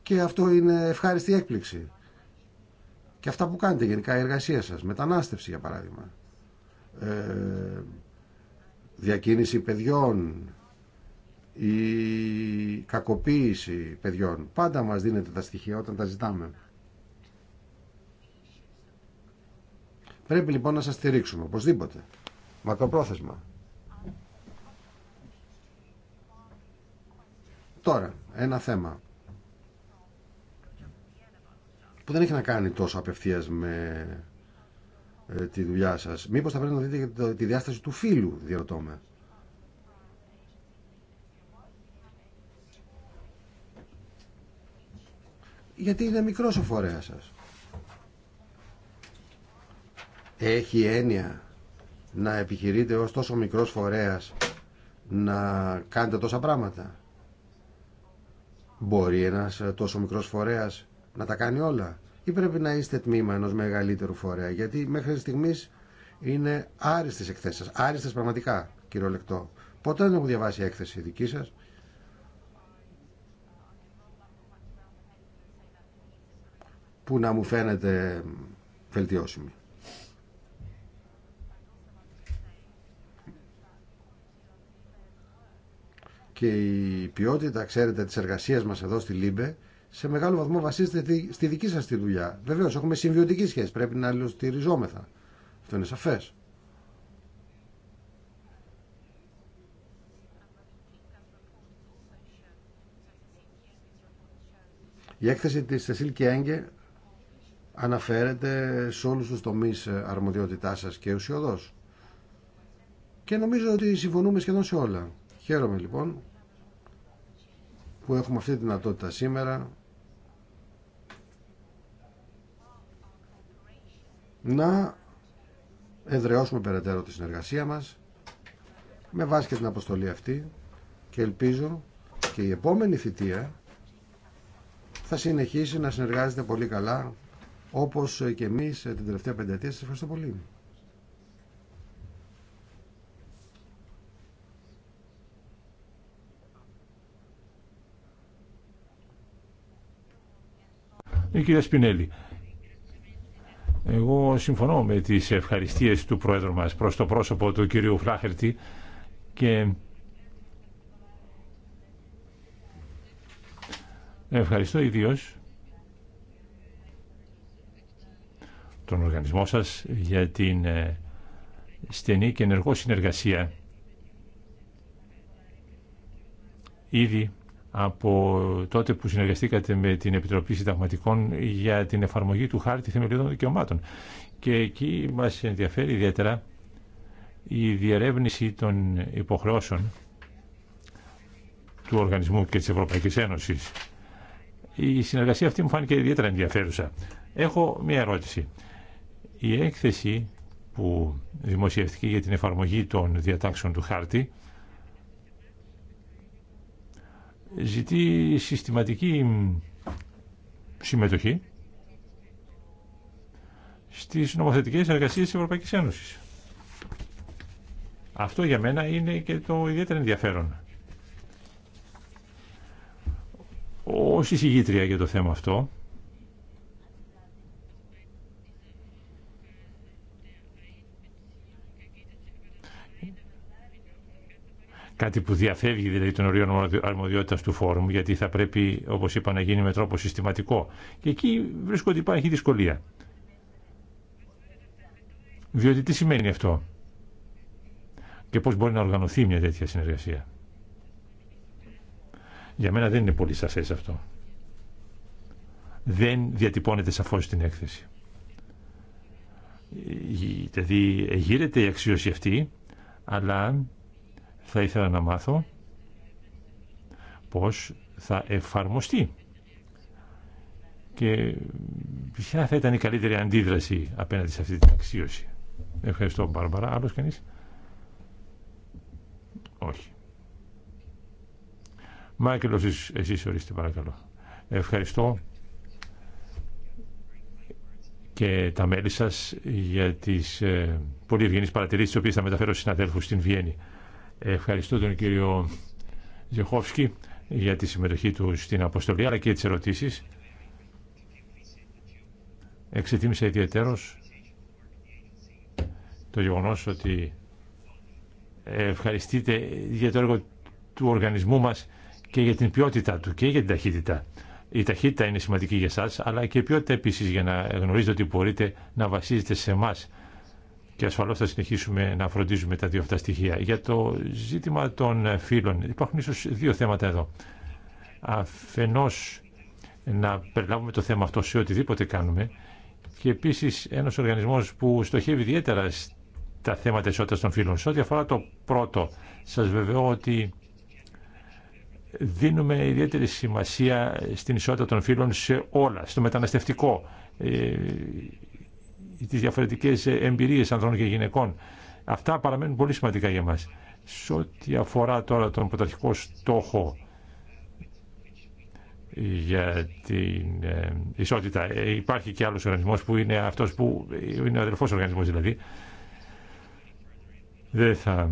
Speaker 2: και αυτό είναι ευχάριστη έκπληξη. Και αυτά που κάνετε γενικά η εργασία σας, μετανάστευση για παράδειγμα, ε, διακίνηση παιδιών, η κακοποίηση παιδιών. Πάντα μας δίνετε τα στοιχεία όταν τα ζητάμε. Πρέπει λοιπόν να σας στηρίξουμε, οπωσδήποτε. Μακροπρόθεσμα. Τώρα, ένα θέμα που δεν έχει να κάνει τόσο απευθεία με ε, τη δουλειά σα. Μήπως θα πρέπει να δείτε και τη διάσταση του φίλου, διαρωτώ με. Γιατί είναι μικρός ο φορέας σας. Έχει έννοια να επιχειρείτε ως τόσο μικρός φορέας να κάνετε τόσα πράγματα. Μπορεί ένας ε, τόσο μικρός φορέας να τα κάνει όλα ή πρέπει να είστε τμήμα ενός μεγαλύτερου φορέα γιατί μέχρι στιγμής είναι άριστες εκθέσεις σας, άριστες πραγματικά κυριολεκτό. Ποτέ δεν έχω διαβάσει έκθεση δική σας. που να μου φαίνεται βελτιώσιμη. Και η ποιότητα, ξέρετε, της εργασίας μας εδώ στη ΛΥΜΠΕ σε μεγάλο βαθμό βασίζεται στη δική σας τη δουλειά. Βεβαίω έχουμε συμβιωτική σχέση, πρέπει να αλληλοστηριζόμεθα. Αυτό είναι σαφέ. Η έκθεση της Σεσίλ Κιέγγε αναφέρεται σε όλου του τομεί ε, αρμοδιότητά σας και ουσιοδό. Και νομίζω ότι συμφωνούμε σχεδόν σε όλα. Χαίρομαι λοιπόν που έχουμε αυτή τη δυνατότητα σήμερα να εδραιώσουμε περαιτέρω τη συνεργασία μας με βάση και την αποστολή αυτή και ελπίζω και η επόμενη θητεία θα συνεχίσει να συνεργάζεται πολύ καλά όπως και εμείς την τελευταία πενταετία. Σας ευχαριστώ πολύ.
Speaker 5: Η ε, κυρία Σπινέλη. Εγώ συμφωνώ με τις ευχαριστίες του Πρόεδρου μας προς το πρόσωπο του κυρίου Φλάχερτη και ευχαριστώ ιδίως τον οργανισμό σας για την ε, στενή και ενεργό συνεργασία ήδη από τότε που συνεργαστήκατε με την Επιτροπή Συνταγματικών για την εφαρμογή του Χάρτη Θεμελιωδών Δικαιωμάτων. Και εκεί μας ενδιαφέρει ιδιαίτερα η διερεύνηση των υποχρεώσεων του Οργανισμού και της Ευρωπαϊκής Ένωσης. Η συνεργασία αυτή μου φάνηκε ιδιαίτερα ενδιαφέρουσα. Έχω μία ερώτηση. Η έκθεση που δημοσιεύτηκε για την εφαρμογή των διατάξεων του χάρτη ζητεί συστηματική συμμετοχή στις νομοθετικές εργασίες της Ευρωπαϊκής Ένωσης. Αυτό για μένα είναι και το ιδιαίτερο ενδιαφέρον. Ως εισηγήτρια για το θέμα αυτό, κάτι που διαφεύγει δηλαδή των ορίων αρμοδιότητας του φόρουμ γιατί θα πρέπει όπως είπα να γίνει με τρόπο συστηματικό και εκεί βρίσκω ότι υπάρχει δυσκολία διότι τι σημαίνει αυτό και πώς μπορεί να οργανωθεί μια τέτοια συνεργασία για μένα δεν είναι πολύ σαφές αυτό δεν διατυπώνεται σαφώς την έκθεση ε, δηλαδή γύρεται η αξίωση αυτή αλλά θα ήθελα να μάθω πώς θα εφαρμοστεί και ποια θα ήταν η καλύτερη αντίδραση απέναντι σε αυτή την αξίωση. Ευχαριστώ Μπάρμπαρα. Άλλος κανείς? Όχι. Μάκελος, εσείς ορίστε παρακαλώ. Ευχαριστώ και τα μέλη σας για τις ε, πολύ ευγενείς παρατηρήσεις τις οποίες θα μεταφέρω στους συναδέλφους στην Βιέννη. Ευχαριστώ τον κύριο Ζεχόφσκι για τη συμμετοχή του στην αποστολή αλλά και τις ερωτήσεις. Εξετίμησα ιδιαίτερος το γεγονός ότι ευχαριστείτε για το έργο του οργανισμού μας και για την ποιότητα του και για την ταχύτητα. Η ταχύτητα είναι σημαντική για σας, αλλά και η ποιότητα επίσης για να γνωρίζετε ότι μπορείτε να βασίζετε σε εμάς και ασφαλώς θα συνεχίσουμε να φροντίζουμε τα δύο αυτά στοιχεία. Για το ζήτημα των φύλων υπάρχουν ίσως δύο θέματα εδώ. Αφενός να περιλάβουμε το θέμα αυτό σε οτιδήποτε κάνουμε και επίσης ένας οργανισμός που στοχεύει ιδιαίτερα στα θέματα ισότητας των φύλων. Σε ό,τι αφορά το πρώτο, σας βεβαιώ ότι δίνουμε ιδιαίτερη σημασία στην ισότητα των φύλων σε όλα, στο μεταναστευτικό, ε, τις διαφορετικές ε, εμπειρίες ανδρών και γυναικών. Αυτά παραμένουν πολύ σημαντικά για μας. Σε ό,τι αφορά τώρα τον πρωταρχικό στόχο για την ε, ισότητα, ε, υπάρχει και άλλος οργανισμός που είναι αυτός που είναι ο αδελφός οργανισμός δηλαδή. Δεν θα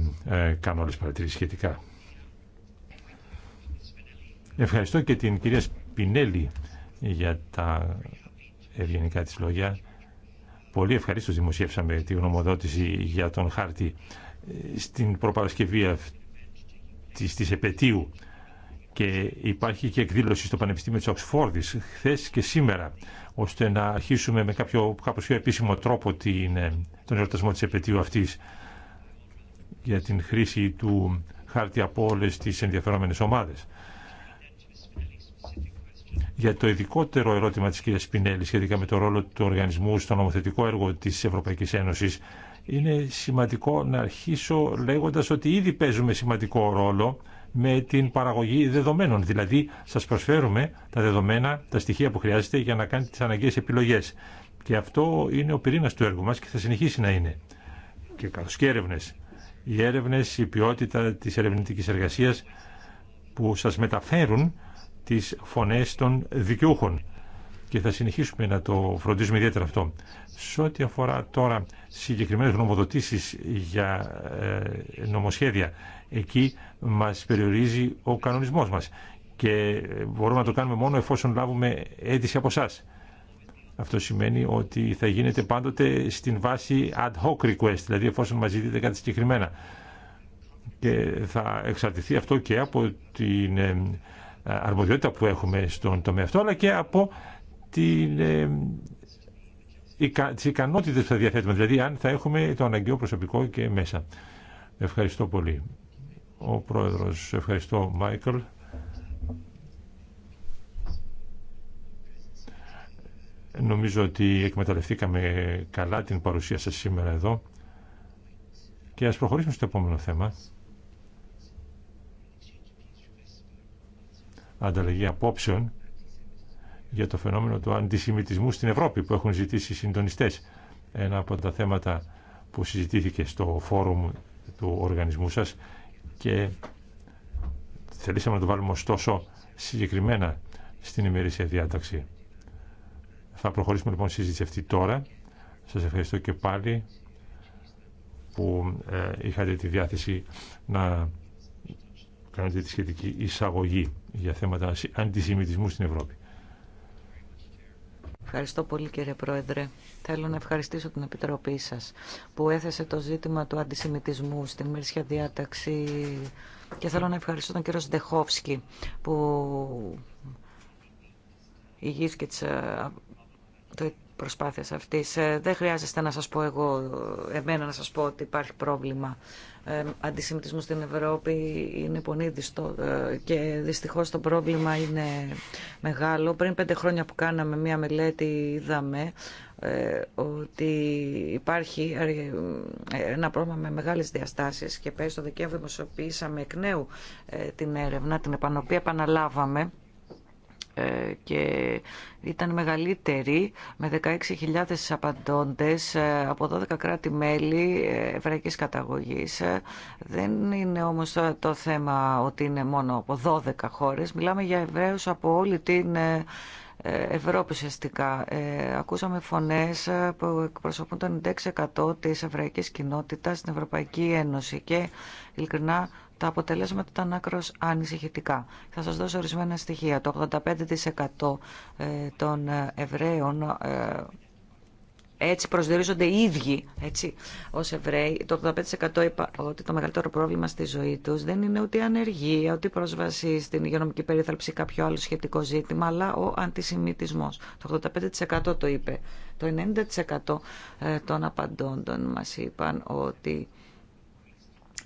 Speaker 5: κάνω όλες τις παρατηρήσεις σχετικά. Ευχαριστώ και την κυρία Σπινέλη για τα ευγενικά της λόγια. Πολύ ευχαρίστως δημοσίευσαμε τη γνωμοδότηση για τον χάρτη ε, στην προπαρασκευή της της επαιτίου και υπάρχει και εκδήλωση στο Πανεπιστήμιο της Οξφόρδης χθε και σήμερα ώστε να αρχίσουμε με κάποιο κάποιο πιο επίσημο τρόπο την, ε, τον εορτασμό της επαιτίου αυτής για την χρήση του χάρτη από όλε τις ενδιαφερόμενες ομάδες για το ειδικότερο ερώτημα της κυρίας Σπινέλη σχετικά με το ρόλο του οργανισμού στο νομοθετικό έργο της Ευρωπαϊκής Ένωσης είναι σημαντικό να αρχίσω λέγοντας ότι ήδη παίζουμε σημαντικό ρόλο με την παραγωγή δεδομένων. Δηλαδή σας προσφέρουμε τα δεδομένα, τα στοιχεία που χρειάζεται για να κάνετε τις αναγκαίες επιλογές. Και αυτό είναι ο πυρήνας του έργου μας και θα συνεχίσει να είναι. Και καθώς και έρευνε. Οι έρευνε, η ποιότητα της ερευνητικής εργασίας που σας μεταφέρουν τις φωνές των δικαιούχων και θα συνεχίσουμε να το φροντίζουμε ιδιαίτερα αυτό. Σε ό,τι αφορά τώρα συγκεκριμένες νομοδοτήσεις για ε, νομοσχέδια, εκεί μας περιορίζει ο κανονισμός μας και μπορούμε να το κάνουμε μόνο εφόσον λάβουμε αίτηση από εσά. Αυτό σημαίνει ότι θα γίνεται πάντοτε στην βάση ad hoc request, δηλαδή εφόσον μας ζητείτε κάτι συγκεκριμένα. Και θα εξαρτηθεί αυτό και από την ε, ε, αρμοδιότητα που έχουμε στον τομέα αυτό, αλλά και από την, ε, τις ικανότητες που θα διαθέτουμε, δηλαδή αν θα έχουμε το αναγκαίο προσωπικό και μέσα. Ευχαριστώ πολύ. Ο Πρόεδρος, ευχαριστώ Μάικλ. Νομίζω ότι εκμεταλλευτήκαμε καλά την παρουσία σας σήμερα εδώ και ας προχωρήσουμε στο επόμενο θέμα. ανταλλαγή απόψεων για το φαινόμενο του αντισημιτισμού στην Ευρώπη που έχουν ζητήσει οι συντονιστές. Ένα από τα θέματα που συζητήθηκε στο φόρουμ του οργανισμού σας και θελήσαμε να το βάλουμε ωστόσο συγκεκριμένα στην ημερήσια διάταξη. Θα προχωρήσουμε λοιπόν στη συζήτηση αυτή τώρα. Σας ευχαριστώ και πάλι που ε, είχατε τη διάθεση να κάνετε τη σχετική εισαγωγή για θέματα αντισημιτισμού στην Ευρώπη.
Speaker 4: Ευχαριστώ πολύ κύριε Πρόεδρε. Θέλω να ευχαριστήσω την Επιτροπή σας που έθεσε το ζήτημα του αντισημιτισμού στην Μερσια Διάταξη και θέλω να ευχαριστήσω τον κύριο Σντεχόφσκι που ηγήθηκε ε, το προσπάθειας αυτής. Ε, δεν χρειάζεται να σας πω εγώ, εμένα να σας πω ότι υπάρχει πρόβλημα ε, αντισημιτισμού στην Ευρώπη είναι πονίδιστο ε, και δυστυχώς το πρόβλημα είναι μεγάλο. Πριν πέντε χρόνια που κάναμε μία μελέτη είδαμε ότι υπάρχει ένα πρόβλημα με μεγάλες διαστάσεις και πέρυσι το Δεκέμβριο δημοσιοποιήσαμε εκ νέου την έρευνα, την οποία επαναλάβαμε ε, και ήταν μεγαλύτερη με 16.000 απαντώντες ε, από 12 κράτη-μέλη ε, εβραϊκής καταγωγής. Δεν είναι όμως το θέμα ότι είναι μόνο από 12 χώρες. Μιλάμε για Εβραίους από όλη την Ευρώπη ουσιαστικά. ακούσαμε φωνές που εκπροσωπούν το 96% της εβραϊκής κοινότητας στην Ευρωπαϊκή Ένωση και ειλικρινά τα αποτελέσματα ήταν άκρο ανησυχητικά. Θα σας δώσω ορισμένα στοιχεία. Το 85% ε, των ε, Εβραίων ε, έτσι προσδιορίζονται οι ίδιοι έτσι, ως Εβραίοι. Το 85% είπα ότι το μεγαλύτερο πρόβλημα στη ζωή τους δεν είναι ούτε η ανεργία, ούτε η πρόσβαση στην υγειονομική περίθαλψη ή κάποιο άλλο σχετικό ζήτημα, αλλά ο αντισημιτισμός. Το 85% το είπε. Το 90% των απαντώντων μας είπαν ότι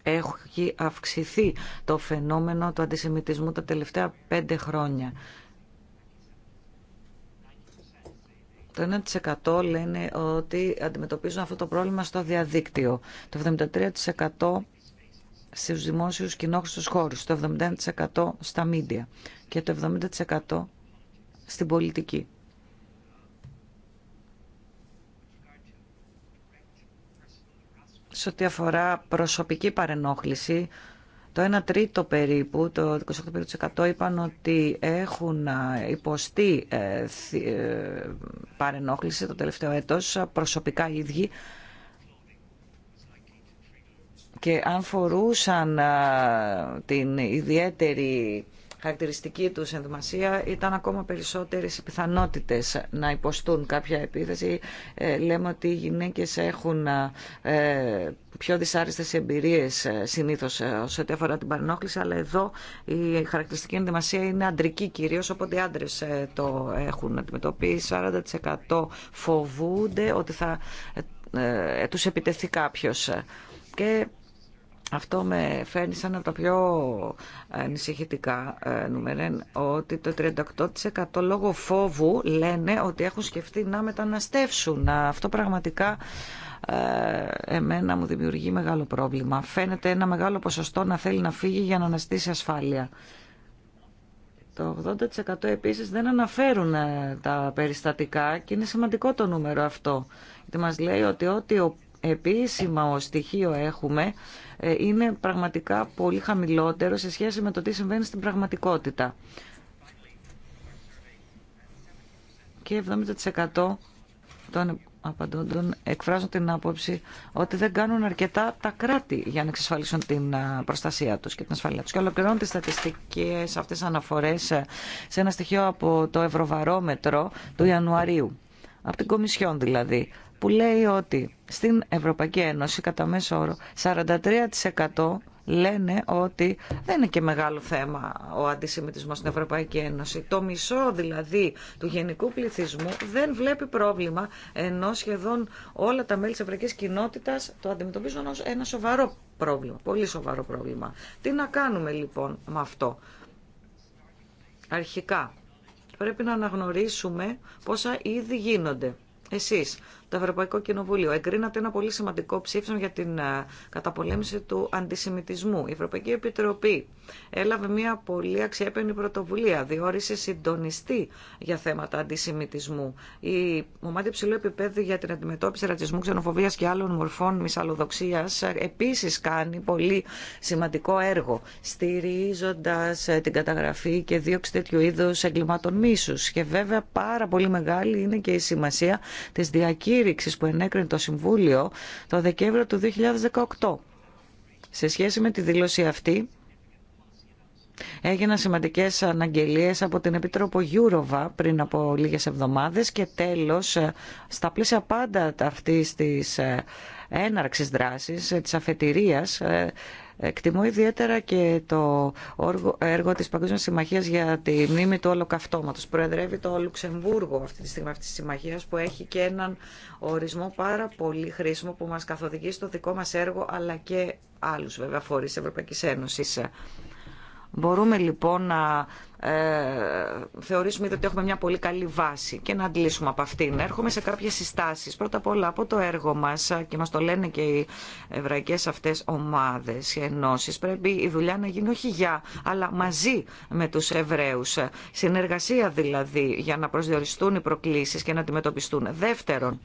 Speaker 4: έχει αυξηθεί το φαινόμενο του αντισημιτισμού τα τελευταία πέντε χρόνια. Το 1% λένε ότι αντιμετωπίζουν αυτό το πρόβλημα στο διαδίκτυο. Το 73% στους δημόσιους κοινόχρηστους χώρους, το 71% στα μίντια και το 70% στην πολιτική. σε ό,τι αφορά προσωπική παρενόχληση, το 1 τρίτο περίπου, το 28% είπαν ότι έχουν ε, υποστεί ε, ε, παρενόχληση το τελευταίο έτος προσωπικά οι ίδιοι και αν φορούσαν την ιδιαίτερη χαρακτηριστική τους ενδυμασία ήταν ακόμα περισσότερες οι πιθανότητες να υποστούν κάποια επίθεση. Ε, λέμε ότι οι γυναίκες έχουν ε, πιο δυσάριστες εμπειρίες ε, συνήθως σε ό,τι αφορά την παρενόχληση, αλλά εδώ η χαρακτηριστική ενδυμασία είναι αντρική κυρίως, οπότε οι άντρες το έχουν αντιμετωπίσει. 40% φοβούνται ότι θα τους επιτεθεί κάποιος. Και αυτό με φέρνει σαν από τα πιο ανησυχητικά ε, νούμερα ότι το 38% λόγω φόβου λένε ότι έχουν σκεφτεί να μεταναστεύσουν. Αυτό πραγματικά ε, εμένα μου δημιουργεί μεγάλο πρόβλημα. Φαίνεται ένα μεγάλο ποσοστό να θέλει να φύγει για να αναστήσει ασφάλεια. Το 80% επίσης δεν αναφέρουν ε, τα περιστατικά και είναι σημαντικό το νούμερο αυτό. Γιατί λέει ότι ό,τι ο επίσημο στοιχείο έχουμε ε, είναι πραγματικά πολύ χαμηλότερο σε σχέση με το τι συμβαίνει στην πραγματικότητα. Και 70% των απαντώντων εκφράζουν την άποψη ότι δεν κάνουν αρκετά τα κράτη για να εξασφαλίσουν την προστασία τους και την ασφαλεία τους. Και ολοκληρώνω τις στατιστικές αυτές αναφορές ε, σε ένα στοιχείο από το Ευρωβαρόμετρο του Ιανουαρίου. Από την Κομισιόν δηλαδή που λέει ότι στην Ευρωπαϊκή Ένωση κατά μέσο όρο 43% λένε ότι δεν είναι και μεγάλο θέμα ο αντισημιτισμός στην Ευρωπαϊκή Ένωση. Το μισό δηλαδή του γενικού πληθυσμού δεν βλέπει πρόβλημα ενώ σχεδόν όλα τα μέλη της Ευρωπαϊκής Κοινότητας το αντιμετωπίζουν ως ένα σοβαρό πρόβλημα, πολύ σοβαρό πρόβλημα. Τι να κάνουμε λοιπόν με αυτό. Αρχικά πρέπει να αναγνωρίσουμε πόσα ήδη γίνονται. Εσείς το Ευρωπαϊκό Κοινοβούλιο. Εγκρίνατε ένα πολύ σημαντικό ψήφισμα για την ε, καταπολέμηση του αντισημιτισμού. Η Ευρωπαϊκή Επιτροπή έλαβε μια πολύ αξιέπαινη πρωτοβουλία, διόρισε συντονιστή για θέματα αντισημιτισμού. Η ομάδα υψηλού επίπεδου για την αντιμετώπιση ρατσισμού, ξενοφοβία και άλλων μορφών μυσαλλοδοξία επίση κάνει πολύ σημαντικό έργο, στηρίζοντα ε, την καταγραφή και δίωξη τέτοιου είδου εγκλημάτων μίσου. Και βέβαια πάρα πολύ μεγάλη είναι και η σημασία τη διακήρυξη διακήρυξης που ενέκρινε το Συμβούλιο το Δεκέμβριο του 2018. Σε σχέση με τη δήλωση αυτή, έγιναν σημαντικές αναγγελίες από την Επίτροπο Γιούροβα πριν από λίγες εβδομάδες και τέλος, ε, στα πλαίσια πάντα αυτή της ε, έναρξης δράσης, ε, της αφετηρίας, Εκτιμώ ιδιαίτερα και το έργο της Παγκόσμιας Συμμαχίας για τη μνήμη του Ολοκαυτώματος. Προεδρεύει το Λουξεμβούργο αυτή τη στιγμή αυτής της συμμαχίας που έχει και έναν ορισμό πάρα πολύ χρήσιμο που μας καθοδηγεί στο δικό μας έργο αλλά και άλλους βέβαια φορείς Ευρωπαϊκής Ένωσης. Μπορούμε λοιπόν να ε, θεωρήσουμε ότι έχουμε μια πολύ καλή βάση και να αντλήσουμε από αυτήν. Έρχομαι σε κάποιες συστάσεις. Πρώτα απ' όλα από το έργο μας ε, και μας το λένε και οι εβραϊκές αυτές ομάδες και ενώσεις. Πρέπει η δουλειά να γίνει όχι για, αλλά μαζί με τους Εβραίους. Συνεργασία δηλαδή για να προσδιοριστούν οι προκλήσεις και να αντιμετωπιστούν. Δεύτερον,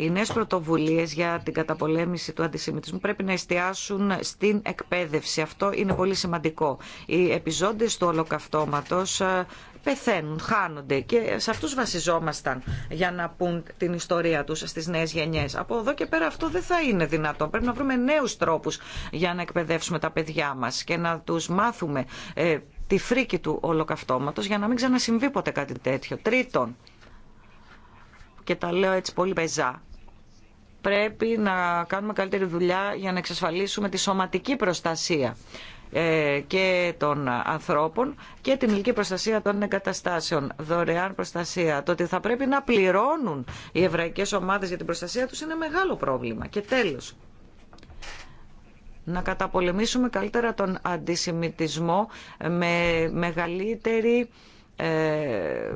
Speaker 4: οι νέε πρωτοβουλίε για την καταπολέμηση του αντισημιτισμού πρέπει να εστιάσουν στην εκπαίδευση. Αυτό είναι πολύ σημαντικό. Οι επιζώντε του ολοκαυτώματο ε, πεθαίνουν, χάνονται και σε αυτούς βασιζόμασταν για να πούν την ιστορία τους στις νέες γενιές. Από εδώ και πέρα αυτό δεν θα είναι δυνατό. Πρέπει να βρούμε νέους τρόπους για να εκπαιδεύσουμε τα παιδιά μας και να τους μάθουμε ε, τη φρίκη του ολοκαυτώματος για να μην ξανασυμβεί ποτέ κάτι τέτοιο. Τρίτον, και τα λέω έτσι πολύ πεζά, πρέπει να κάνουμε καλύτερη δουλειά για να εξασφαλίσουμε τη σωματική προστασία ε, και των ανθρώπων και την ηλική προστασία των εγκαταστάσεων, δωρεάν προστασία. Το ότι θα πρέπει να πληρώνουν οι εβραϊκές ομάδες για την προστασία τους είναι μεγάλο πρόβλημα. Και τέλος, να καταπολεμήσουμε καλύτερα τον αντισημιτισμό με μεγαλύτερη ε,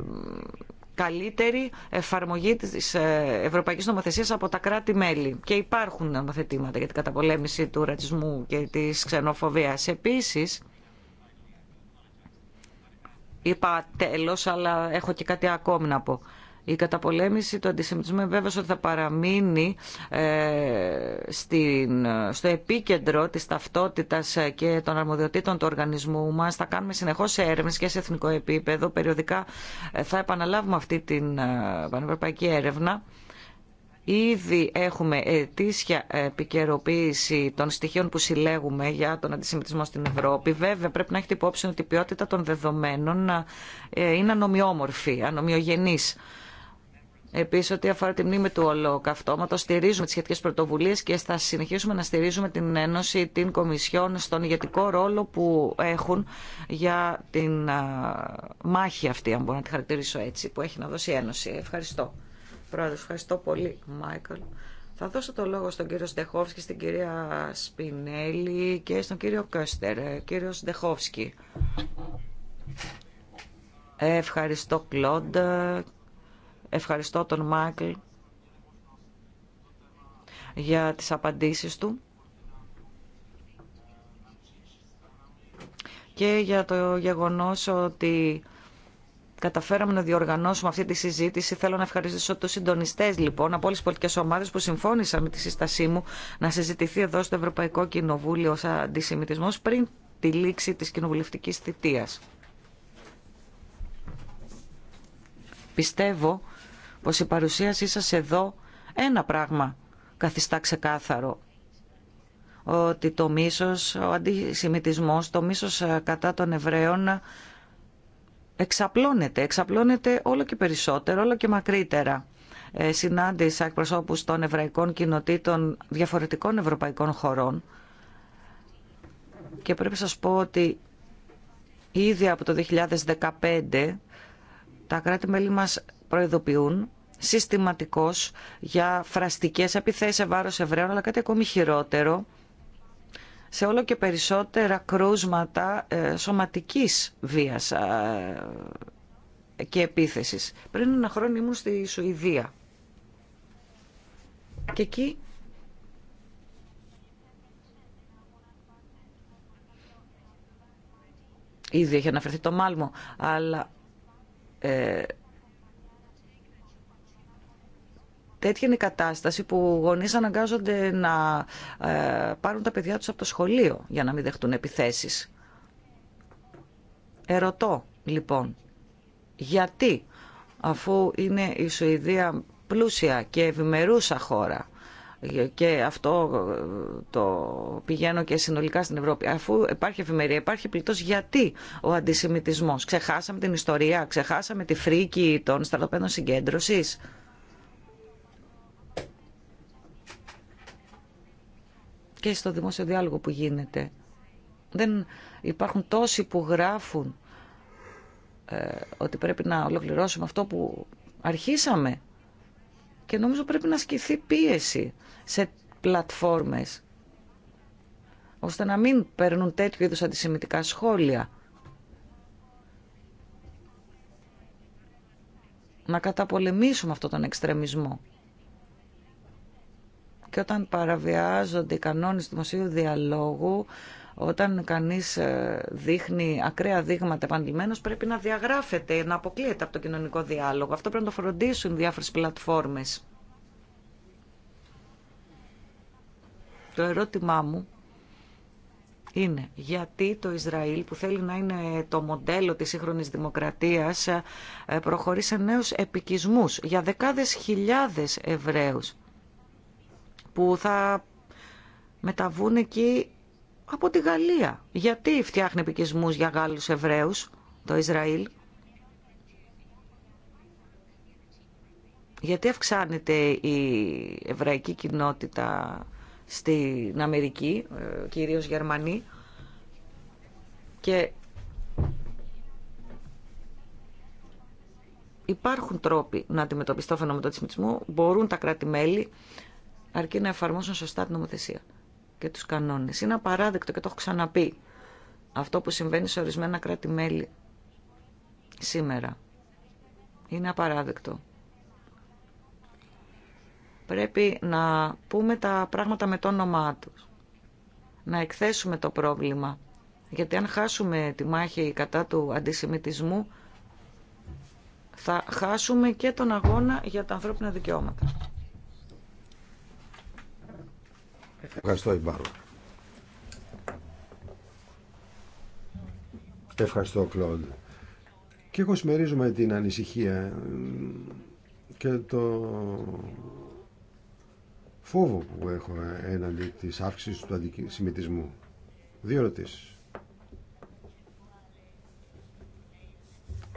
Speaker 4: καλύτερη εφαρμογή της ε, ευρωπαϊκής νομοθεσίας από τα κράτη-μέλη. Και υπάρχουν νομοθετήματα για την καταπολέμηση του ρατσισμού και της ξενοφοβίας. Επίσης, είπα τέλος, αλλά έχω και κάτι ακόμη να πω. Η καταπολέμηση του αντισημιτισμού βέβαια, ότι θα παραμείνει ε, στο επίκεντρο της ταυτότητας ε, και των αρμοδιοτήτων του οργανισμού μας. Θα κάνουμε συνεχώς έρευνες και σε εθνικό επίπεδο. Περιοδικά ε, θα επαναλάβουμε αυτή την πανευρωπαϊκή έρευνα. Ήδη έχουμε ετήσια επικαιροποίηση των στοιχείων που συλλέγουμε για τον αντισημιτισμό στην Ευρώπη. Βέβαια, πρέπει να έχετε υπόψη ότι η ποιότητα των δεδομένων είναι ανομοιόμορφη, ανομοιογενής. Επίση, ό,τι αφορά τη μνήμη του ολοκαυτώματο, στηρίζουμε τι σχετικέ πρωτοβουλίε και θα συνεχίσουμε να στηρίζουμε την Ένωση, την Κομισιόν, στον ηγετικό ρόλο που έχουν για την μάχη αυτή, αν μπορώ να τη χαρακτηρίσω έτσι, που έχει να δώσει η Ένωση. Ευχαριστώ. Πρόεδρε, ευχαριστώ πολύ, Μάικλ. Θα δώσω το λόγο στον κύριο Στεχόφσκι, στην κυρία Σπινέλη και στον κύριο Κέστερ. Κύριο Στεχόφσκι. Ευχαριστώ, Κλοντ. Ευχαριστώ τον Μάικλ για τις απαντήσεις του και για το γεγονός ότι καταφέραμε να διοργανώσουμε αυτή τη συζήτηση. Θέλω να ευχαριστήσω του συντονιστέ λοιπόν από όλε τι πολιτικέ ομάδε που συμφώνησαν με τη σύστασή μου να συζητηθεί εδώ στο Ευρωπαϊκό Κοινοβούλιο ως αντισημιτισμό πριν τη λήξη τη κοινοβουλευτική θητεία. Πιστεύω πως η παρουσίασή σας εδώ ένα πράγμα καθιστά ξεκάθαρο ότι το μίσος, ο αντισημιτισμός, το μίσος ε, κατά των Εβραίων εξαπλώνεται, εξαπλώνεται όλο και περισσότερο, όλο και μακρύτερα. Ε, συνάντησα εκπροσώπους των εβραϊκών κοινοτήτων διαφορετικών ευρωπαϊκών χωρών και πρέπει να σας πω ότι ήδη από το 2015 τα κράτη-μέλη μας προειδοποιούν συστηματικώς για φραστικές επιθέσεις σε βάρος Εβραίων, αλλά κάτι ακόμη χειρότερο, σε όλο και περισσότερα κρούσματα ε, σωματικής βίας ε, και επίθεσης. Πριν ένα χρόνο ήμουν στη Σουηδία και εκεί ήδη έχει αναφερθεί το Μάλμο, αλλά ε, Τέτοια είναι η κατάσταση που γονεί αναγκάζονται να ε, πάρουν τα παιδιά του από το σχολείο για να μην δεχτούν επιθέσει. Ερωτώ λοιπόν, γιατί αφού είναι η Σουηδία πλούσια και ευημερούσα χώρα και αυτό ε, το πηγαίνω και συνολικά στην Ευρώπη. Αφού υπάρχει ευημερία, υπάρχει πλητός γιατί ο αντισημιτισμός. Ξεχάσαμε την ιστορία, ξεχάσαμε τη φρίκη των στρατοπέδων συγκέντρωσης. και στο δημόσιο διάλογο που γίνεται. Δεν υπάρχουν τόσοι που γράφουν ε, ότι πρέπει να ολοκληρώσουμε αυτό που αρχίσαμε και νομίζω πρέπει να ασκηθεί πίεση σε πλατφόρμες ώστε να μην παίρνουν τέτοιου είδους αντισημιτικά σχόλια. Να καταπολεμήσουμε αυτόν τον εξτρεμισμό και όταν παραβιάζονται οι κανόνες του δημοσίου διαλόγου, όταν κανείς ε, δείχνει ακραία δείγματα επανειλημμένως πρέπει να διαγράφεται, να αποκλείεται από το κοινωνικό διάλογο. Αυτό πρέπει να το φροντίσουν διάφορες πλατφόρμες. Το ερώτημά μου είναι γιατί το Ισραήλ που θέλει να είναι το μοντέλο της σύγχρονης δημοκρατίας ε, προχωρεί σε νέους επικισμούς για δεκάδες χιλιάδες Εβραίους που θα μεταβούν εκεί από τη Γαλλία. Γιατί φτιάχνει επικισμούς για Γάλλους Εβραίους το Ισραήλ. Γιατί αυξάνεται η εβραϊκή κοινότητα στην Αμερική, ε, κυρίως Γερμανοί. Και υπάρχουν τρόποι να αντιμετωπιστώ το φαινόμενο του Μπορούν τα κράτη-μέλη αρκεί να εφαρμόσουν σωστά την νομοθεσία και τους κανόνες. Είναι απαράδεκτο και το έχω ξαναπεί αυτό που συμβαίνει σε ορισμένα κράτη-μέλη σήμερα. Είναι απαράδεκτο. Πρέπει να πούμε τα πράγματα με το όνομά του, Να εκθέσουμε το πρόβλημα. Γιατί αν χάσουμε τη μάχη κατά του αντισημιτισμού, θα χάσουμε και τον αγώνα για τα ανθρώπινα δικαιώματα.
Speaker 2: Ευχαριστώ, Ιμπάρο. Ευχαριστώ, Κλοντ. Και εγώ συμμερίζομαι την ανησυχία και το φόβο που έχω έναντι της αύξησης του αντισημιτισμού. Δύο ερωτήσει.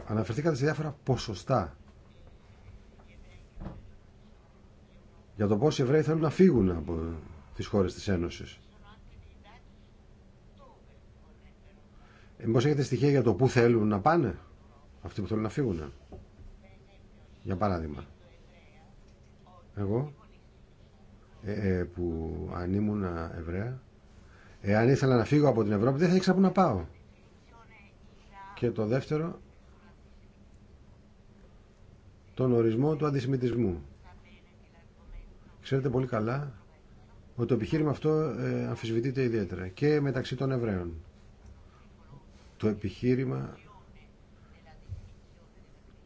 Speaker 2: Αναφερθήκατε σε διάφορα ποσοστά για το πόσοι Εβραίοι θέλουν να φύγουν από τις χώρες της Ένωσης. Ε, μήπως έχετε στοιχεία για το πού θέλουν να πάνε αυτοί που θέλουν να φύγουν. Για παράδειγμα. Εγώ ε, ε, που αν ήμουν Εβραία εάν ήθελα να φύγω από την Ευρώπη δεν θα ήξερα που να πάω. Και το δεύτερο τον ορισμό του αντισημιτισμού. Ξέρετε πολύ καλά ότι το επιχείρημα αυτό ε, αμφισβητείται ιδιαίτερα και μεταξύ των Εβραίων. Το επιχείρημα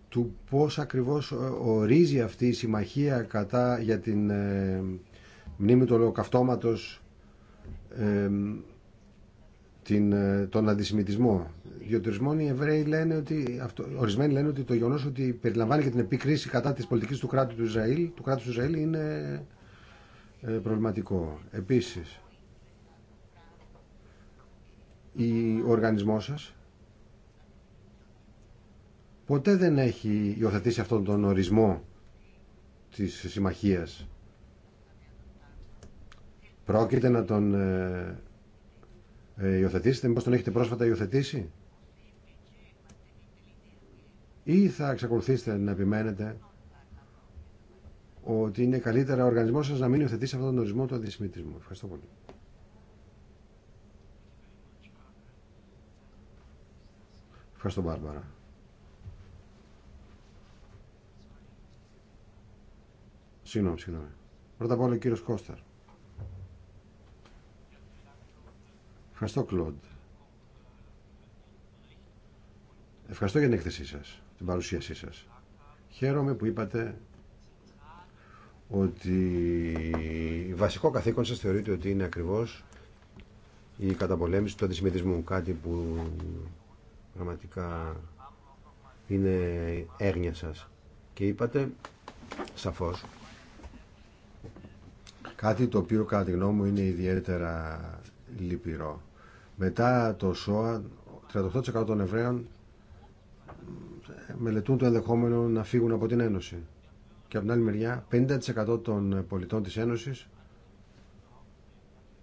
Speaker 2: του πώς ακριβώς ε, ορίζει αυτή η συμμαχία κατά για την ε, μνήμη του ολοκαυτώματος την, τον αντισημιτισμό. Διότι ορισμένοι Εβραίοι λένε ότι, αυτό, ορισμένοι λένε ότι το γεγονό ότι περιλαμβάνει και την επίκριση κατά τη πολιτική του κράτου του Ισραήλ, του κράτους του Ισραήλ είναι ε, προβληματικό. Επίσης, ο οργανισμός σας ποτέ δεν έχει υιοθετήσει αυτόν τον ορισμό της συμμαχίας. Πρόκειται να τον ε, ε, υιοθετήσετε, μήπως τον έχετε πρόσφατα υιοθετήσει ή θα εξακολουθήσετε να επιμένετε ότι είναι καλύτερα ο οργανισμός σας να μην υιοθετήσει αυτόν τον ορισμό του αντισημιτισμού. Ευχαριστώ πολύ. Ευχαριστώ Μπάρμπαρα. Συγγνώμη, συγγνώμη. Πρώτα απ' όλα ο κύριος Κώσταρ. Ευχαριστώ Κλοντ. Ευχαριστώ για την έκθεσή σας, την παρουσίασή σας. Χαίρομαι που είπατε ότι βασικό καθήκον σας θεωρείτε ότι είναι ακριβώς η καταπολέμηση του αντισημιτισμού, κάτι που πραγματικά είναι έγνοια σας. Και είπατε, σαφώς, κάτι το οποίο κατά τη γνώμη μου είναι ιδιαίτερα λυπηρό. Μετά το ΣΟΑ, 38% των Εβραίων μελετούν το ενδεχόμενο να φύγουν από την Ένωση και από την άλλη μεριά 50% των πολιτών της Ένωσης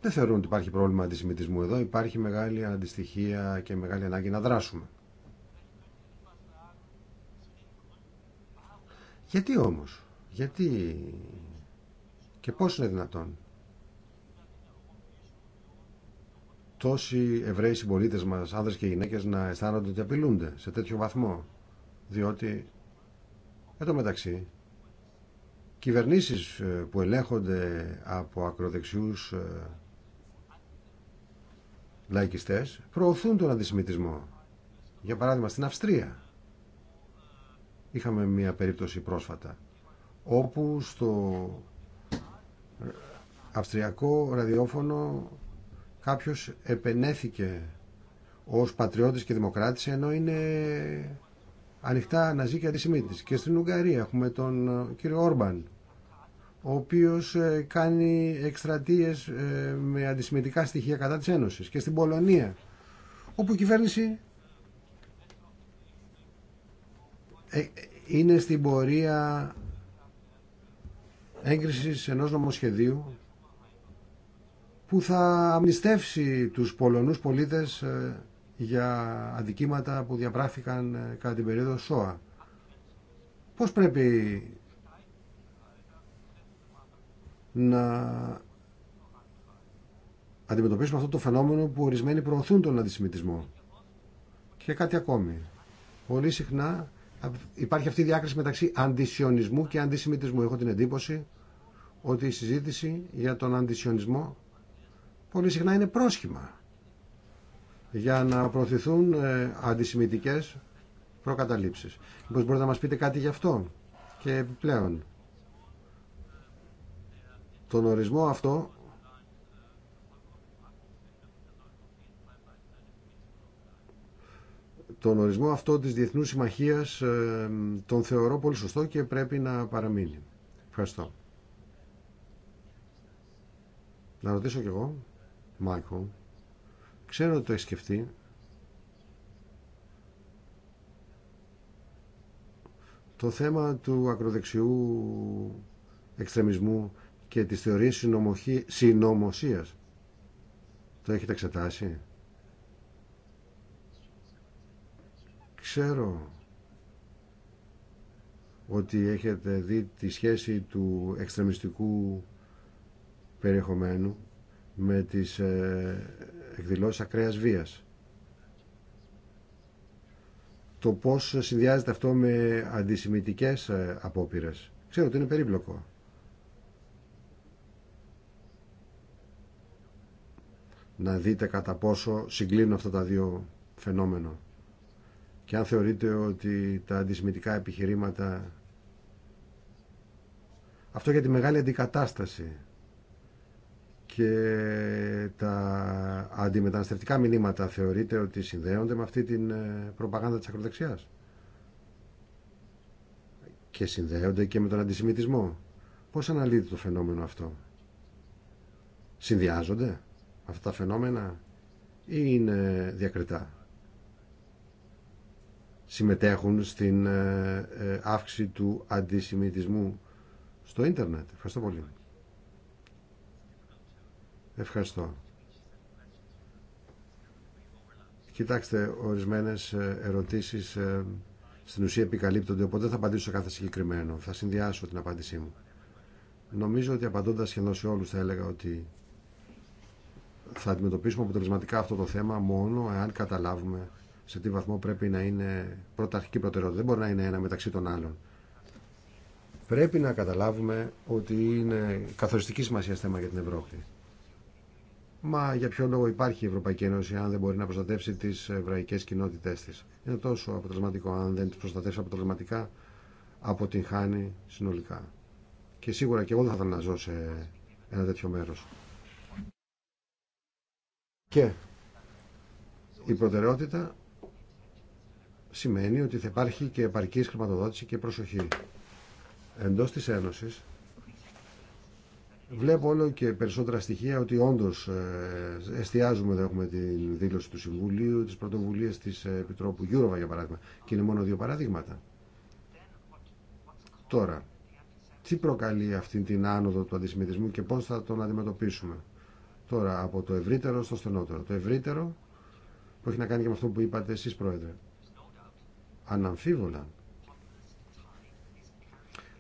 Speaker 2: δεν θεωρούν ότι υπάρχει πρόβλημα αντισημιτισμού εδώ, υπάρχει μεγάλη αντιστοιχία και μεγάλη ανάγκη να δράσουμε. Γιατί όμως, γιατί και πώς είναι δυνατόν τόσοι Εβραίοι συμπολίτε μας, άνδρες και γυναίκες, να αισθάνονται ότι απειλούνται σε τέτοιο βαθμό, διότι, εδώ μεταξύ, κυβερνήσεις ε, που ελέγχονται από ακροδεξιούς ε, λαϊκιστές προωθούν τον αντισημιτισμό. Για παράδειγμα στην Αυστρία είχαμε μια περίπτωση πρόσφατα όπου στο αυστριακό ραδιόφωνο κάποιος επενέθηκε ως πατριώτης και δημοκράτης ενώ είναι ανοιχτά ζει και αντισημίτης. Και στην Ουγγαρία έχουμε τον ε, κύριο Όρμπαν, ο οποίος ε, κάνει εκστρατείε ε, με αντισημιτικά στοιχεία κατά της Ένωσης. Και στην Πολωνία, όπου η κυβέρνηση είναι στην πορεία έγκρισης ενός νομοσχεδίου που θα αμνηστεύσει τους Πολωνούς πολίτες για αντικείμενα που διαπράχθηκαν ε, κατά την περίοδο ΣΟΑ. Πώς πρέπει να αντιμετωπίσουμε αυτό το φαινόμενο που ορισμένοι προωθούν τον αντισημιτισμό. Και κάτι ακόμη. Πολύ συχνά υπάρχει αυτή η διάκριση μεταξύ αντισιονισμού και αντισημιτισμού. Έχω την εντύπωση ότι η συζήτηση για τον αντισιονισμό πολύ συχνά είναι πρόσχημα για να προωθηθούν ε, αντισημιτικές προκαταλήψεις. Μήπως μπορείτε να μας πείτε κάτι γι' αυτό και επιπλέον. Τον ορισμό αυτό τον ορισμό αυτό της Διεθνούς Συμμαχίας ε, τον θεωρώ πολύ σωστό και πρέπει να παραμείνει. Ευχαριστώ. Να ρωτήσω κι εγώ, Μάικο, Ξέρω ότι το έχει σκεφτεί. Το θέμα του ακροδεξιού εξτρεμισμού και της θεωρίας συνωμοσίας. Το έχετε εξετάσει. Ξέρω ότι έχετε δει τη σχέση του εξτρεμιστικού περιεχομένου με τις ε, εκδηλώσεις ακραίας βίας. Το πώς συνδυάζεται αυτό με αντισημιτικές ε, απόπειρες. Ξέρω ότι είναι περίπλοκο. Να δείτε κατά πόσο συγκλίνουν αυτά τα δύο φαινόμενα. Και αν θεωρείτε ότι τα αντισημιτικά επιχειρήματα... Αυτό για τη μεγάλη αντικατάσταση και τα αντιμεταναστευτικά μηνύματα θεωρείτε ότι συνδέονται με αυτή την ε, προπαγάνδα της ακροδεξιάς και συνδέονται και με τον αντισημιτισμό. Πώς αναλύετε το φαινόμενο αυτό. Συνδυάζονται αυτά τα φαινόμενα ή είναι διακριτά. Συμμετέχουν στην ε, ε, αύξηση του αντισημιτισμού στο ίντερνετ. Ευχαριστώ πολύ. Ευχαριστώ. Κοιτάξτε, ορισμένες ε, ερωτήσεις ε, στην ουσία επικαλύπτονται, οπότε δεν θα απαντήσω σε κάθε συγκεκριμένο. Θα συνδυάσω την απάντησή μου. Νομίζω ότι απαντώντας σχεδόν σε όλους θα έλεγα ότι θα αντιμετωπίσουμε αποτελεσματικά αυτό το θέμα μόνο εάν καταλάβουμε σε τι βαθμό πρέπει να είναι πρωταρχική προτεραιότητα. Δεν μπορεί να είναι ένα μεταξύ των άλλων. Πρέπει να καταλάβουμε ότι είναι καθοριστική σημασία θέμα για την Ευρώπη. Μα για ποιο λόγο υπάρχει η Ευρωπαϊκή Ένωση αν δεν μπορεί να προστατεύσει τι εβραϊκέ κοινότητέ τη. Είναι τόσο αποτελεσματικό. Αν δεν τι προστατεύσει αποτελεσματικά, αποτυγχάνει συνολικά. Και σίγουρα και εγώ δεν θα ήθελα να ζω σε ένα τέτοιο μέρο. Και η προτεραιότητα σημαίνει ότι θα υπάρχει και επαρκή χρηματοδότηση και προσοχή. Εντό τη Ένωση Βλέπω όλο και περισσότερα στοιχεία ότι όντω ε, εστιάζουμε εδώ έχουμε την δήλωση του Συμβουλίου, τι πρωτοβουλίε τη ε, Επιτρόπου Γιούροβα για παράδειγμα. Και είναι μόνο δύο παραδείγματα. Τώρα, τι προκαλεί αυτή την άνοδο του αντισημιτισμού και πώ θα τον αντιμετωπίσουμε. Τώρα, από το ευρύτερο στο στενότερο. Το ευρύτερο που έχει να κάνει και με αυτό που είπατε εσεί, Πρόεδρε. Αναμφίβολα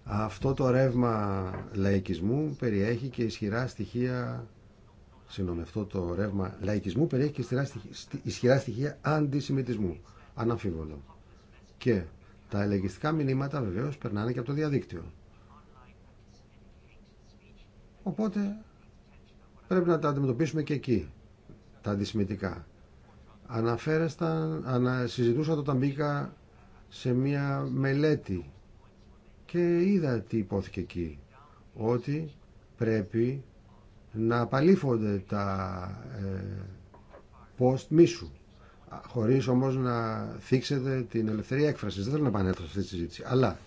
Speaker 2: αυτό το ρεύμα λαϊκισμού περιέχει και ισχυρά στοιχεία συγγνώμη, αυτό το ρεύμα λαϊκισμού περιέχει ισχυρά στοιχεία, ισχυρά στοιχεία αντισημιτισμού, αναμφίβολο. Και τα ελεγιστικά μηνύματα βεβαίω περνάνε και από το διαδίκτυο. Οπότε πρέπει να τα αντιμετωπίσουμε και εκεί, τα αντισημιτικά. Αναφέρεσταν, ανα, συζητούσα όταν μπήκα σε μια μελέτη και είδα τι υπόθηκε εκεί ότι πρέπει να απαλήφονται τα ε, post μίσου χωρίς όμως να θίξετε την ελευθερία έκφρασης δεν θέλω να πάνε σε αυτή τη συζήτηση αλλά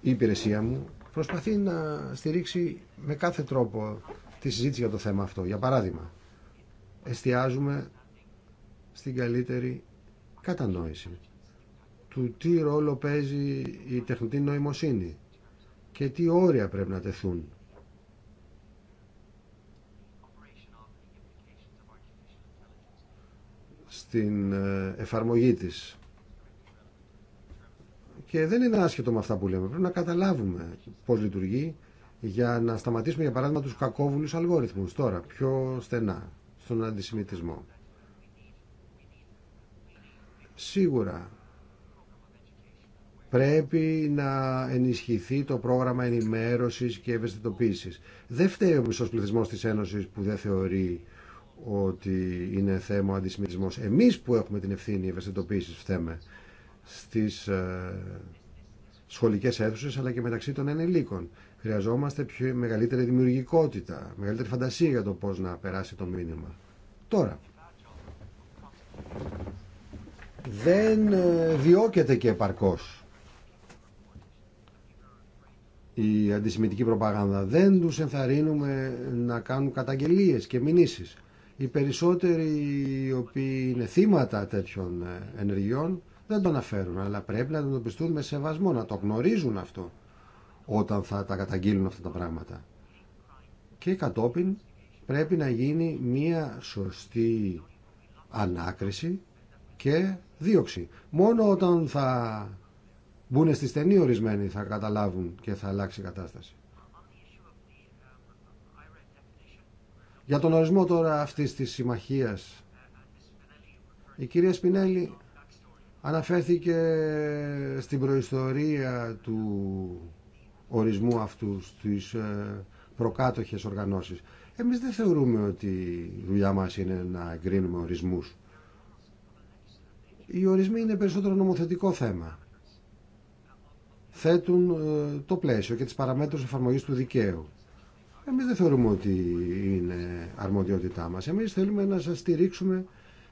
Speaker 2: η υπηρεσία μου προσπαθεί να στηρίξει με κάθε τρόπο τη συζήτηση για το θέμα αυτό για παράδειγμα εστιάζουμε στην καλύτερη κατανόηση του τι ρόλο παίζει η τεχνητή νοημοσύνη και τι όρια πρέπει να τεθούν. στην ε, εφαρμογή της. Και δεν είναι άσχετο με αυτά που λέμε. Πρέπει να καταλάβουμε πώς λειτουργεί για να σταματήσουμε για παράδειγμα τους κακόβουλους αλγόριθμους τώρα πιο στενά στον αντισημιτισμό. Σίγουρα Πρέπει να ενισχυθεί το πρόγραμμα ενημέρωσης και ευαισθητοποίησης. Δεν φταίει ο μισός πληθυσμός της Ένωσης που δεν θεωρεί ότι είναι θέμα ο αντισημιτισμός. Εμείς που έχουμε την ευθύνη ευαισθητοποίησης φταίμε στις ε, σχολικές αίθουσες αλλά και μεταξύ των ενηλίκων. Χρειαζόμαστε πιο μεγαλύτερη δημιουργικότητα, μεγαλύτερη φαντασία για το πώς να περάσει το μήνυμα. Τώρα, δεν ε, διώκεται και επαρκώς η αντισημιτική προπαγάνδα. Δεν τους ενθαρρύνουμε να κάνουν καταγγελίες και μηνύσεις. Οι περισσότεροι οι οποίοι είναι θύματα τέτοιων ε, ενεργειών δεν το αναφέρουν, αλλά πρέπει να πιστούν με σεβασμό, να το γνωρίζουν αυτό όταν θα τα καταγγείλουν αυτά τα πράγματα. Και κατόπιν πρέπει να γίνει μία σωστή ανάκριση και δίωξη. Μόνο όταν θα μπουν στη στενή ορισμένοι θα καταλάβουν και θα αλλάξει η κατάσταση. Για τον ορισμό τώρα αυτής της συμμαχίας η κυρία Σπινέλη αναφέρθηκε στην προϊστορία του ορισμού αυτού στις ε, προκάτοχες οργανώσεις. Εμείς δεν θεωρούμε ότι η δουλειά μας είναι να εγκρίνουμε ορισμούς. Οι ορισμοί είναι περισσότερο νομοθετικό θέμα θέτουν ε, το πλαίσιο και τις παραμέτρους εφαρμογής του δικαίου. Εμείς δεν θεωρούμε ότι είναι αρμοδιότητά μας. Εμείς θέλουμε να σας στηρίξουμε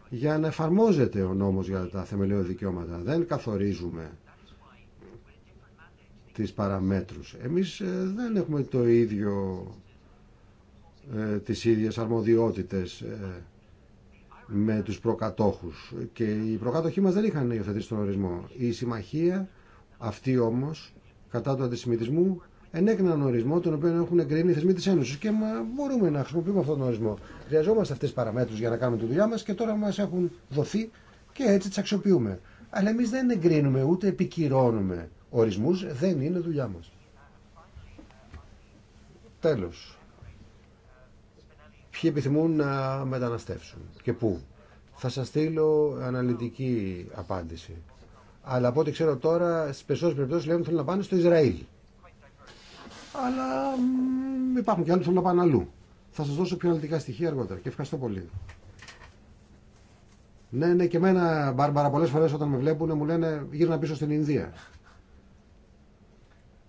Speaker 2: για να εφαρμόζεται ο νόμος για τα θεμελιώδη δικαιώματα. Δεν καθορίζουμε τις παραμέτρους. Εμείς ε, δεν έχουμε το ίδιο ε, τις ίδιες αρμοδιότητες με τους προκατόχους και οι προκάτοχοί μας δεν είχαν υιοθετήσει τον ορισμό. Η συμμαχία αυτοί όμω, κατά του αντισημιτισμού, ενέκριναν ορισμό τον οποίο έχουν εγκρίνει οι θεσμοί τη Ένωση. Και μα, μπορούμε να χρησιμοποιούμε αυτόν τον ορισμό. Χρειαζόμαστε αυτέ τι παραμέτρου για να κάνουμε τη δουλειά μα και τώρα μα έχουν δοθεί και έτσι τι αξιοποιούμε. Αλλά εμεί δεν εγκρίνουμε ούτε επικυρώνουμε ορισμού, δεν είναι δουλειά μα. Τέλο. Ποιοι επιθυμούν να μεταναστεύσουν και πού. Θα σας στείλω αναλυτική απάντηση. Αλλά από ό,τι ξέρω τώρα, στι περισσότερε περιπτώσει λένε ότι θέλουν να πάνε στο Ισραήλ. Αλλά μ, υπάρχουν και άλλοι που θέλουν να πάνε αλλού. Θα σα δώσω πιο αναλυτικά στοιχεία αργότερα και ευχαριστώ πολύ. Ναι, ναι, και εμένα, Μπάρμπαρα, πολλέ φορέ όταν με βλέπουν μου λένε γύρνα πίσω στην Ινδία.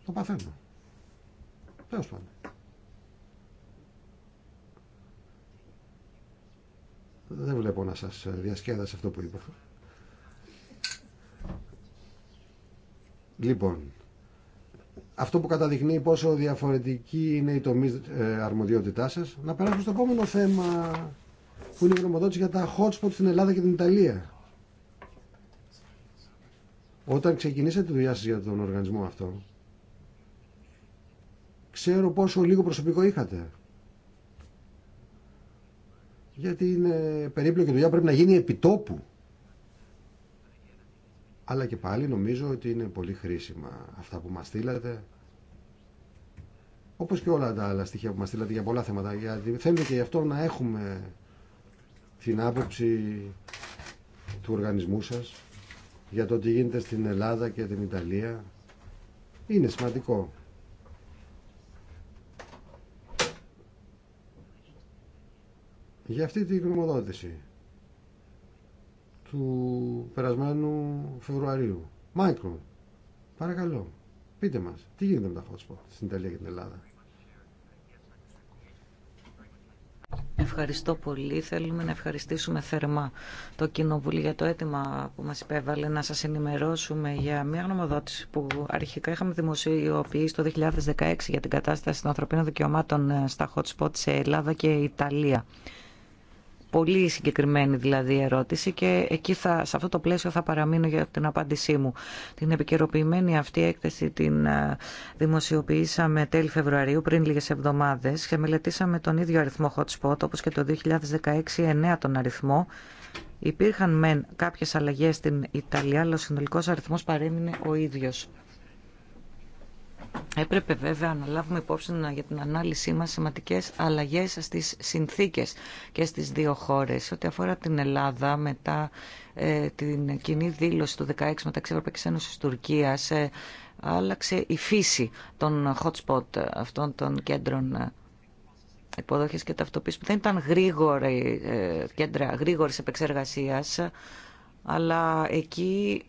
Speaker 2: Το παθαίνω. Τέλο πάντων. Δεν βλέπω να σας διασκέδασε αυτό που είπα. Λοιπόν, αυτό που καταδεικνύει πόσο διαφορετική είναι η τομή ε, αρμοδιότητά σας, να περάσουμε στο επόμενο θέμα που είναι η γνωμοδότηση για τα hotspot στην Ελλάδα και την Ιταλία. Όταν ξεκινήσατε τη δουλειά σα για τον οργανισμό αυτό, ξέρω πόσο λίγο προσωπικό είχατε. Γιατί είναι περίπλοκη δουλειά, πρέπει να γίνει επιτόπου αλλά και πάλι νομίζω ότι είναι πολύ χρήσιμα αυτά που μας στείλατε όπως και όλα τα άλλα στοιχεία που μας στείλατε για πολλά θέματα γιατί φαίνεται και γι' αυτό να έχουμε την άποψη του οργανισμού σας για το τι γίνεται στην Ελλάδα και την Ιταλία είναι σημαντικό για αυτή την γνωμοδότηση του περασμένου Φεβρουαρίου. Μάικρο, παρακαλώ, πείτε μας, τι γίνεται με τα hotspot στην Ιταλία και την Ελλάδα.
Speaker 4: Ευχαριστώ πολύ. Θέλουμε να ευχαριστήσουμε θερμά το Κοινοβούλιο για το αίτημα που μας υπέβαλε να σας ενημερώσουμε για μια γνωμοδότηση που αρχικά είχαμε δημοσιοποιήσει το 2016 για την κατάσταση των ανθρωπίνων δικαιωμάτων ε, στα hot spot σε Ελλάδα και Ιταλία πολύ συγκεκριμένη δηλαδή ερώτηση και εκεί θα, σε αυτό το πλαίσιο θα παραμείνω για την απάντησή μου. Την επικαιροποιημένη αυτή έκθεση την ε, δημοσιοποιήσαμε τέλη Φεβρουαρίου πριν λίγες εβδομάδες και μελετήσαμε τον ίδιο αριθμό spot όπως και το 2016 9 τον αριθμό. Υπήρχαν μεν κάποιες αλλαγές στην Ιταλία αλλά ο συνολικός αριθμός παρέμεινε ο ίδιος. Έπρεπε βέβαια να λάβουμε υπόψη για την ανάλυση μας σημαντικές αλλαγές στις συνθήκες και στις δύο χώρες. Ό,τι αφορά την Ελλάδα μετά ε, την κοινή δήλωση του 16 μεταξύ Ευρωπαϊκής Ένωσης Τουρκίας ε, άλλαξε η φύση των hot spot ε, αυτών των κέντρων ε, υποδοχής και ταυτοποίησης που δεν ήταν γρήγορη, ε, κέντρα γρήγορης επεξεργασίας αλλά εκεί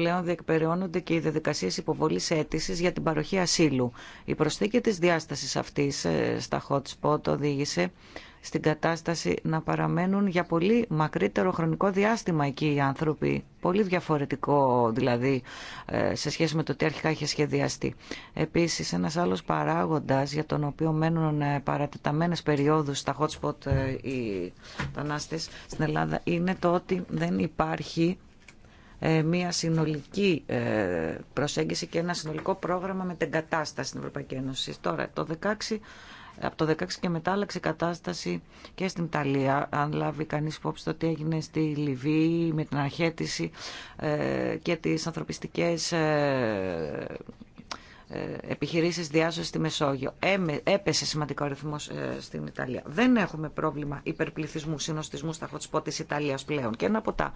Speaker 4: πλέον διεκπεραιώνονται και οι διαδικασίε υποβολή αίτηση για την παροχή ασύλου. Η προσθήκη τη διάσταση αυτή ε, στα hot spot οδήγησε στην κατάσταση να παραμένουν για πολύ μακρύτερο χρονικό διάστημα εκεί οι άνθρωποι. Πολύ διαφορετικό δηλαδή ε, σε σχέση με το τι αρχικά είχε σχεδιαστεί. Επίσης ένας άλλος παράγοντας για τον οποίο μένουν ε, παρατεταμένες περιόδους στα hot spot οι στην Ελλάδα είναι το ότι δεν υπάρχει ε, μια συνολική ε, προσέγγιση και ένα συνολικό πρόγραμμα με την κατάσταση στην Ευρωπαϊκή Ένωση. Τώρα, το 16, από το 2016 και μετά άλλαξε η κατάσταση και στην Ιταλία. Αν λάβει κανεί υπόψη το τι έγινε στη Λιβύη με την αρχέτηση ε, και τις ανθρωπιστικές ε, επιχειρήσεις διάσωσης στη Μεσόγειο. Έπεσε σημαντικό αριθμό ε, στην Ιταλία. Δεν έχουμε πρόβλημα υπερπληθισμού, συνοστισμού στα hot spot της Ιταλίας πλέον. Και ένα από τα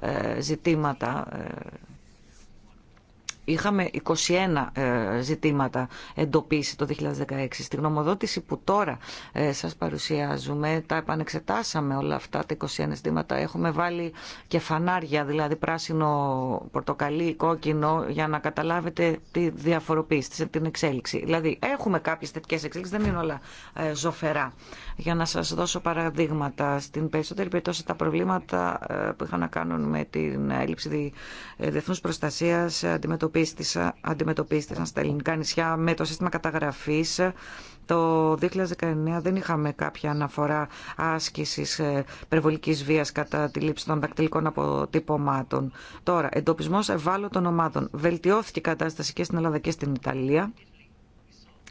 Speaker 4: ε, ζητήματα Είχαμε 21 ε, ζητήματα εντοπίσει το 2016. Στη γνωμοδότηση που τώρα ε, σας παρουσιάζουμε, τα επανεξετάσαμε όλα αυτά τα 21 ζητήματα. Έχουμε βάλει και φανάρια, δηλαδή πράσινο, πορτοκαλί, κόκκινο, για να καταλάβετε τη διαφοροποίηση, την εξέλιξη. Δηλαδή, έχουμε κάποιες τέτοιες εξέλιξεις, δεν είναι όλα ε, ζωφερά. Για να σας δώσω παραδείγματα, στην περισσότερη περίπτωση τα προβλήματα που είχαν να κάνουν με την έλλειψη διεθνούς προστασίας αντιμετωπίζονται αντιμετωπίστησαν στα ελληνικά νησιά με το σύστημα καταγραφής. Το 2019 δεν είχαμε κάποια αναφορά άσκησης ε, περιβολικής βίας κατά τη λήψη των δακτυλικών αποτυπωμάτων. Τώρα, εντοπισμός ευάλωτων ομάδων. Βελτιώθηκε η κατάσταση και στην Ελλάδα και στην Ιταλία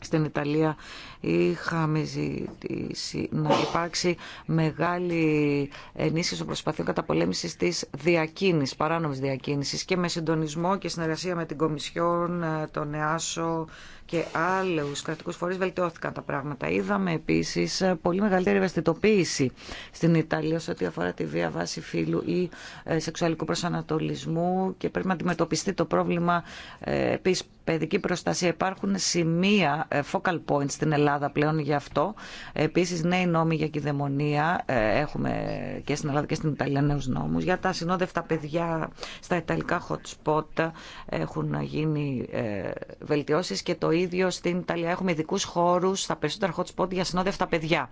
Speaker 4: στην Ιταλία είχαμε ζητήσει να υπάρξει μεγάλη ενίσχυση των προσπαθειών καταπολέμησης της διακίνησης, παράνομη διακίνηση και με συντονισμό και συνεργασία με την Κομισιόν, ε, τον ΕΑΣΟ, και άλλου κρατικού φορεί βελτιώθηκαν τα πράγματα. Είδαμε επίση πολύ μεγαλύτερη ευαισθητοποίηση στην Ιταλία σε ό,τι αφορά τη βία βάση φύλου ή ε, σεξουαλικού προσανατολισμού και πρέπει να αντιμετωπιστεί το πρόβλημα ε, επίση παιδική προστασία. Υπάρχουν σημεία ε, focal points στην Ελλάδα πλέον γι' αυτό. Επίση, νέοι νόμοι για κυδαιμονία έχουμε και στην Ελλάδα και στην Ιταλία νέου νόμου, Για τα συνόδευτα παιδιά στα Ιταλικά hot spot έχουν γίνει βελτιώσει. και το ίδιο στην Ιταλία. Έχουμε ειδικού χώρου στα περισσότερα hot spot για συνόδευτα παιδιά.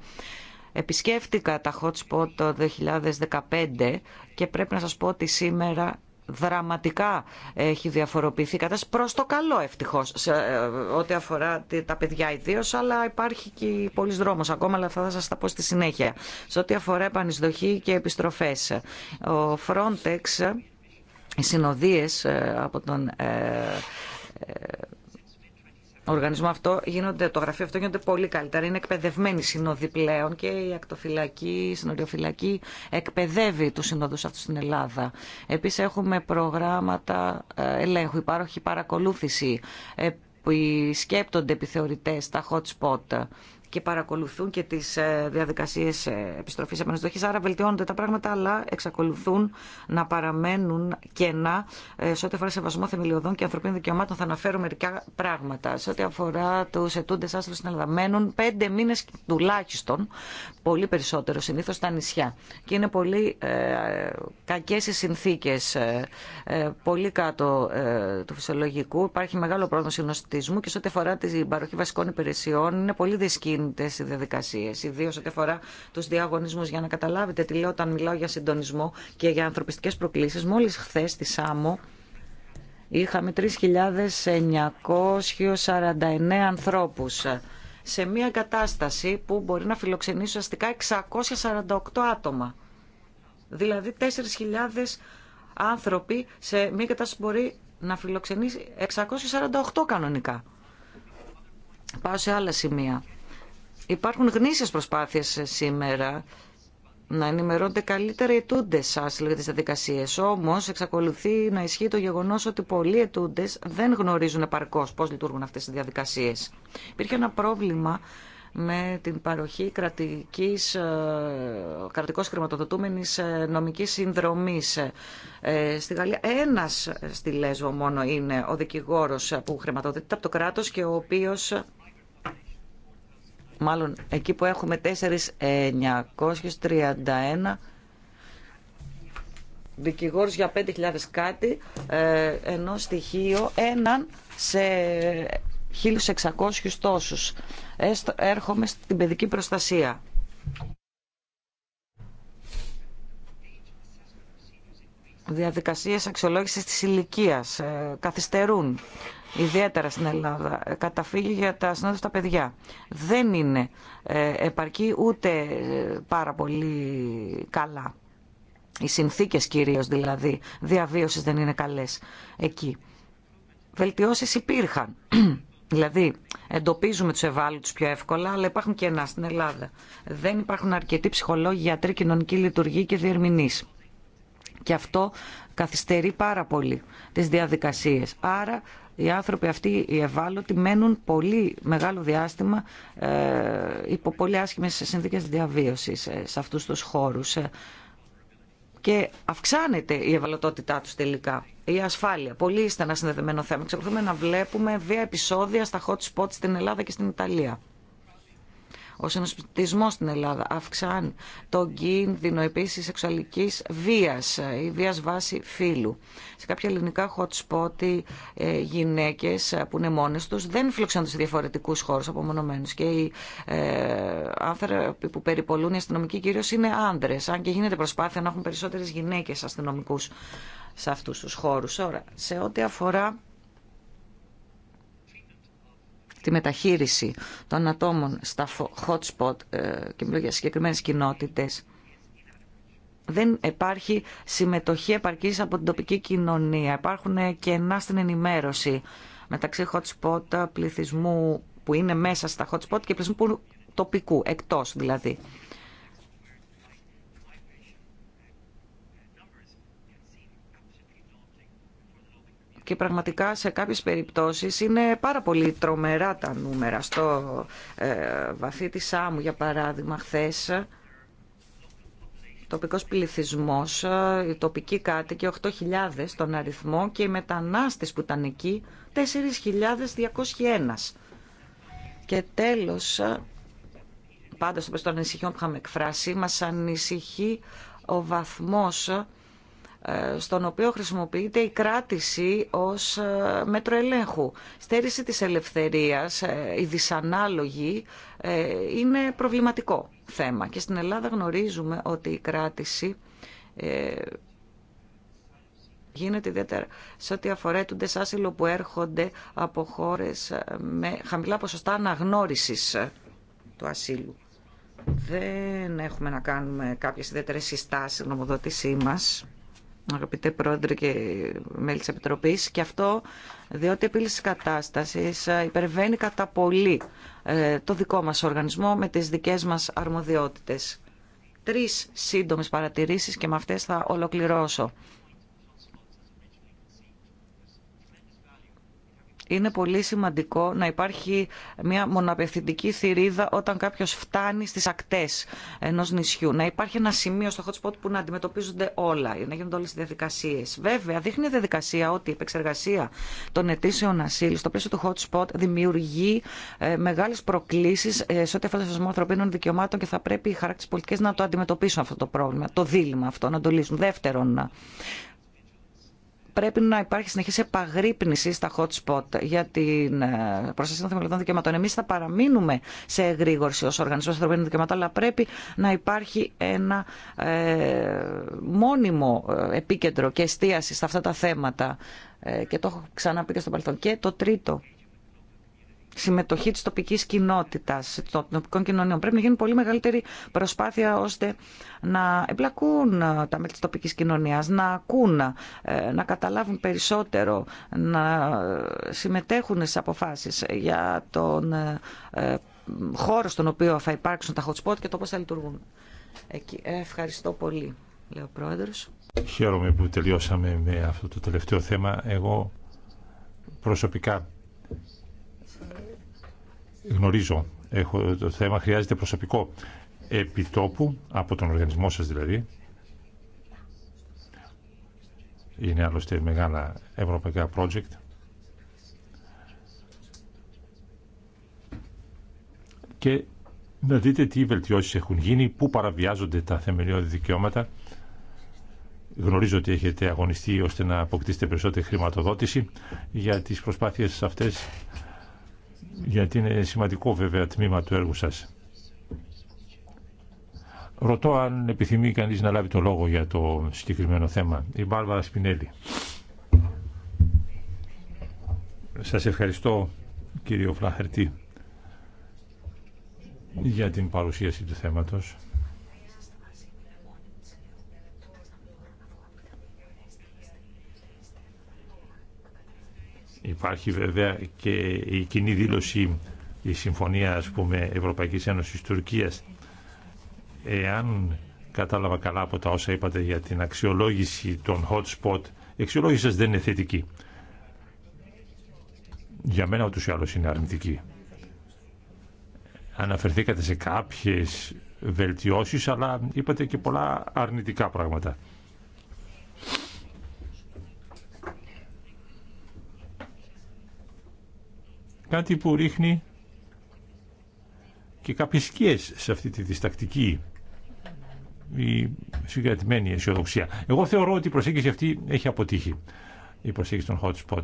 Speaker 4: Επισκέφτηκα τα hot spot το 2015 και πρέπει να σας πω ότι σήμερα δραματικά έχει διαφοροποιηθεί η κατάσταση προς το καλό ευτυχώς ε, ό,τι αφορά τα παιδιά ιδίω, αλλά υπάρχει και πολλή δρόμος ακόμα αλλά θα σας τα πω στη συνέχεια σε ό,τι αφορά επανεισδοχή και επιστροφές ο Frontex οι συνοδείες ε, από τον ε, οργανισμό αυτό γίνονται, το γραφείο αυτό γίνονται πολύ καλύτερα. Είναι εκπαιδευμένοι συνόδοι πλέον και η ακτοφυλακή, η συνοριοφυλακή εκπαιδεύει του συνόδου αυτού στην Ελλάδα. Επίση έχουμε προγράμματα ε, ελέγχου, υπάρχει παρακολούθηση, ε, σκέπτονται επιθεωρητέ στα hot spot και παρακολουθούν και τις ε, διαδικασίες ε, επιστροφής επανεισδοχής. Άρα βελτιώνονται τα πράγματα, αλλά εξακολουθούν να παραμένουν κενά ε, σε ό,τι αφορά σεβασμό θεμελιωδών και ανθρωπίνων δικαιωμάτων. Θα αναφέρω μερικά πράγματα. Σε ό,τι αφορά τους ετούντες άστρους μένουν πέντε μήνες τουλάχιστον, πολύ περισσότερο συνήθως στα νησιά. Και είναι πολύ ε, κακές οι συνθήκες, πολύ κάτω του φυσιολογικού. Υπάρχει μεγάλο πρόβλημα συνοστισμού και σε ό,τι αφορά την παροχή βασικών υπηρεσιών είναι πολύ δυσκή γίνονται οι διαδικασίε, ιδίω ό,τι αφορά του διαγωνισμού. Για να καταλάβετε τι λέω όταν μιλάω για συντονισμό και για ανθρωπιστικέ προκλήσει, μόλι χθε στη ΣΑΜΟ είχαμε 3.949 ανθρώπου σε μια κατάσταση που μπορεί να φιλοξενήσει ουσιαστικά 648 άτομα. Δηλαδή 4.000 άνθρωποι σε μια κατάσταση που μπορεί να φιλοξενήσει 648 κανονικά. Πάω σε άλλα σημεία. Υπάρχουν γνήσιες προσπάθειες σήμερα να ενημερώνται καλύτερα οι ετούντε σα για τι διαδικασίε. Όμω, εξακολουθεί να ισχύει το γεγονό ότι πολλοί ετούντε δεν γνωρίζουν επαρκώ πώ λειτουργούν αυτέ οι διαδικασίε. Υπήρχε ένα πρόβλημα με την παροχή κρατικής, ε, κρατικός χρηματοδοτούμενης ε, νομικής συνδρομής. Ε, στη Γαλλία ένας στη Λέσβο μόνο είναι ο δικηγόρος που χρηματοδοτείται από το κράτος και ο οποίος μάλλον εκεί που έχουμε 4.931 δικηγόρους για 5.000 κάτι, ε, ενώ στοιχείο έναν σε 1.600 τόσους. Έρχομαι στην παιδική προστασία. Διαδικασίες αξιολόγησης της ηλικίας ε, καθυστερούν ιδιαίτερα στην Ελλάδα, ε, καταφύγει για τα συνόδευτα παιδιά. Δεν είναι ε, επαρκή ούτε ε, πάρα πολύ καλά. Οι συνθήκες κυρίως δηλαδή διαβίωσης δεν είναι καλές εκεί. Βελτιώσεις υπήρχαν. Δηλαδή, εντοπίζουμε του ευάλωτους πιο εύκολα, αλλά υπάρχουν και ένα στην Ελλάδα. Δεν υπάρχουν αρκετοί ψυχολόγοι, γιατροί, κοινωνικοί λειτουργοί και διερμηνεί. Και αυτό καθυστερεί πάρα πολύ τι διαδικασίε. Άρα, οι άνθρωποι αυτοί, οι ευάλωτοι, μένουν πολύ μεγάλο διάστημα ε, υπό πολύ άσχημες συνθήκες διαβίωσης ε, σε αυτούς τους χώρους ε. και αυξάνεται η ευαλωτότητά τους τελικά. Η ασφάλεια. Πολύ ένα συνδεδεμένο θέμα. Ξεκολουθούμε να βλέπουμε βία επεισόδια στα hot spots στην Ελλάδα και στην Ιταλία ο συνοσπιτισμός στην Ελλάδα αυξάνει τον κίνδυνο επίσης σεξουαλικής βίας ή βίας βάση φύλου. Σε κάποια ελληνικά hot spot ε, γυναίκες που είναι μόνες τους δεν φιλοξενούνται σε διαφορετικούς χώρους απομονωμένους και οι ε, άνθρωποι που περιπολούν οι αστυνομικοί κυρίως είναι άντρες. αν και γίνεται προσπάθεια να έχουν περισσότερες γυναίκες αστυνομικούς σε αυτούς τους χώρους. Τώρα, σε ό,τι αφορά τη μεταχείριση των ατόμων στα hot spot ε, και μιλώ για συγκεκριμένες κοινότητες δεν υπάρχει συμμετοχή επαρκής από την τοπική κοινωνία. Υπάρχουν ε, κενά στην ενημέρωση μεταξύ hot spot πληθυσμού που είναι μέσα στα hot spot και πληθυσμού που τοπικού, εκτός δηλαδή. και πραγματικά σε κάποιες περιπτώσεις είναι πάρα πολύ τρομερά τα νούμερα. Στο ε, βαθύ της ΣΑΜΟΥ για παράδειγμα, χθε. τοπικός πληθυσμός, ε, οι τοπικοί κάτοικοι 8.000 στον αριθμό και οι μετανάστες που ήταν εκεί 4.201. Και τέλος, ε, πάντως των ανησυχιών που είχαμε εκφράσει, μας ανησυχεί ο βαθμός ε, ε, στον οποίο χρησιμοποιείται η κράτηση ως ε, μέτρο ελέγχου. Στέρηση της ελευθερίας, ε, η δυσανάλογη, είναι προβληματικό θέμα. Και στην Ελλάδα γνωρίζουμε ότι η κράτηση γίνεται ιδιαίτερα σε ό,τι αφορά του άσυλο που έρχονται από χώρες με χαμηλά ποσοστά αναγνώρισης του ασύλου. Δεν έχουμε να κάνουμε κάποιες ιδιαίτερες συστάσεις στην νομοδότησή μας αγαπητέ πρόεδρε και μέλη της Επιτροπής και αυτό διότι η επίλυση κατάστασης ε, υπερβαίνει κατά πολύ ε, το δικό μας οργανισμό με τις δικές μας αρμοδιότητες. Τρεις σύντομες παρατηρήσεις και με αυτές θα ολοκληρώσω. είναι πολύ σημαντικό να υπάρχει μια μοναπευθυντική θηρίδα όταν κάποιο φτάνει στι ακτέ ενό νησιού. Να υπάρχει ένα σημείο στο hot spot που να αντιμετωπίζονται όλα, να γίνονται όλε οι διαδικασίε. Βέβαια, δείχνει η διαδικασία ότι η επεξεργασία των αιτήσεων ασύλου στο πλαίσιο του hot spot δημιουργεί ε, μεγάλε προκλήσει ε, σε ό,τι αφορά το ανθρωπίνων δικαιωμάτων και θα πρέπει οι χαράκτε πολιτικέ να το αντιμετωπίσουν αυτό το πρόβλημα, το δίλημα αυτό, να το λύσουν. Δεύτερον, πρέπει να υπάρχει συνεχή επαγρύπνηση στα hot spot για την ε, προστασία των θεμελιωδών δικαιωμάτων. Εμείς θα παραμείνουμε σε εγρήγορση ω οργανισμός ανθρωπίνων δικαιωμάτων, αλλά πρέπει να υπάρχει ένα ε, μόνιμο ε, επίκεντρο και εστίαση σε αυτά τα θέματα. και το έχω ξαναπεί και στο παρελθόν. Και το τρίτο συμμετοχή της τοπικής κοινότητας, των τοπικών κοινωνίων. Πρέπει να γίνει πολύ μεγαλύτερη προσπάθεια ώστε να εμπλακούν ε, τα μέλη της τοπικής κοινωνίας, να ακούν, ε, να καταλάβουν περισσότερο, να ε, συμμετέχουν στις αποφάσεις για τον χώρο στον οποίο θα υπάρξουν τα hot spot και το πώς θα λειτουργούν. Ευχαριστώ πολύ, λέει ο Πρόεδρος.
Speaker 5: Χαίρομαι που τελειώσαμε με αυτό το τελευταίο θέμα. Εγώ προσωπικά γνωρίζω έχω, το θέμα χρειάζεται προσωπικό επιτόπου από τον οργανισμό σας δηλαδή είναι άλλωστε μεγάλα ευρωπαϊκά project και να δείτε τι βελτιώσεις έχουν γίνει, πού παραβιάζονται τα θεμελιώδη δικαιώματα. Γνωρίζω ότι έχετε αγωνιστεί ώστε να αποκτήσετε περισσότερη χρηματοδότηση για τις προσπάθειες αυτές γιατί είναι σημαντικό βέβαια τμήμα του έργου σας. Ρωτώ αν επιθυμεί κανείς να λάβει το λόγο για το συγκεκριμένο θέμα. Η Μπάρβαρα Σπινέλη. Σας ευχαριστώ κύριο Φλαχερτή για την παρουσίαση του θέματος. Υπάρχει βέβαια και η κοινή δήλωση, η συμφωνία ας πούμε Ευρωπαϊκής Ένωσης Τουρκίας. Εάν κατάλαβα καλά από τα όσα είπατε για την αξιολόγηση των hot spot, η αξιολόγηση σας δεν είναι θετική. Για μένα ούτως ή άλλως είναι αρνητική. Αναφερθήκατε σε κάποιες βελτιώσεις, αλλά είπατε και πολλά αρνητικά πράγματα. Κάτι που ρίχνει και κάποιες σκιές σε αυτή τη διστακτική η συγκρατημένη αισιοδοξία. Εγώ θεωρώ ότι η προσέγγιση αυτή έχει αποτύχει. Η προσέγγιση των hot spot.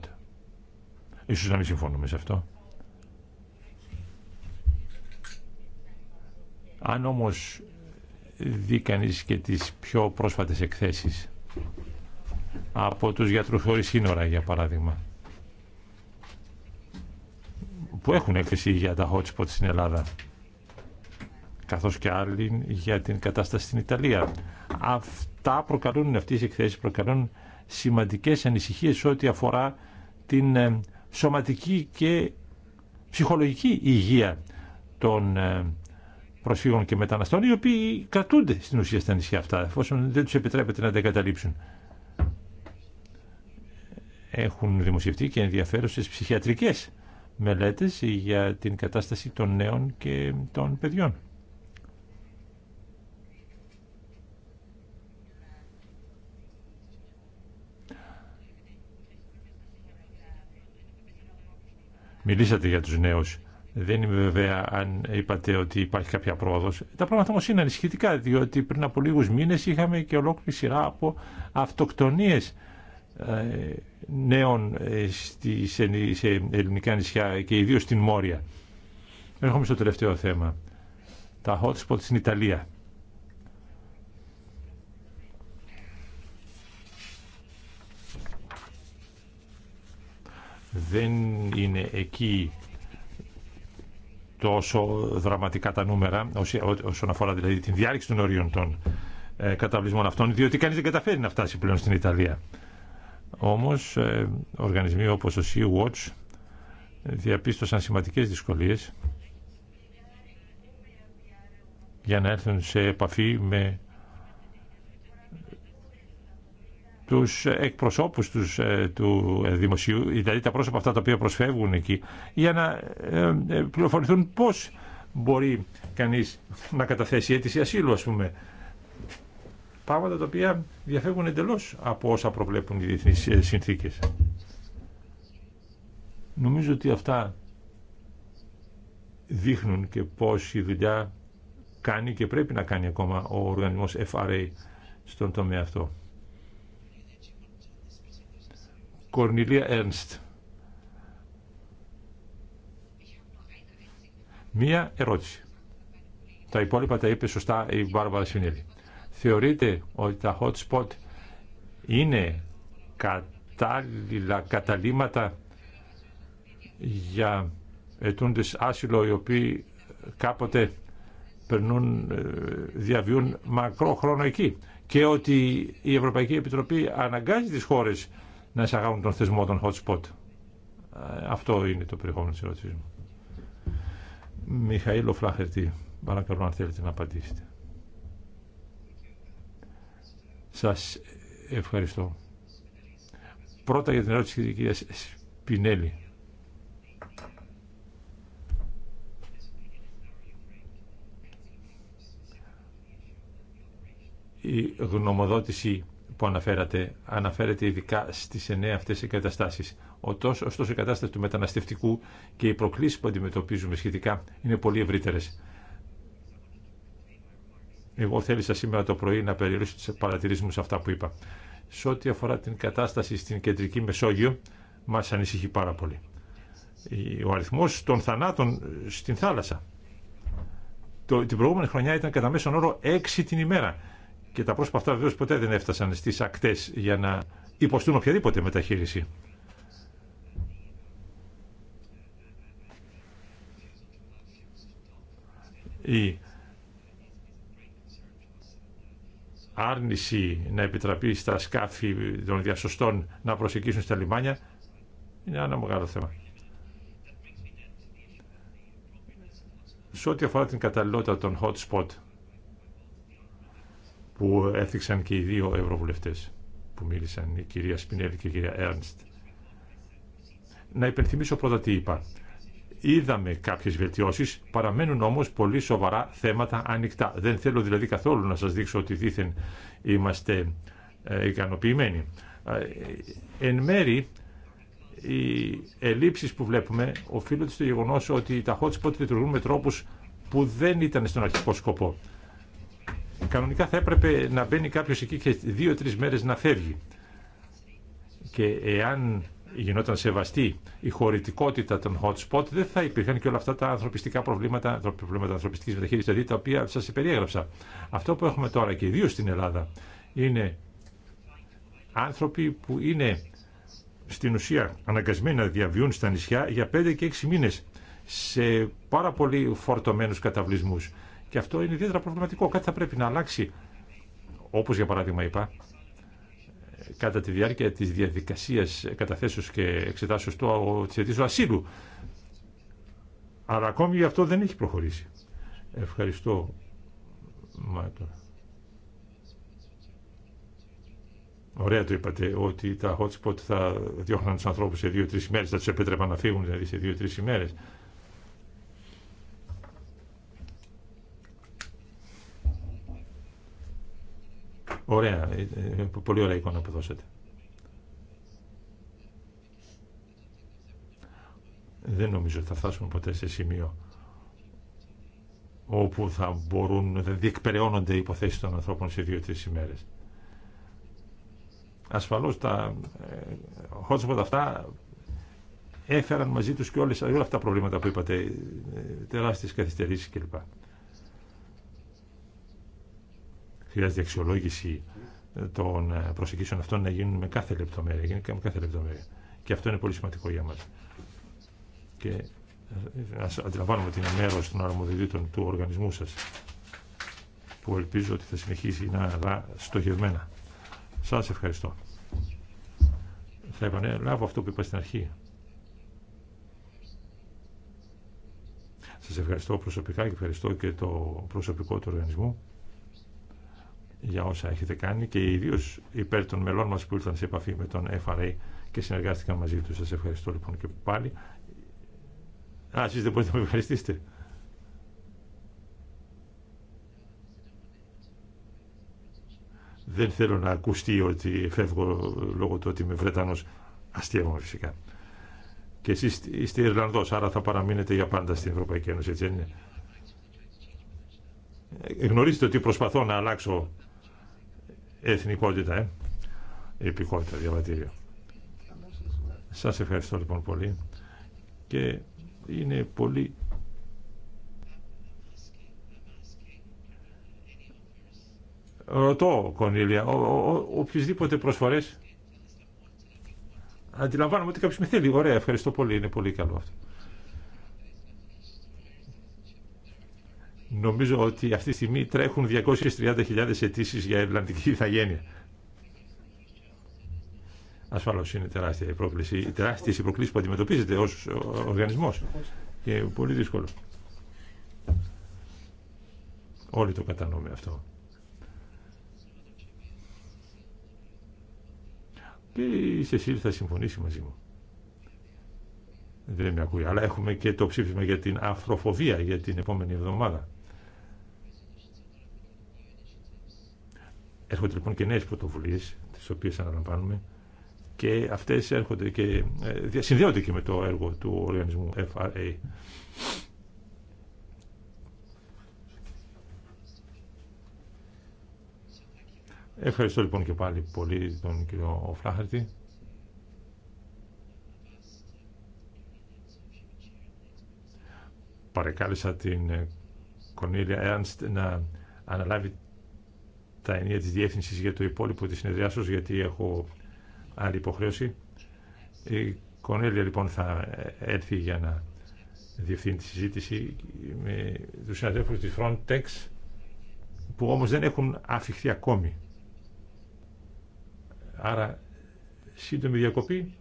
Speaker 5: Ίσως να μην συμφωνούμε σε αυτό. Αν όμως δει κανεί και τις πιο πρόσφατες εκθέσεις από τους γιατρούς χωρίς σύνορα για παράδειγμα που έχουν έκθεση για τα hot spots στην Ελλάδα καθώς και άλλοι για την κατάσταση στην Ιταλία. Αυτά προκαλούν, αυτές οι εκθέσεις προκαλούν σημαντικές ανησυχίες ό,τι αφορά την ε, σωματική και ψυχολογική υγεία των ε, προσφύγων και μεταναστών, οι οποίοι κρατούνται στην ουσία στα νησιά αυτά, εφόσον δεν τους επιτρέπεται να τα εγκαταλείψουν. Έχουν δημοσιευτεί και ενδιαφέρουσες ψυχιατρικές μελέτες για την κατάσταση των νέων και των παιδιών. Μιλήσατε για τους νέους. Δεν είμαι βέβαια αν είπατε ότι υπάρχει κάποια πρόοδο. Τα πράγματα όμω είναι ανησυχητικά, διότι πριν από λίγου μήνε είχαμε και ολόκληρη σειρά από αυτοκτονίε ε, νέων ε, σε ελληνικά νησιά και ιδίω στην Μόρια. Έρχομαι στο τελευταίο θέμα. Τα hot spots στην Ιταλία. Δεν είναι εκεί τόσο δραματικά τα νούμερα όσον αφορά δηλαδή την διάρκεια των ορίων των ε, καταβλισμών αυτών, διότι κανείς δεν καταφέρει να φτάσει πλέον στην Ιταλία. Όμως ε, οργανισμοί όπως ο Sea-Watch ε, διαπίστωσαν σημαντικές δυσκολίες για να έρθουν σε επαφή με τους εκπροσώπους τους, ε, του δημοσίου, δηλαδή τα πρόσωπα αυτά τα οποία προσφεύγουν εκεί, για να πληροφορηθούν πώς μπορεί κανείς να καταθέσει αίτηση ασύλου, ας πούμε, πράγματα τα οποία διαφεύγουν εντελώ από όσα προβλέπουν οι διεθνεί συνθήκες. Νομίζω ότι αυτά δείχνουν και πώς η δουλειά κάνει και πρέπει να κάνει ακόμα ο οργανισμός FRA στον τομέα αυτό. Κορνιλία Έρνστ. Μία ερώτηση. Τα υπόλοιπα τα είπε σωστά η Μπάρβαρα Σινέλη. Θεωρείτε ότι τα hot spot είναι κατάλληλα καταλήματα για ετούντες άσυλο οι οποίοι κάποτε περνούν, ε, διαβιούν μακρό χρόνο εκεί και ότι η Ευρωπαϊκή Επιτροπή αναγκάζει τις χώρες να εισαγάγουν τον θεσμό των hot spot. Ε, αυτό είναι το περιεχόμενο της ερώτησης μου. Μιχαήλο Φλάχερτη, παρακαλώ αν θέλετε να απαντήσετε. Σας ευχαριστώ. Πρώτα για την ερώτηση της κυρίας Σπινέλη. Η γνωμοδότηση που αναφέρατε αναφέρεται ειδικά στις εννέα αυτές εγκαταστάσεις. Ωστόσο, ωστόσο η κατάσταση του μεταναστευτικού και οι προκλήσεις που αντιμετωπίζουμε σχετικά είναι πολύ ευρύτερες. Εγώ θέλησα σήμερα το πρωί να περιορίσω τι παρατηρήσεις μου σε αυτά που είπα. Σε ό,τι αφορά την κατάσταση στην κεντρική Μεσόγειο, μας ανησυχεί πάρα πολύ. Ο αριθμός των θανάτων στην θάλασσα. Το, την προηγούμενη χρονιά ήταν κατά μέσον όρο 6 την ημέρα. Και τα πρόσωπα αυτά βεβαίω ποτέ δεν έφτασαν στι ακτέ για να υποστούν οποιαδήποτε μεταχείριση. άρνηση να επιτραπεί στα σκάφη των διασωστών να προσεγγίσουν στα λιμάνια είναι ένα μεγάλο θέμα. Σε ό,τι αφορά την καταλληλότητα των hot spot που έθιξαν και οι δύο ευρωβουλευτές που μίλησαν, η κυρία Σπινέλη και η κυρία Έρνστ. Να υπενθυμίσω πρώτα τι είπα. Είδαμε κάποιε βελτιώσει, παραμένουν όμω πολύ σοβαρά θέματα ανοιχτά. Δεν θέλω δηλαδή καθόλου να σα δείξω ότι δήθεν είμαστε ε, ικανοποιημένοι. Ε, εν μέρη, οι ελλείψει που βλέπουμε οφείλονται στο γεγονό ότι τα spot λειτουργούν με τρόπου που δεν ήταν στον αρχικό σκοπό. Κανονικά θα έπρεπε να μπαίνει κάποιο εκεί και δύο-τρει μέρε να φεύγει. Και εάν γινόταν σεβαστή η χωρητικότητα των hot spot, δεν θα υπήρχαν και όλα αυτά τα ανθρωπιστικά προβλήματα, προβλήματα ανθρωπιστική μεταχείριση, δηλαδή τα οποία σα περιέγραψα. Αυτό που έχουμε τώρα και ιδίω στην Ελλάδα είναι άνθρωποι που είναι στην ουσία αναγκασμένοι να διαβιούν στα νησιά για 5 και 6 μήνε σε πάρα πολύ φορτωμένου καταβλισμού. Και αυτό είναι ιδιαίτερα προβληματικό. Κάτι θα πρέπει να αλλάξει. Όπω για παράδειγμα είπα, κατά τη διάρκεια της διαδικασίας καταθέσεως και εξετάσεως του αιτήσου ασύλου. Αλλά ακόμη γι' αυτό δεν έχει προχωρήσει. Ευχαριστώ. Ωραία το είπατε ότι τα hotspot θα διώχναν τους ανθρώπους σε δύο-τρεις ημέρες, θα τους επέτρεπαν να φύγουν δηλαδή, σε δύο-τρεις ημέρες. Ωραία, ε, ε, πολύ ωραία εικόνα που δώσατε. Δεν νομίζω ότι θα φτάσουμε ποτέ σε σημείο όπου θα μπορούν, να διεκπεραιώνονται οι υποθέσεις των ανθρώπων σε δύο-τρεις ημέρες. Ασφαλώς τα ε, hotspot αυτά έφεραν μαζί τους και όλες, όλα αυτά τα προβλήματα που είπατε, τεράστιες καθυστερήσεις κλπ. Χρειάζεται αξιολόγηση ε, των ε, προσεγγίσεων αυτών να γίνουν με κάθε λεπτομέρεια. με κάθε λεπτομέρεια. Και αυτό είναι πολύ σημαντικό για μας. Και να ε, αντιλαμβάνουμε ότι είναι μέρο των αρμοδιοτήτων του οργανισμού σα που ελπίζω ότι θα συνεχίσει να δά στοχευμένα. Σα ευχαριστώ. Θα επανέλαβω ναι, αυτό που είπα στην αρχή. Σας ευχαριστώ προσωπικά και ευχαριστώ και το προσωπικό του οργανισμού για όσα έχετε κάνει και ιδίω υπέρ των μελών μας που ήρθαν σε επαφή με τον FRA και συνεργάστηκαν μαζί του. Σα ευχαριστώ λοιπόν και πάλι. Α, εσεί δεν μπορείτε να με ευχαριστήσετε. Δεν θέλω να ακουστεί ότι φεύγω λόγω του ότι είμαι Βρετανός. Αστείευομαι φυσικά. Και εσείς είστε Ιρλανδός, άρα θα παραμείνετε για πάντα στην Ευρωπαϊκή Ένωση, έτσι είναι. Ε, γνωρίζετε ότι προσπαθώ να αλλάξω Εθνικότητα, ε. Επικότητα, διαβατήριο. Σας ευχαριστώ λοιπόν πολύ και είναι πολύ Ρωτώ, Κονίλια, οποιουσδήποτε προσφορές αντιλαμβάνομαι ότι κάποιος με θέλει. Ωραία, ευχαριστώ πολύ, είναι πολύ καλό αυτό. Νομίζω ότι αυτή τη στιγμή τρέχουν 230.000 αιτήσει για ευλαντική ηθαγένεια. Ασφαλώ είναι τεράστια η πρόκληση, οι που αντιμετωπίζεται ω οργανισμό. και πολύ δύσκολο. Όλοι το κατανοούμε αυτό. Και η Σεσίλ θα συμφωνήσει μαζί μου. Δεν με ακούει, αλλά έχουμε και το ψήφισμα για την αφροφοβία για την επόμενη εβδομάδα. Έρχονται λοιπόν και νέε πρωτοβουλίε τις οποίες αναλαμβάνουμε, και αυτές έρχονται και ε, συνδέονται και με το έργο του οργανισμού FRA. Ευχαριστώ λοιπόν και πάλι πολύ τον κύριο Φλάχαρτη. Παρεκάλεσα την Κονίλια ε, Έρνστ να αναλάβει τα ενία της διεύθυνσης για το υπόλοιπο της συνεδριάσεως, γιατί έχω άλλη υποχρέωση. Η Κονέλια λοιπόν θα έρθει για να διευθύνει τη συζήτηση με τους συναδέλφους της Frontex, που όμως δεν έχουν αφηχθεί ακόμη. Άρα, σύντομη διακοπή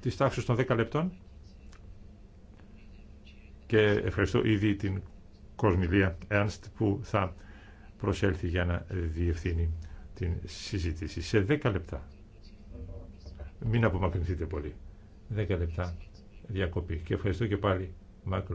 Speaker 5: της τάξης των 10 λεπτών και ευχαριστώ ήδη την Κοσμιλία Ernst που θα προσέλθει για να διευθύνει την συζήτηση. Σε 10 λεπτά. Μην απομακρυνθείτε πολύ. 10 λεπτά διακοπή. Και ευχαριστώ και πάλι Μάικλ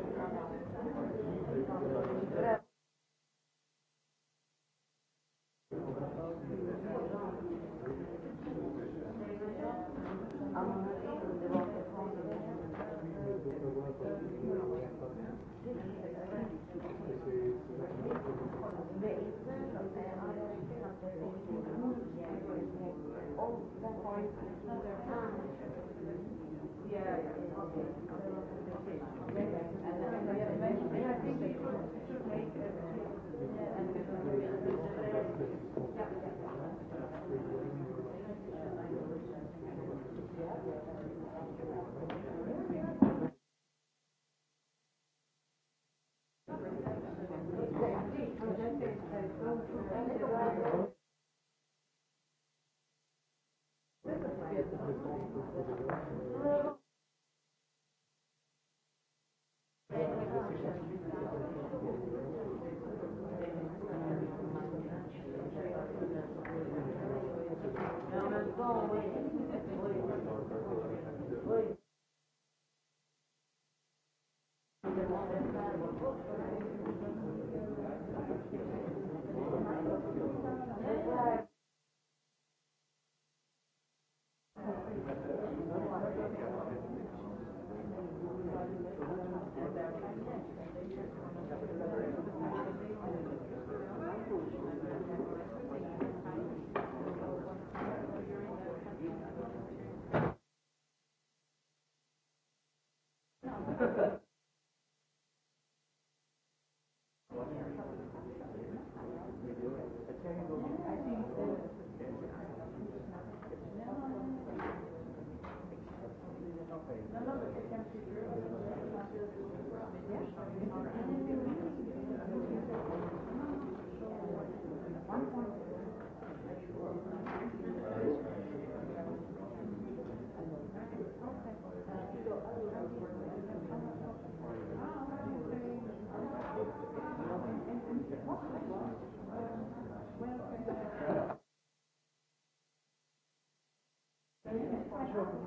Speaker 3: Υπότιτλοι AUTHORWAVE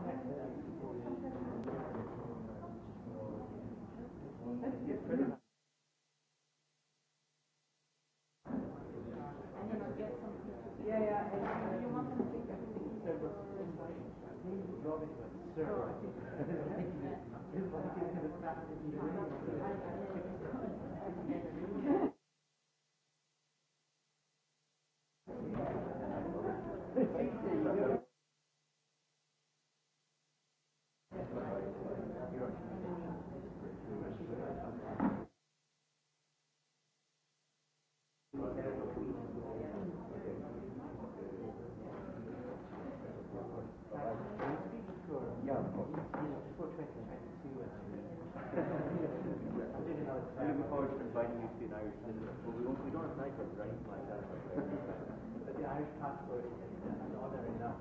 Speaker 3: we, don't have like that. but the Irish passport is enough.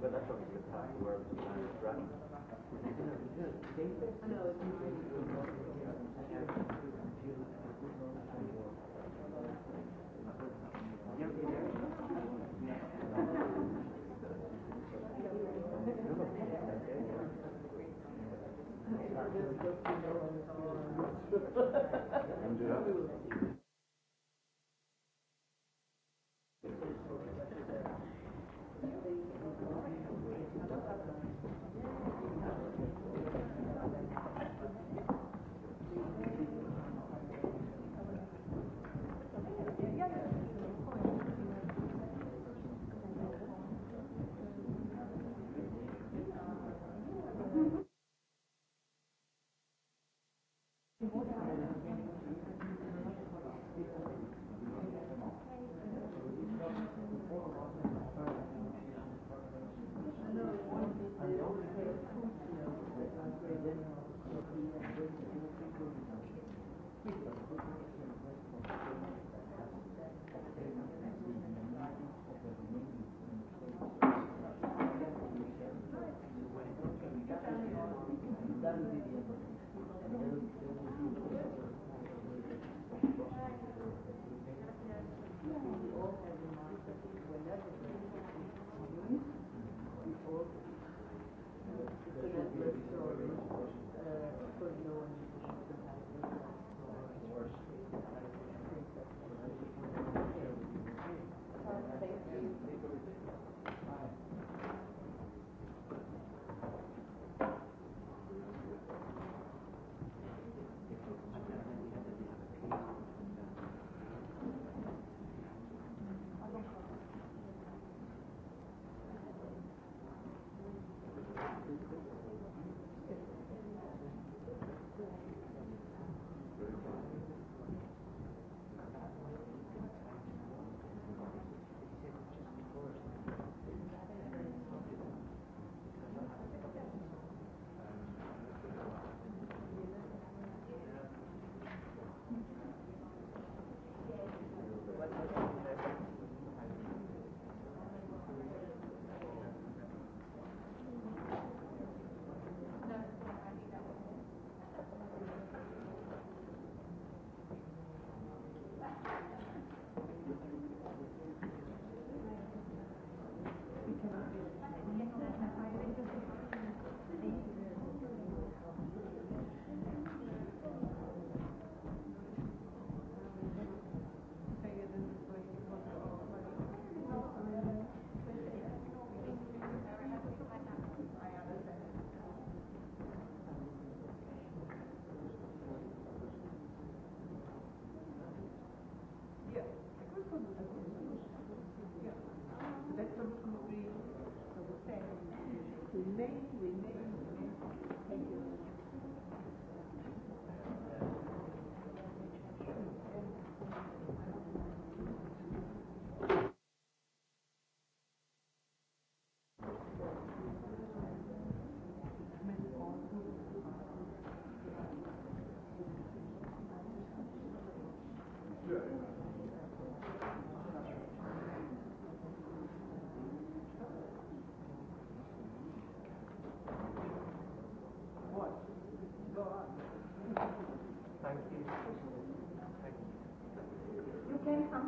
Speaker 3: But that's only time where it's running. Irish Elhamdülillah.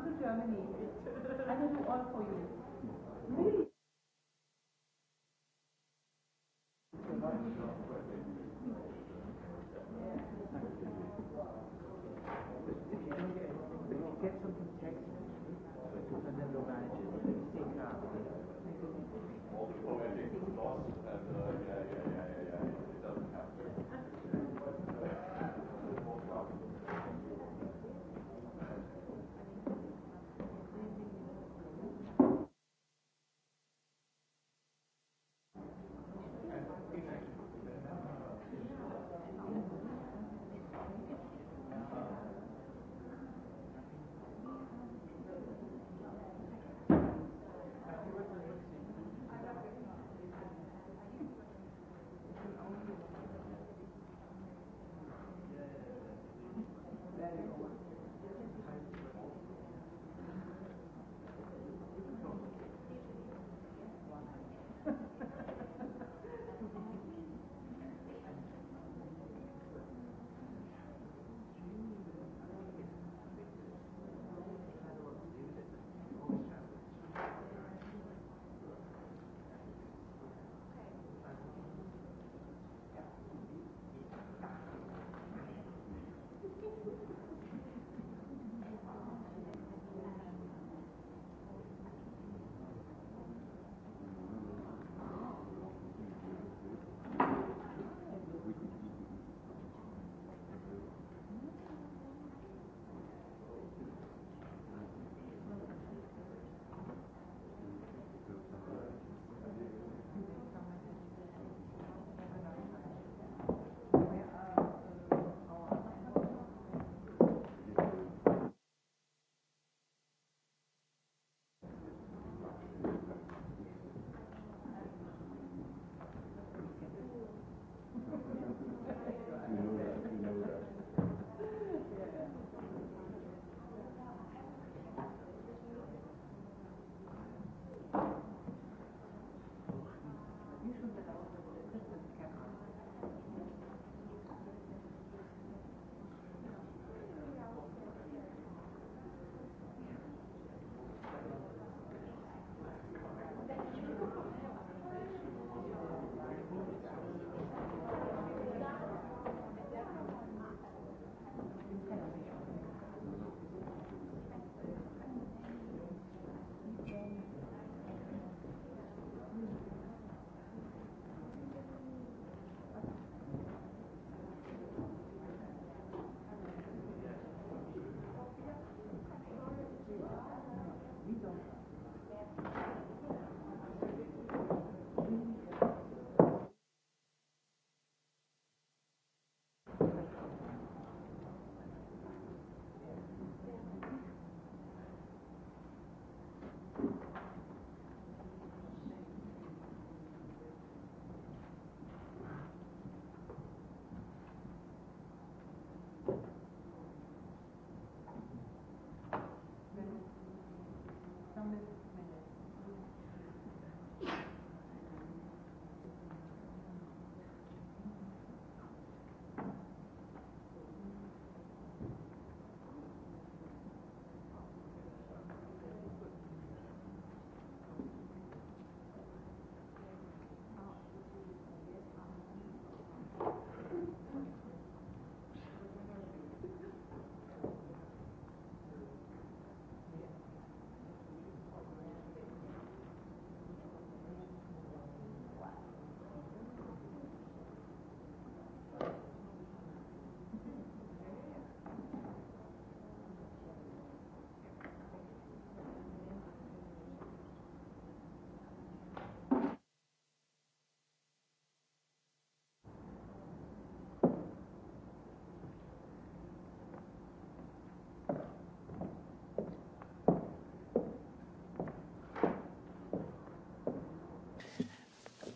Speaker 3: to Germany. I will do all for you. Really?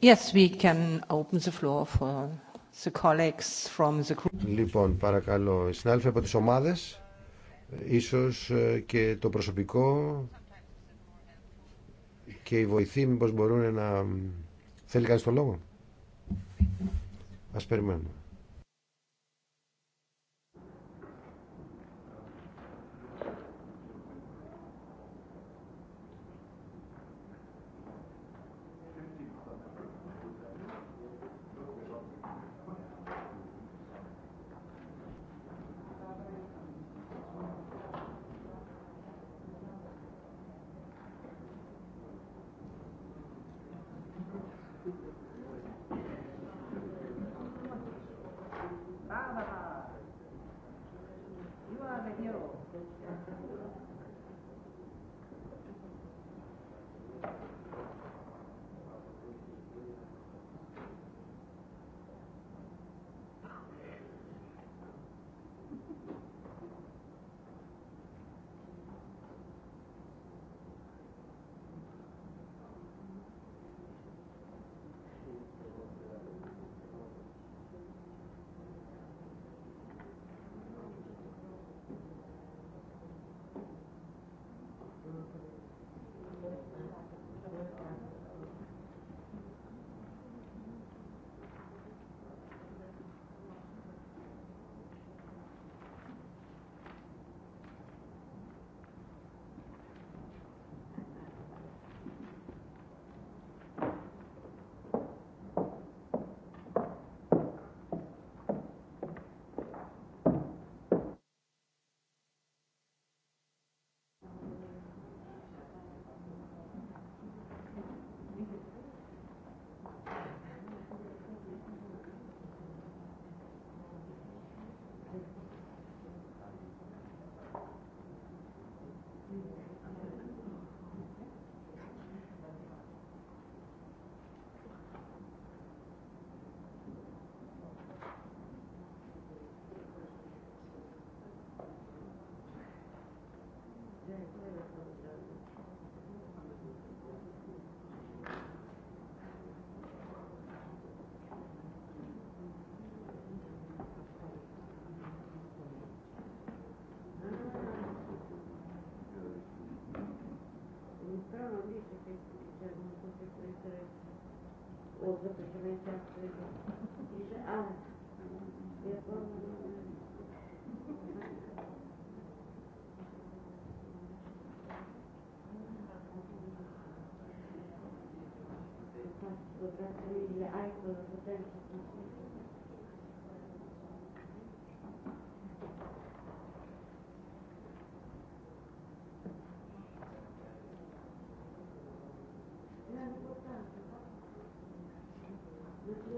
Speaker 1: Yes, we can open the floor for the
Speaker 2: colleagues from the group. Λοιπόν, παρακαλώ, οι συνάδελφοι από τις ομάδες, ίσως ε, και το προσωπικό και οι βοηθοί, μήπως μπορούν να... Θέλει κανείς το λόγο. Ας περιμένουμε.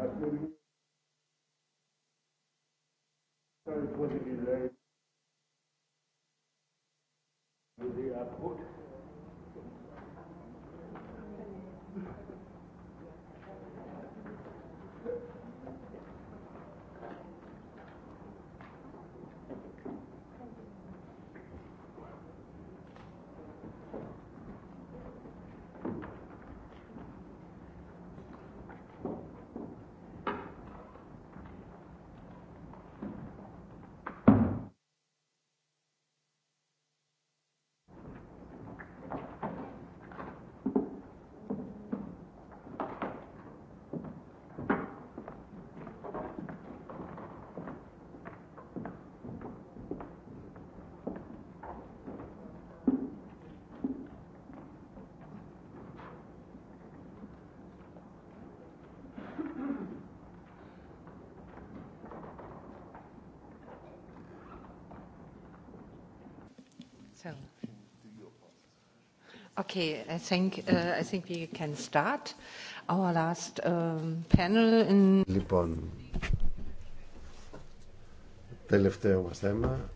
Speaker 6: Sorry for the output.
Speaker 1: Okay, I think, uh, I think we can start our last um, panel in...
Speaker 2: Λοιπόν, τελευταίο μας θέμα.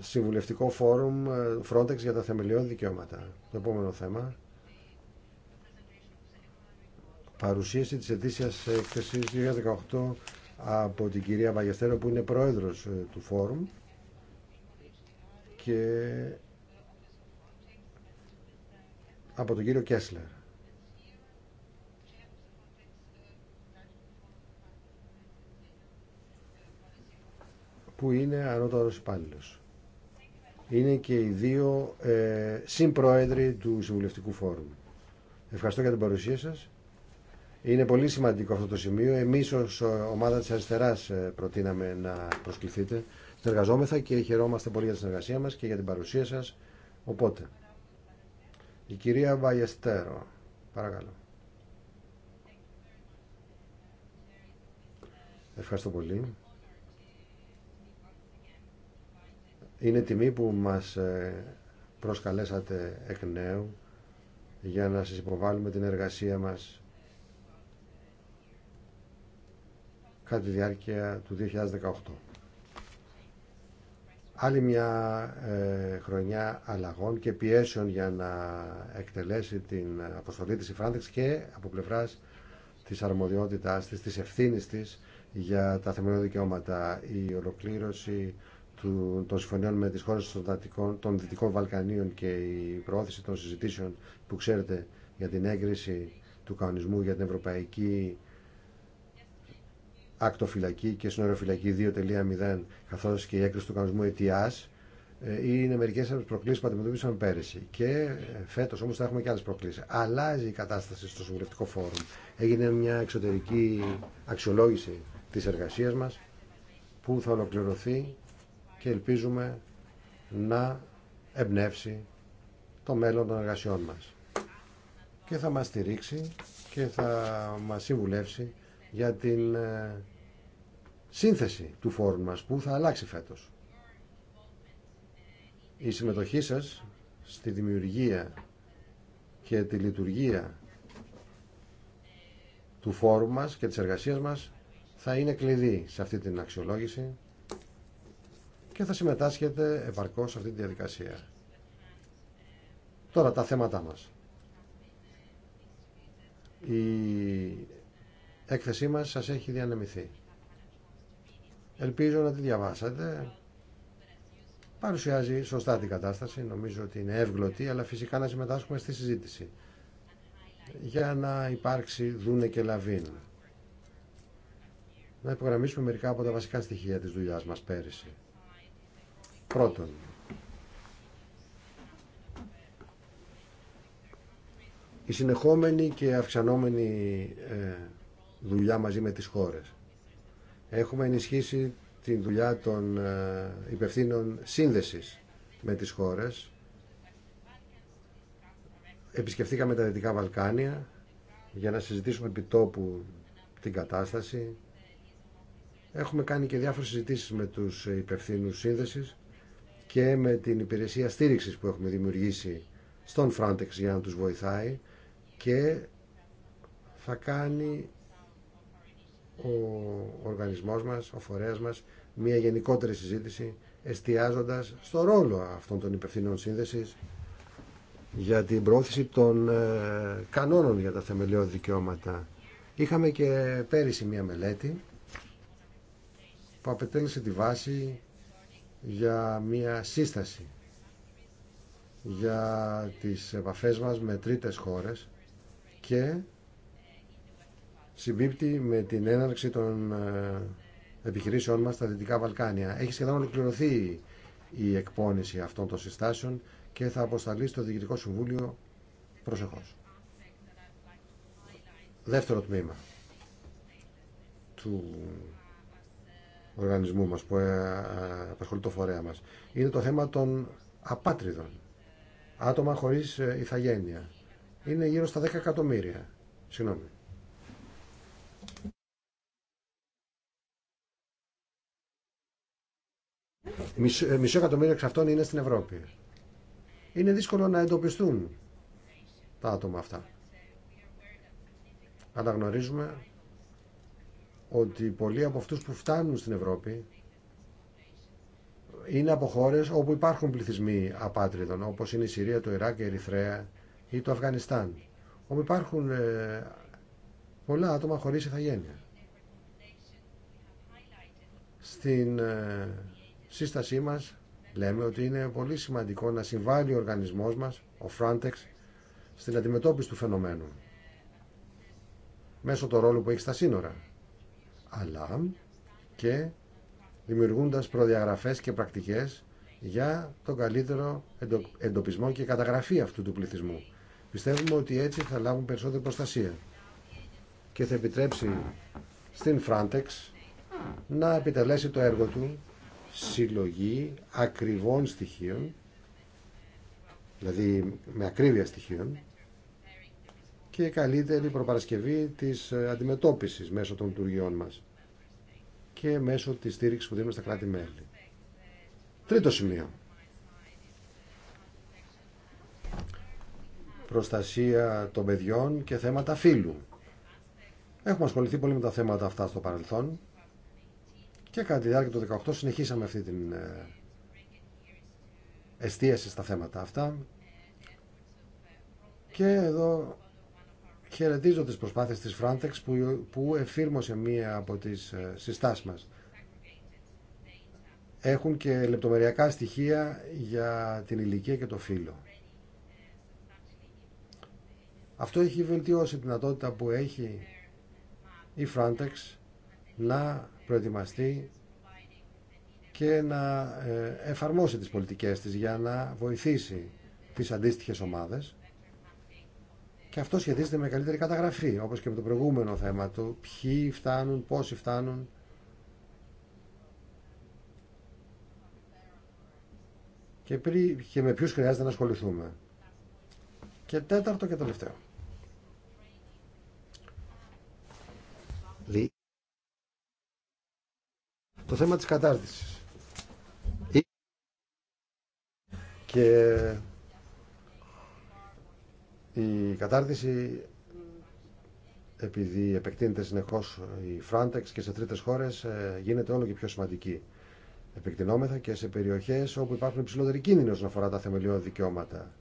Speaker 2: Συμβουλευτικό φόρουμ ε, Frontex για τα θεμελιώδη δικαιώματα. Το επόμενο θέμα. Παρουσίαση της ετήσιας έκθεσης 2018 από την κυρία Βαγεστέρο που είναι πρόεδρος ε, του φόρουμ και από τον κύριο Κέσλερ. που είναι ανώτατος υπάλληλο, Είναι και οι δύο ε, συμπρόεδροι του Συμβουλευτικού Φόρουμ. Ευχαριστώ για την παρουσία σας. Είναι πολύ σημαντικό αυτό το σημείο. Εμεί ως ομάδα τη αριστερά ε, προτείναμε να προσκληθείτε. Συνεργαζόμεθα και χαιρόμαστε πολύ για τη συνεργασία μα και για την παρουσία σα. Οπότε, η κυρία Βαγεστέρο, παρακαλώ. Ευχαριστώ πολύ. Είναι τιμή που μας ε, προσκαλέσατε εκ νέου για να σας υποβάλουμε την εργασία μας κατά τη διάρκεια του 2018. Άλλη μια ε, χρονιά αλλαγών και πιέσεων για να εκτελέσει την αποστολή της Ιφράντεξ και από πλευράς της αρμοδιότητάς της, της ευθύνης της για τα θεμελιώδη δικαιώματα, η ολοκλήρωση του, των συμφωνιών με τις χώρες των, Δατικών, των Δυτικών Βαλκανίων και η προώθηση των συζητήσεων που ξέρετε για την έγκριση του κανονισμού για την Ευρωπαϊκή ακτοφυλακή και συνοριοφυλακή 2.0 καθώς και η έκρηση του κανονισμού ETIAS ε, είναι μερικέ από τι προκλήσει που αντιμετωπίσαμε πέρυσι. Και ε, φέτο όμω θα έχουμε και άλλε προκλήσει. Αλλάζει η κατάσταση στο Συμβουλευτικό Φόρουμ. Έγινε μια εξωτερική αξιολόγηση τη εργασία μα που θα ολοκληρωθεί και ελπίζουμε να εμπνεύσει το μέλλον των εργασιών μας και θα μας στηρίξει και θα μας συμβουλεύσει για την ε, σύνθεση του φόρου μας που θα αλλάξει φέτος. Η συμμετοχή σας στη δημιουργία και τη λειτουργία του φόρου μας και της εργασίας μας θα είναι κλειδί σε αυτή την αξιολόγηση και θα συμμετάσχετε επαρκώς σε αυτή τη διαδικασία. Τώρα τα θέματά μας. Η έκθεσή μας σας έχει διανεμηθεί. Ελπίζω να τη διαβάσατε. Παρουσιάζει σωστά την κατάσταση, νομίζω ότι είναι εύγλωτη, αλλά φυσικά να συμμετάσχουμε στη συζήτηση για να υπάρξει δούνε και λαβίν. Να υπογραμμίσουμε μερικά από τα βασικά στοιχεία της δουλειάς μας πέρυσι. Πρώτον, η συνεχόμενη και αυξανόμενη ε, δουλειά μαζί με τις χώρες. Έχουμε ενισχύσει τη δουλειά των ε, υπευθύνων σύνδεσης με τις χώρες. Επισκεφθήκαμε τα Δυτικά Βαλκάνια για να συζητήσουμε επί τόπου την κατάσταση. Έχουμε κάνει και διάφορες συζητήσεις με τους υπευθύνους σύνδεσης και με την υπηρεσία στήριξης που έχουμε δημιουργήσει στον Frontex για να τους βοηθάει και θα κάνει ο οργανισμός μας, ο φορέας μας, μια γενικότερη συζήτηση εστιάζοντας στο ρόλο αυτών των υπευθυνών σύνδεσης για την πρόθεση των ε, κανόνων για τα θεμελιώδη δικαιώματα. Είχαμε και πέρυσι μια μελέτη που απαιτέλεσε τη βάση για μια σύσταση για τις επαφές μας με τρίτες χώρες και συμπίπτει με την έναρξη των ε, επιχειρήσεών μας στα Δυτικά Βαλκάνια. Έχει σχεδόν ολοκληρωθεί η εκπόνηση αυτών των συστάσεων και θα αποσταλεί στο Διοικητικό Συμβούλιο προσεχώς. Δεύτερο τμήμα του οργανισμού μας που ε, απασχολεί το φορέα μας είναι το θέμα των απάτριδων άτομα χωρίς ε, ηθαγένεια είναι γύρω στα 10 εκατομμύρια συγγνώμη Ε, μισό εκατομμύριο εξ αυτών είναι στην Ευρώπη. Είναι δύσκολο να εντοπιστούν τα άτομα αυτά. Αναγνωρίζουμε ότι πολλοί από αυτούς που φτάνουν στην Ευρώπη είναι από χώρε όπου υπάρχουν πληθυσμοί απάτριδων, όπως είναι η Συρία, το Ιράκ, η Ερυθρέα ή το Αφγανιστάν, όπου υπάρχουν ε, πολλά άτομα χωρίς ηθαγένεια. Στην ε, σύστασή μας λέμε ότι είναι πολύ σημαντικό να συμβάλλει ο οργανισμός μας, ο Frontex, στην αντιμετώπιση του φαινομένου μέσω του ρόλου που έχει στα σύνορα αλλά και δημιουργούντας προδιαγραφές και πρακτικές για τον καλύτερο εντοπισμό και καταγραφή αυτού του πληθυσμού. Πιστεύουμε ότι έτσι θα λάβουν περισσότερη προστασία και θα επιτρέψει στην Frontex να επιτελέσει το έργο του συλλογή ακριβών στοιχείων, δηλαδή με ακρίβεια στοιχείων, και καλύτερη προπαρασκευή της αντιμετώπισης μέσω των λειτουργιών μας και μέσω της στήριξης που δίνουμε στα κράτη-μέλη. Τρίτο σημείο. Προστασία των παιδιών και θέματα φύλου. Έχουμε ασχοληθεί πολύ με τα θέματα αυτά στο παρελθόν και κατά τη διάρκεια του 2018 συνεχίσαμε αυτή την ε, εστίαση στα θέματα αυτά. Και εδώ χαιρετίζω τις προσπάθειες της Frontex που, που εφήρμοσε μία από τις ε, συστάσεις μας. Έχουν και λεπτομεριακά στοιχεία για την ηλικία και το φύλλο. Αυτό έχει βελτιώσει τη δυνατότητα που έχει η Frontex να προετοιμαστεί και να ε, εφαρμόσει τις πολιτικές της για να βοηθήσει τις αντίστοιχες ομάδες και αυτό σχετίζεται με καλύτερη καταγραφή όπως και με το προηγούμενο θέμα του ποιοι φτάνουν, πόσοι φτάνουν και και με ποιους χρειάζεται να ασχοληθούμε. Και τέταρτο και τελευταίο. Το θέμα της κατάρτισης. Ε, και η κατάρτιση επειδή επεκτείνεται συνεχώς η Frontex και σε τρίτες χώρες ε, γίνεται όλο και πιο σημαντική. Επεκτηνόμεθα και σε περιοχές όπου υπάρχουν υψηλότεροι κίνδυνοι όσον αφορά τα θεμελιώδη δικαιώματα.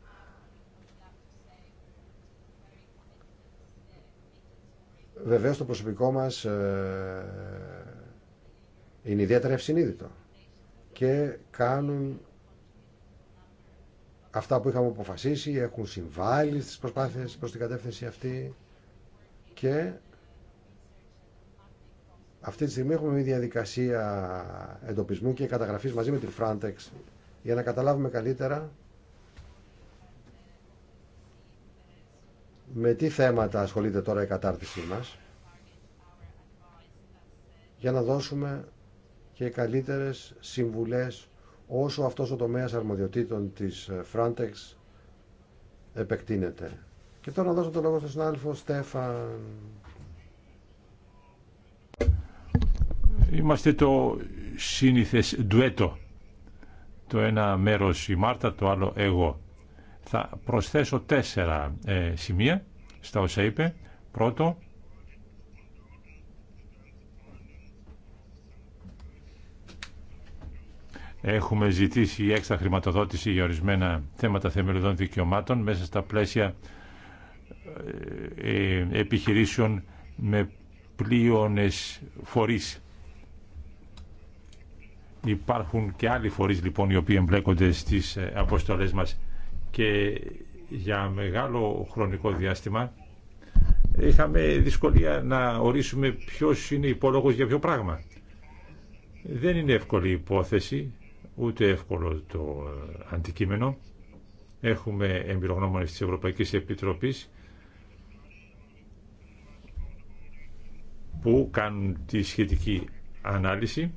Speaker 2: Βεβαίως το προσωπικό μας ε, είναι ιδιαίτερα ευσυνείδητο και κάνουν αυτά που είχαμε αποφασίσει, έχουν συμβάλει στις προσπάθειες προς την κατεύθυνση αυτή και αυτή τη στιγμή έχουμε μια διαδικασία εντοπισμού και καταγραφής μαζί με την Frontex για να καταλάβουμε καλύτερα με τι θέματα ασχολείται τώρα η κατάρτισή μας για να δώσουμε και καλύτερες συμβουλές όσο αυτός ο τομέας αρμοδιοτήτων της ε, Frontex επεκτείνεται. Και τώρα να δώσω το λόγο στον συνάδελφο Στέφαν.
Speaker 5: Είμαστε το σύνηθες ντουέτο. Το ένα μέρος η Μάρτα, το άλλο εγώ. Θα προσθέσω τέσσερα ε, σημεία στα όσα είπε. Πρώτο, Έχουμε ζητήσει έξτρα χρηματοδότηση για ορισμένα θέματα θεμελιωδών δικαιωμάτων μέσα στα πλαίσια ε, ε, επιχειρήσεων με πλήονες φορείς. Υπάρχουν και άλλοι φορείς λοιπόν οι οποίοι εμπλέκονται στις ε, αποστολές μας και για μεγάλο χρονικό διάστημα είχαμε δυσκολία να ορίσουμε ποιος είναι υπόλογος για ποιο πράγμα. Δεν είναι εύκολη υπόθεση ούτε εύκολο το ε, αντικείμενο. Έχουμε εμπειρογνώμονες της Ευρωπαϊκής Επιτροπής που κάνουν τη σχετική ανάλυση.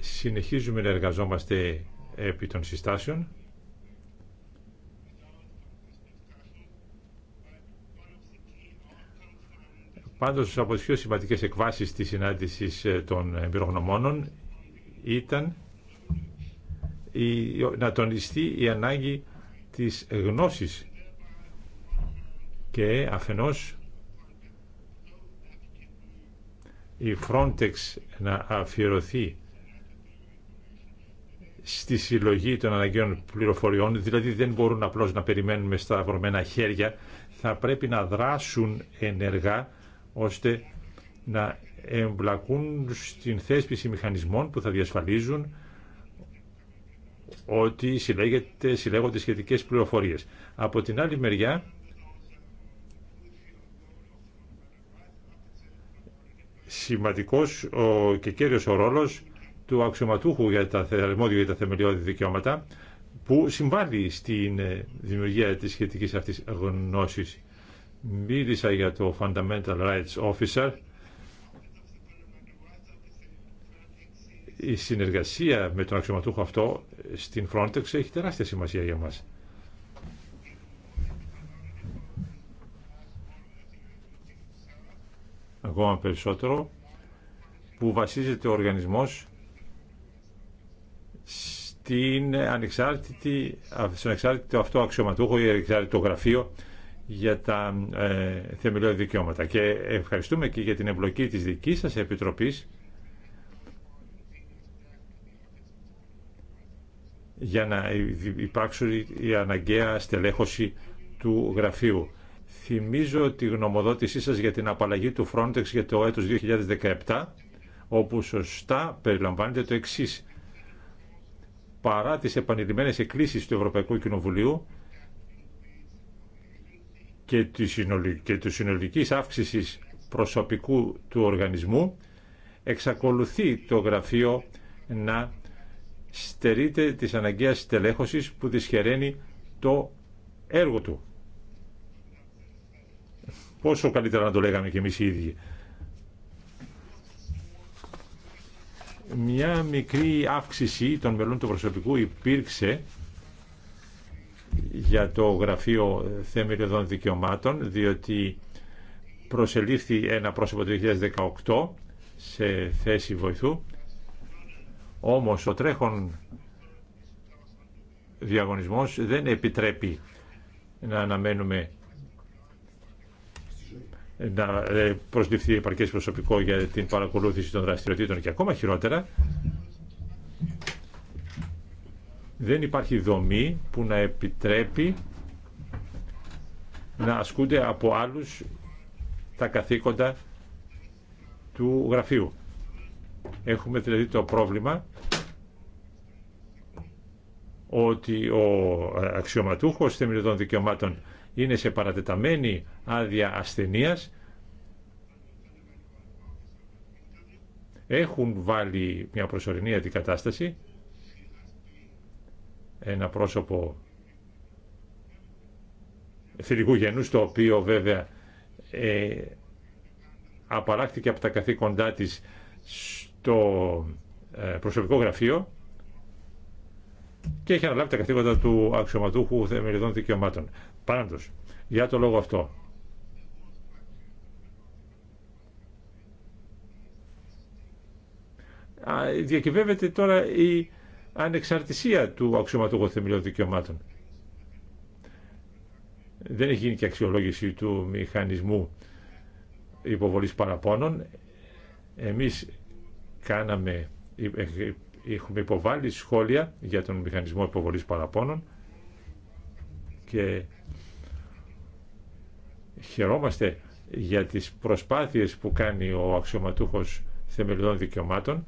Speaker 5: Συνεχίζουμε να εργαζόμαστε επί των συστάσεων. Πάντως από τις πιο σημαντικές εκβάσεις της συνάντησης ε, των εμπειρογνωμόνων ήταν να τονιστεί η ανάγκη της γνώσης και αφενός η Frontex να αφιερωθεί στη συλλογή των αναγκαίων πληροφοριών, δηλαδή δεν μπορούν απλώς να περιμένουν με σταυρωμένα χέρια, θα πρέπει να δράσουν ενεργά ώστε να εμπλακούν στην θέσπιση μηχανισμών που θα διασφαλίζουν ότι συλλέγεται, συλλέγονται σχετικές πληροφορίες. Από την άλλη μεριά, σημαντικός ο, και κύριος ο ρόλος του αξιωματούχου για τα, για τα θεμελιώδη δικαιώματα που συμβάλλει στην ε, δημιουργία της σχετικής αυτής γνώσης. Μίλησα για το Fundamental Rights Officer η συνεργασία με τον αξιωματούχο αυτό στην Frontex έχει τεράστια σημασία για μας. Ακόμα περισσότερο που βασίζεται ο οργανισμός στην ανεξάρτητη, στον ανεξάρτητο αυτό αξιωματούχο ή ανεξάρτητο γραφείο για τα ε, θεμελιώδη δικαιώματα. Και ευχαριστούμε και για την εμπλοκή της δικής σας επιτροπής για να υπάρξει η αναγκαία στελέχωση του γραφείου. Θυμίζω τη γνωμοδότησή σας για την απαλλαγή του Frontex για το έτος 2017, όπου σωστά περιλαμβάνεται το εξής. Παρά τις επανειλημμένες εκκλήσεις του Ευρωπαϊκού Κοινοβουλίου και της συνολικής αύξηση προσωπικού του οργανισμού, εξακολουθεί το γραφείο να στερείται της αναγκαίας στελέχωσης που δυσχεραίνει το έργο του. Πόσο καλύτερα να το λέγαμε και εμείς οι ίδιοι. Μια μικρή αύξηση των μελών του προσωπικού υπήρξε για το Γραφείο Θεμελιωδών Δικαιωμάτων, διότι προσελήφθη ένα πρόσωπο το 2018 σε θέση βοηθού όμως ο τρέχον διαγωνισμός δεν επιτρέπει να αναμένουμε να ε, προσληφθεί επαρκές προσωπικό για την παρακολούθηση των δραστηριοτήτων και ακόμα χειρότερα δεν υπάρχει δομή που να επιτρέπει να ασκούνται από άλλους τα καθήκοντα του γραφείου. Έχουμε δηλαδή το πρόβλημα ότι ο αξιωματούχος θεμελιωδών δικαιωμάτων είναι σε παρατεταμένη άδεια ασθενείας έχουν βάλει μια προσωρινή αντικατάσταση ένα πρόσωπο θηλυκού γενούς το οποίο βέβαια ε, απαράχθηκε από τα καθήκοντά της το ε, προσωπικό γραφείο και έχει αναλάβει τα καθήκοντα του αξιωματούχου θεμελιώδων δικαιωμάτων. Πάντως, για το λόγο αυτό, διακυβεύεται τώρα η ανεξαρτησία του αξιωματούχου θεμελιών δικαιωμάτων. Δεν έχει γίνει και αξιολόγηση του μηχανισμού υποβολής παραπώνων. Εμείς κάναμε, ε, ε, έχουμε υποβάλει σχόλια για τον μηχανισμό υποβολής παραπώνων και χαιρόμαστε για τις προσπάθειες που κάνει ο αξιωματούχος θεμελιών δικαιωμάτων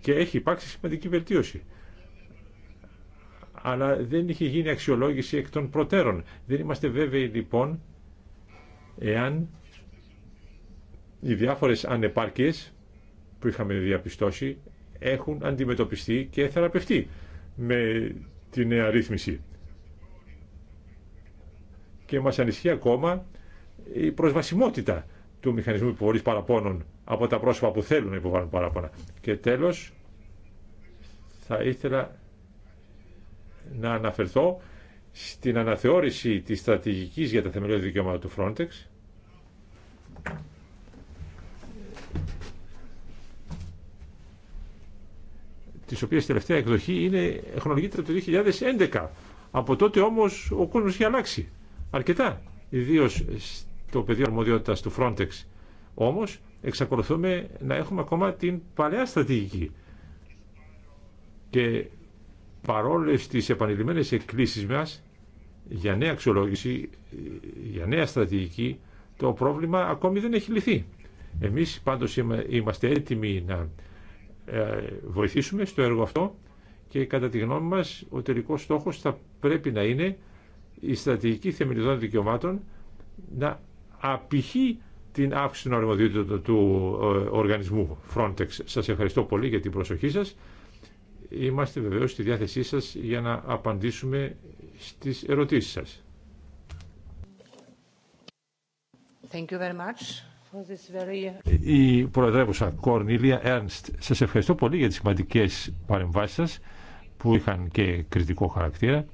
Speaker 5: και έχει υπάρξει σημαντική βελτίωση. Αλλά δεν είχε γίνει αξιολόγηση εκ των προτέρων. Δεν είμαστε βέβαιοι λοιπόν εάν οι διάφορες ανεπάρκειες που είχαμε διαπιστώσει έχουν αντιμετωπιστεί και θεραπευτεί με τη νέα ρύθμιση. Και μας ανησυχεί ακόμα η προσβασιμότητα του μηχανισμού υποβολής παραπώνων από τα πρόσωπα που θέλουν να υποβάλουν παράπονα. Και τέλος, θα ήθελα να αναφερθώ στην αναθεώρηση της στρατηγικής για τα θεμελιώδη δικαιώματα του Frontex Τη οποία τελευταία εκδοχή είναι χρονολογείται το 2011. Από τότε όμως ο κόσμος έχει αλλάξει αρκετά, ιδίω στο πεδίο αρμοδιότητας του Frontex. Όμως εξακολουθούμε να έχουμε ακόμα την παλαιά στρατηγική και παρόλες τι επανειλημμένες εκκλήσει μας για νέα αξιολόγηση, για νέα στρατηγική, το πρόβλημα ακόμη δεν έχει λυθεί. Εμείς πάντως είμαστε έτοιμοι να ε, βοηθήσουμε στο έργο αυτό και κατά τη γνώμη μας ο τελικός στόχος θα πρέπει να είναι η στρατηγική θεμελιδών δικαιωμάτων να απηχεί την αύξηση των του ε, οργανισμού Frontex. Σας ευχαριστώ πολύ για την προσοχή σας. Είμαστε βεβαίως στη διάθεσή σας για να απαντήσουμε στις ερωτήσεις σας.
Speaker 1: Thank you Uh,
Speaker 5: Η Προεδρεύουσα Κορνίλια Έρνστ, σας ευχαριστώ πολύ για τις σημαντικές παρεμβάσεις που είχαν και κριτικό χαρακτήρα.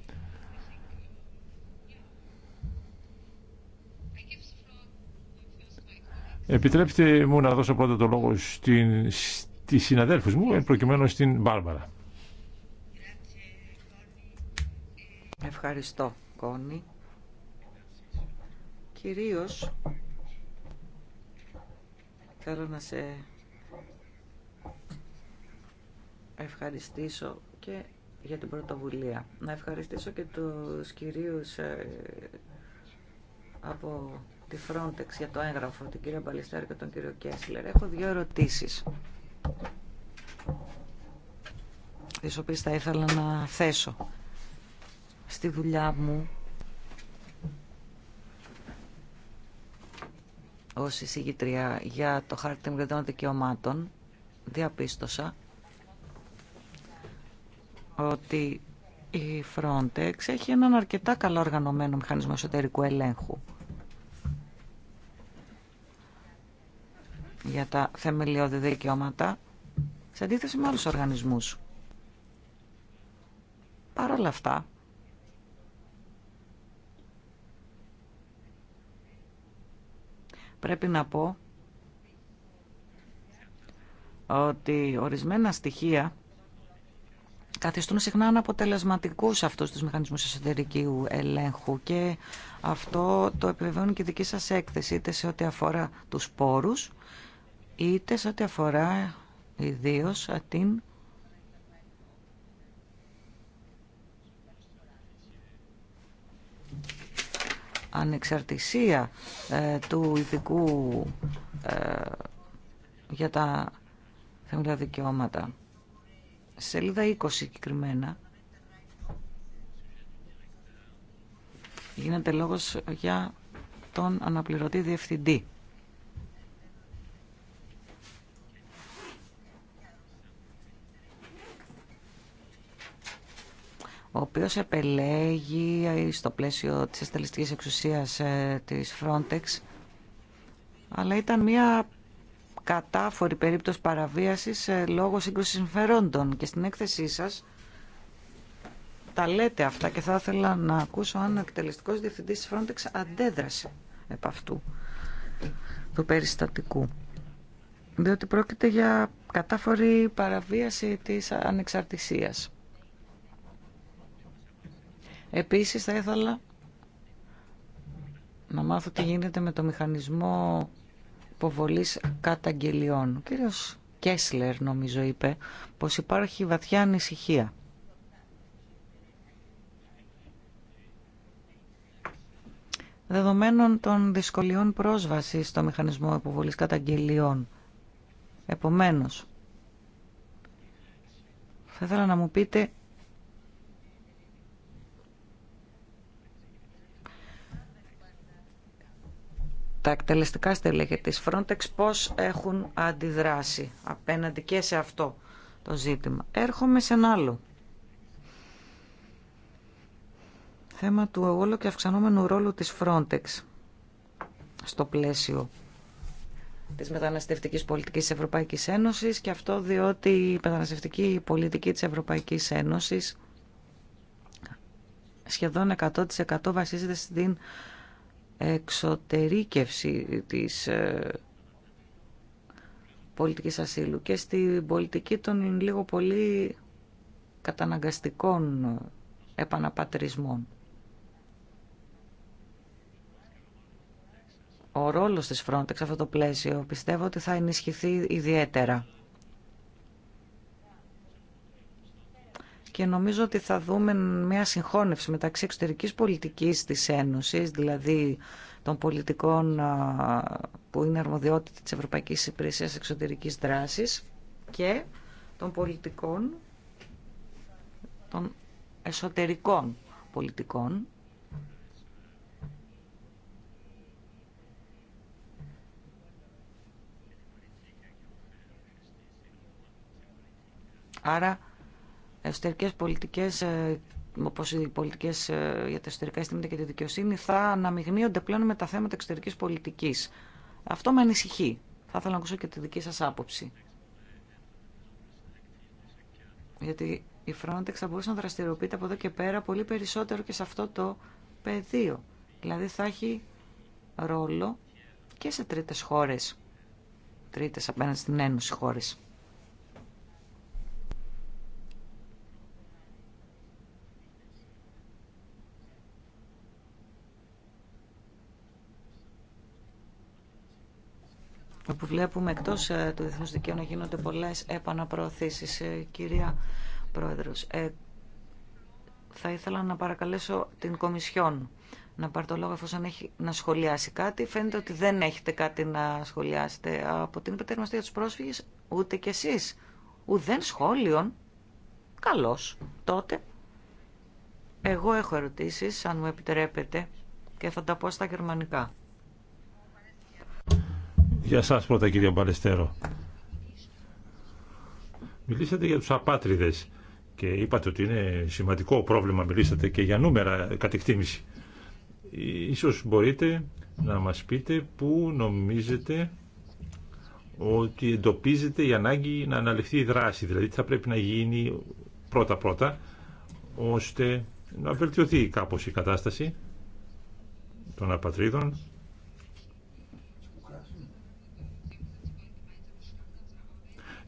Speaker 5: Επιτρέψτε μου να δώσω πρώτα το λόγο στην, στις μου, προκειμένου στην Μπάρμπαρα.
Speaker 4: Ευχαριστώ, Κόνη. Κυρίως Θέλω να σε ευχαριστήσω και για την πρωτοβουλία. Να ευχαριστήσω και τους κυρίους ε, από τη Frontex για το έγγραφο, την κυρία Μπαλιστέρη και τον κύριο Κέσλερ. Έχω δύο ερωτήσεις, τις οποίες θα ήθελα να θέσω. Στη δουλειά μου ως εισηγητρία για το χάρτη των δικαιωμάτων διαπίστωσα ότι η Frontex έχει έναν αρκετά καλό οργανωμένο μηχανισμό εσωτερικού ελέγχου για τα θεμελιώδη δικαιώματα σε αντίθεση με άλλους οργανισμούς. Παρ' όλα αυτά, πρέπει να πω ότι ορισμένα στοιχεία καθιστούν συχνά αναποτελεσματικούς αυτούς τους μηχανισμούς εσωτερικού ελέγχου και αυτό το επιβεβαιώνει και η δική σας έκθεση είτε σε ό,τι αφορά τους πόρους είτε σε ό,τι αφορά ιδίως την ανεξαρτησία ε, του ειδικού ε, για τα θεμελιώδη δικαιώματα. Σελίδα 20 συγκεκριμένα. Γίνεται λόγος για τον αναπληρωτή διευθυντή ο οποίος επελέγει στο πλαίσιο της ασταλιστικής εξουσίας ε, της Frontex, αλλά ήταν μια κατάφορη περίπτωση παραβίασης ε, λόγω σύγκρουσης συμφερόντων. Και στην έκθεσή σας τα λέτε αυτά και θα ήθελα να ακούσω αν ο εκτελεστικός διευθυντής της Frontex αντέδρασε επ' αυτού του περιστατικού. Διότι πρόκειται για κατάφορη παραβίαση της ανεξαρτησίας. Επίσης θα ήθελα να μάθω τι γίνεται με το μηχανισμό υποβολής καταγγελιών. Ο κύριος Κέσλερ νομίζω είπε πως υπάρχει βαθιά ανησυχία. Δεδομένων των δυσκολιών πρόσβασης στο μηχανισμό υποβολής καταγγελιών. Επομένως, θα ήθελα να μου πείτε τα εκτελεστικά στελέχη της Frontex πώς έχουν αντιδράσει απέναντι και σε αυτό το ζήτημα. Έρχομαι σε ένα άλλο. Θέμα του όλο και αυξανόμενου ρόλου της Frontex στο πλαίσιο της μεταναστευτικής πολιτικής της Ευρωπαϊκής Ένωσης και αυτό διότι η μεταναστευτική πολιτική της Ευρωπαϊκής Ένωσης σχεδόν 100% βασίζεται στην εξωτερήκευση της ε, πολιτικής ασύλου και στην πολιτική των λίγο πολύ καταναγκαστικών ε, επαναπατρισμών. Ο ρόλος της Frontex αυτό το πλαίσιο πιστεύω ότι θα ενισχυθεί ιδιαίτερα. και νομίζω ότι θα δούμε μια συγχώνευση μεταξύ εξωτερικής πολιτικής της Ένωσης, δηλαδή των πολιτικών που είναι αρμοδιότητα της Ευρωπαϊκής Υπηρεσίας Εξωτερικής Δράσης και των πολιτικών των εσωτερικών πολιτικών Άρα εσωτερικέ πολιτικέ, ε, όπω οι πολιτικέ ε, για τα εσωτερικά αισθήματα και τη δικαιοσύνη, θα αναμειγνύονται πλέον με τα θέματα εξωτερική πολιτική. Αυτό με ανησυχεί. Θα ήθελα να ακούσω και τη δική σα άποψη. Γιατί η Frontex θα μπορούσε να δραστηριοποιείται από εδώ και πέρα πολύ περισσότερο και σε αυτό το πεδίο. Δηλαδή θα έχει ρόλο και σε τρίτες χώρες, τρίτες απέναντι στην Ένωση χώρες. βλέπουμε εκτός ε, του διεθνούς δικαίου να γίνονται πολλές επαναπροωθήσεις. Ε, κυρία Πρόεδρος, ε, θα ήθελα να παρακαλέσω την Κομισιόν να πάρει το λόγο εφόσον έχει να σχολιάσει κάτι. Φαίνεται ότι δεν έχετε κάτι να σχολιάσετε από την υπετέρμαστε για τους πρόσφυγες, ούτε κι εσείς. Ουδέν σχόλιον. Καλώς. Τότε εγώ έχω ερωτήσεις, αν μου επιτρέπετε, και θα τα πω στα γερμανικά.
Speaker 5: Για σας πρώτα κύριε Μπαλεστέρο. Μιλήσατε για τους απάτριδες και είπατε ότι είναι σημαντικό πρόβλημα, μιλήσατε και για νούμερα κατ' εκτίμηση. Ίσως μπορείτε να μας πείτε πού νομίζετε ότι εντοπίζεται η ανάγκη να αναλυφθεί η δράση, δηλαδή τι θα πρέπει να γίνει πρώτα-πρώτα, ώστε να βελτιωθεί κάπως η κατάσταση των απατρίδων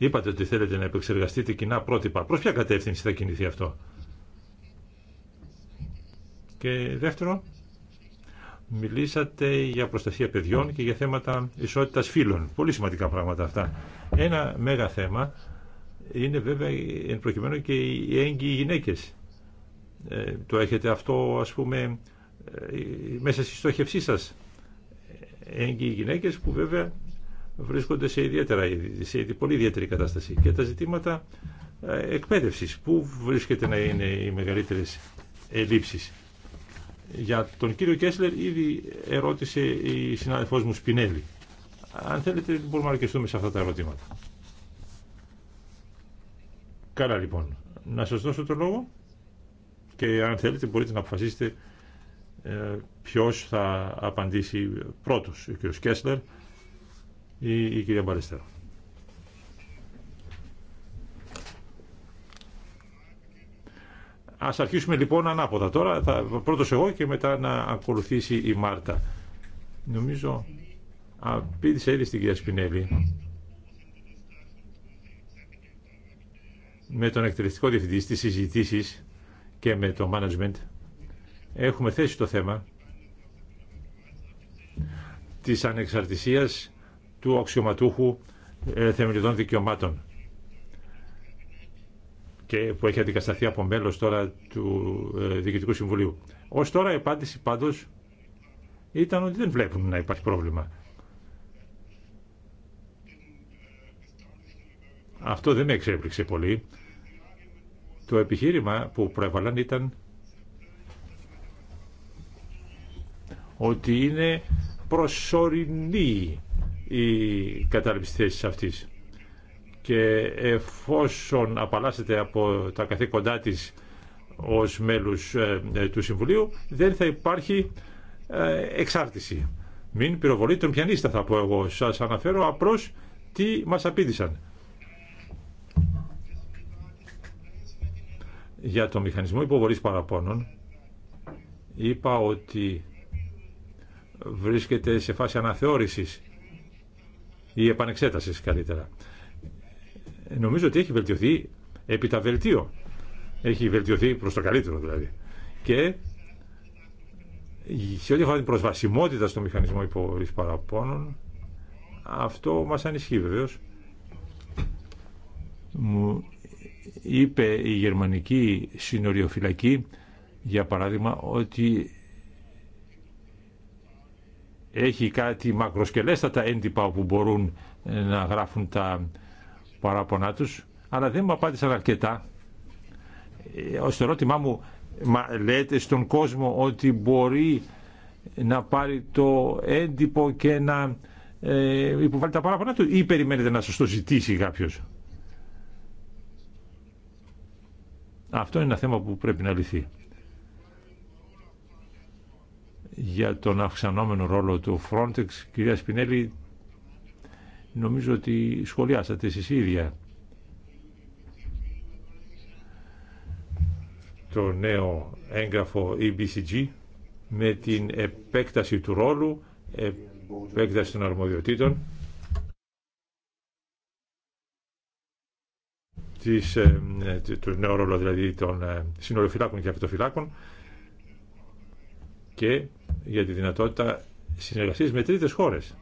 Speaker 5: Είπατε ότι θέλετε να επεξεργαστείτε κοινά πρότυπα. Προς ποια κατεύθυνση θα κινηθεί αυτό. Και δεύτερο, μιλήσατε για προστασία παιδιών και για θέματα ισότητας φύλων. Πολύ σημαντικά πράγματα αυτά. Ένα μέγα θέμα είναι βέβαια εν προκειμένου και οι έγκυοι γυναίκες. Ε, το έχετε αυτό ας πούμε ε, μέσα στη στόχευσή σας. Έγκυοι γυναίκες που βέβαια βρίσκονται σε, ιδιαίτερα, σε πολύ ιδιαίτερη κατάσταση. Και τα ζητήματα ε, εκπαίδευση που βρίσκεται να είναι οι μεγαλύτερε ελλείψει. Για τον κύριο Κέσλερ ήδη ερώτησε η συνάδελφός μου Σπινέλη. Αν θέλετε μπορούμε να αρκεστούμε σε αυτά τα ερωτήματα. Καλά λοιπόν. Να σας δώσω το λόγο και αν θέλετε μπορείτε να αποφασίσετε ε, ποιος θα απαντήσει πρώτος, ο κύριος Κέσλερ ή η κυρία Μπαλιστέρα. Ας αρχίσουμε λοιπόν ανάποδα τώρα, θα, πρώτος εγώ και μετά να ακολουθήσει η κυρια ας αρχισουμε λοιπον Νομίζω απήντησε ήδη στην κυρία Σπινέλη. Με τον εκτελεστικό διευθυντή στις συζητήσεις και με το management έχουμε θέσει το θέμα της ανεξαρτησίας του αξιωματούχου ε, θεμελιωδών δικαιωμάτων και που έχει αντικασταθεί από μέλος τώρα του ε, Διοικητικού Συμβουλίου. Ως τώρα η απάντηση πάντως ήταν ότι δεν βλέπουν να υπάρχει πρόβλημα. Αυτό δεν με εξέπληξε πολύ. Το επιχείρημα που προέβαλαν ήταν ότι είναι προσωρινή η κατάληψη θέση αυτής. Και εφόσον απαλλάσσεται από τα καθήκοντά της ως μέλους ε, ε, του Συμβουλίου, δεν θα υπάρχει ε, εξάρτηση. Μην πυροβολεί τον πιανίστα θα πω εγώ. Σας αναφέρω απρός τι μας απήντησαν. Για το μηχανισμό υποβολής παραπώνων είπα ότι βρίσκεται σε φάση αναθεώρησης ή επανεξέταση καλύτερα. Νομίζω ότι έχει βελτιωθεί επί τα βελτίω. Έχει βελτιωθεί προς το καλύτερο δηλαδή. Και σε ό,τι αφορά την προσβασιμότητα στο μηχανισμό υποβολή παραπώνων, αυτό μας ανισχύει βεβαίω. Μου είπε η γερμανική συνοριοφυλακή, για παράδειγμα, ότι έχει κάτι μακροσκελέστατα έντυπα όπου μπορούν ε, να γράφουν τα παράπονά τους, αλλά δεν μου απάντησαν αρκετά. Στο ε, ερώτημά μου, λέτε στον κόσμο ότι μπορεί να πάρει το έντυπο και να ε, υποβάλει τα παράπονα του ή περιμένετε να σας το ζητήσει κάποιος. Αυτό είναι ένα θέμα που πρέπει να λυθεί για τον αυξανόμενο ρόλο του Frontex. Κυρία Σπινέλη, νομίζω ότι σχολιάσατε εσείς ίδια το νέο έγγραφο EBCG με την επέκταση του ρόλου, επέκταση των αρμοδιοτήτων ε, του νέου ρόλου δηλαδή των ε, συνοριοφυλάκων και αυτοφυλάκων και για τη δυνατότητα συνεργασίας με τρίτες χώρες.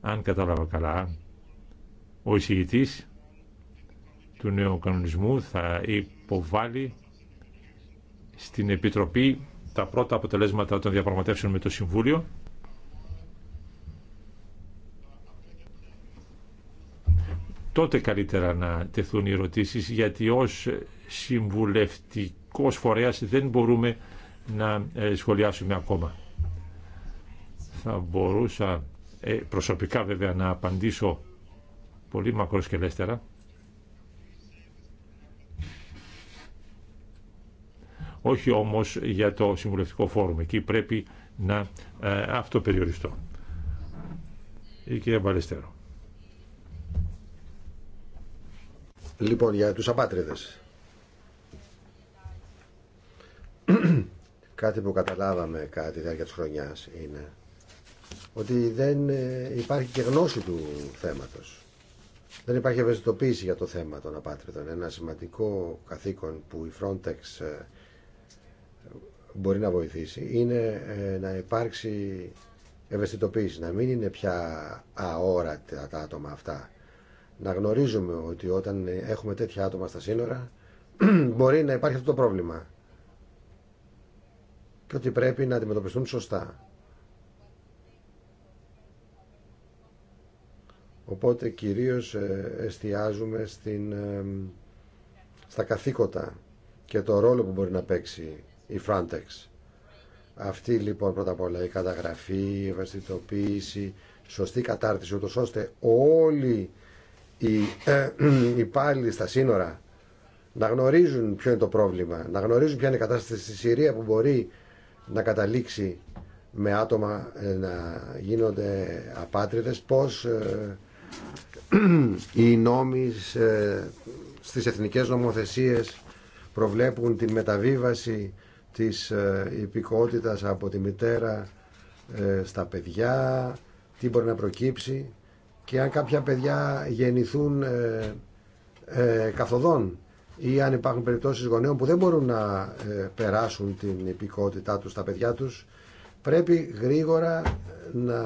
Speaker 5: Αν κατάλαβα καλά, ο εισηγητής του νέου κανονισμού θα υποβάλει στην Επιτροπή τα πρώτα αποτελέσματα των διαπραγματεύσεων με το Συμβούλιο τότε καλύτερα να τεθούν οι ερωτήσεις γιατί ως συμβουλευτικός φορέας δεν μπορούμε να ε, σχολιάσουμε ακόμα. Θα μπορούσα ε, προσωπικά βέβαια να απαντήσω πολύ μακροσκελέστερα. Όχι όμως για το συμβουλευτικό φόρουμ. Εκεί πρέπει να ε, αυτοπεριοριστώ. Η κυρία Μπαλεστέρο.
Speaker 2: Λοιπόν, για τους απάτριδες κάτι που καταλάβαμε κάτι διάρκεια της χρονιάς είναι ότι δεν ε, υπάρχει και γνώση του θέματος. Δεν υπάρχει ευαισθητοποίηση για το θέμα των απάτριδων. Ένα σημαντικό καθήκον που η Frontex ε, μπορεί να βοηθήσει είναι ε, να υπάρξει ευαισθητοποίηση, να μην είναι πια αόρατα τα άτομα αυτά. Να γνωρίζουμε ότι όταν έχουμε τέτοια άτομα στα σύνορα μπορεί να υπάρχει αυτό το πρόβλημα και ότι πρέπει να αντιμετωπιστούν σωστά. Οπότε κυρίως ε, εστιάζουμε στην, ε, στα καθήκοντα και το ρόλο που μπορεί να παίξει η Frontex. Αυτή λοιπόν πρώτα απ' όλα η καταγραφή, η ευαισθητοποίηση, σωστή κατάρτιση ούτως ώστε όλοι οι ε, υπάλληλοι στα σύνορα να γνωρίζουν ποιο είναι το πρόβλημα, να γνωρίζουν ποια είναι η κατάσταση στη Συρία που μπορεί να καταλήξει με άτομα ε, να γίνονται απάτριδες, πώς ε, οι νόμοι ε, στις εθνικές νομοθεσίες προβλέπουν την μεταβίβαση της υπηκότητας από τη μητέρα στα παιδιά, τι μπορεί να προκύψει και αν κάποια παιδιά γεννηθούν καθοδόν ή αν υπάρχουν περιπτώσεις γονέων που δεν μπορούν να ε, περάσουν την υπηκότητά τους στα παιδιά τους πρέπει γρήγορα ε, να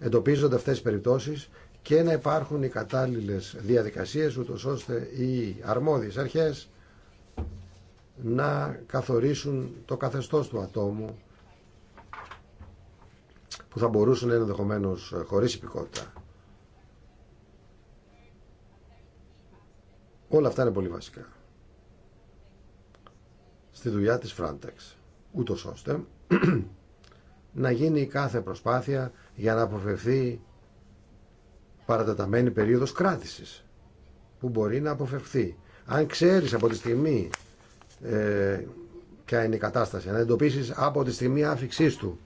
Speaker 2: εντοπίζονται αυτές οι περιπτώσεις και να υπάρχουν οι κατάλληλες διαδικασίες ούτως ώστε οι αρμόδιες αρχές να καθορίσουν το καθεστώς του ατόμου που θα μπορούσαν ενδεχομένω ε, χωρίς υπηκότητα Όλα αυτά είναι πολύ βασικά. Στη δουλειά της Frontex. Ούτως ώστε να γίνει κάθε προσπάθεια για να αποφευθεί παραταταμένη περίοδος κράτησης που μπορεί να αποφευθεί Αν ξέρεις από τη στιγμή ε, ποια είναι η κατάσταση, να εντοπίσει από τη στιγμή άφηξής του,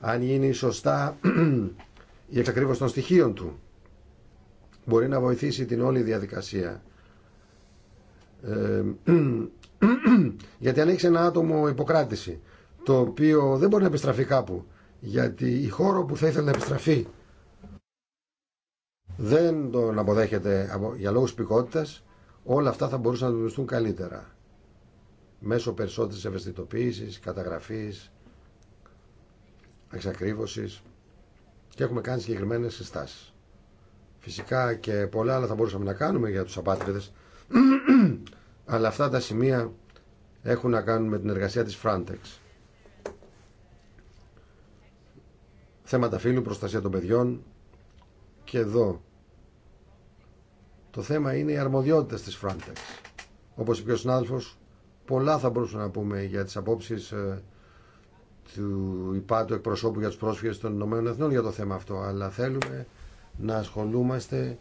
Speaker 2: αν γίνει σωστά η εξακρίβωση των στοιχείων του, μπορεί να βοηθήσει την όλη διαδικασία. Ε, γιατί αν έχει ένα άτομο υποκράτηση, το οποίο δεν μπορεί να επιστραφεί κάπου, γιατί η χώρο που θα ήθελε να επιστραφεί δεν τον αποδέχεται για λόγους πικότητας, όλα αυτά θα μπορούσαν να δουλεύουν καλύτερα. Μέσω περισσότερης ευαισθητοποίησης, καταγραφής, εξακρίβωσης και έχουμε κάνει συγκεκριμένες συστάσεις. Φυσικά και πολλά άλλα θα μπορούσαμε να κάνουμε για τους απάτριδες, αλλά αυτά τα σημεία έχουν να κάνουν με την εργασία της Frontex. Θέματα φύλου, προστασία των παιδιών και εδώ. Το θέμα είναι οι αρμοδιότητες της Frontex. Όπως είπε ο συνάδελφος, πολλά θα μπορούσαμε να πούμε για τις απόψεις ε, του υπάτου εκπροσώπου για τους πρόσφυγες των Ηνωμένων Εθνών για το θέμα αυτό, αλλά θέλουμε να ασχολούμαστε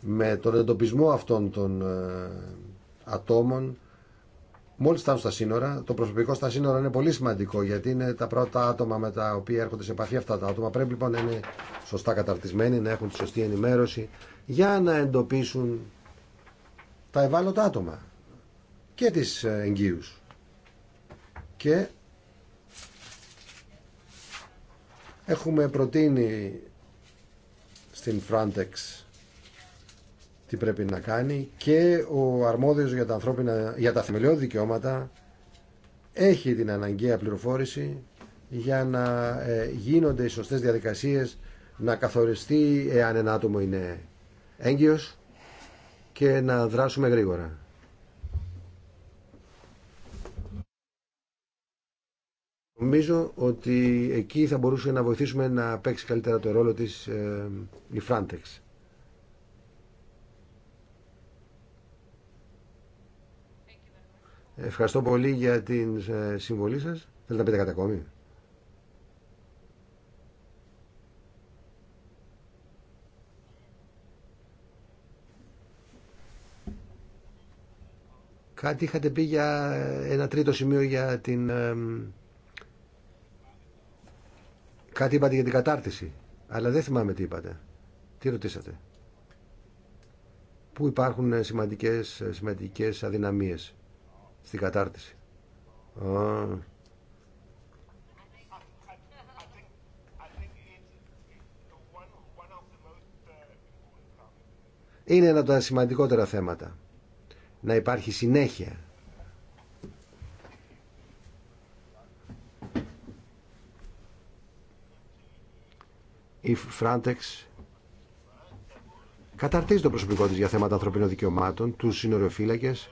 Speaker 2: με τον εντοπισμό αυτών των ε, ατόμων μόλις φτάνουν στα σύνορα. Το προσωπικό στα σύνορα είναι πολύ σημαντικό γιατί είναι τα πρώτα άτομα με τα οποία έρχονται σε επαφή αυτά τα άτομα. Πρέπει λοιπόν να είναι σωστά καταρτισμένοι, να έχουν τη σωστή ενημέρωση για να εντοπίσουν τα ευάλωτα άτομα και τις ε, εγγύους. Και έχουμε προτείνει στην Frontex τι πρέπει να κάνει και ο αρμόδιος για τα, ανθρώπινα, για τα θεμελιώδη δικαιώματα έχει την αναγκαία πληροφόρηση για να ε, γίνονται οι σωστές διαδικασίες να καθοριστεί εάν ένα άτομο είναι έγκυος και να δράσουμε γρήγορα. Νομίζω ότι εκεί θα μπορούσε να βοηθήσουμε να παίξει καλύτερα το ρόλο της ε, η Frontex. Ευχαριστώ πολύ για την ε, συμβολή σας. Θέλετε να πείτε κάτι ακόμη. Κάτι είχατε πει για ένα τρίτο σημείο για την ε, Κάτι είπατε για την κατάρτιση, αλλά δεν θυμάμαι τι είπατε. Τι ρωτήσατε. Πού υπάρχουν σημαντικές, σημαντικές αδυναμίες στην κατάρτιση. είναι ένα από τα σημαντικότερα θέματα. Να υπάρχει συνέχεια η Φράντεξ καταρτίζει το προσωπικό της για θέματα ανθρωπίνων δικαιωμάτων, τους συνοριοφύλακες,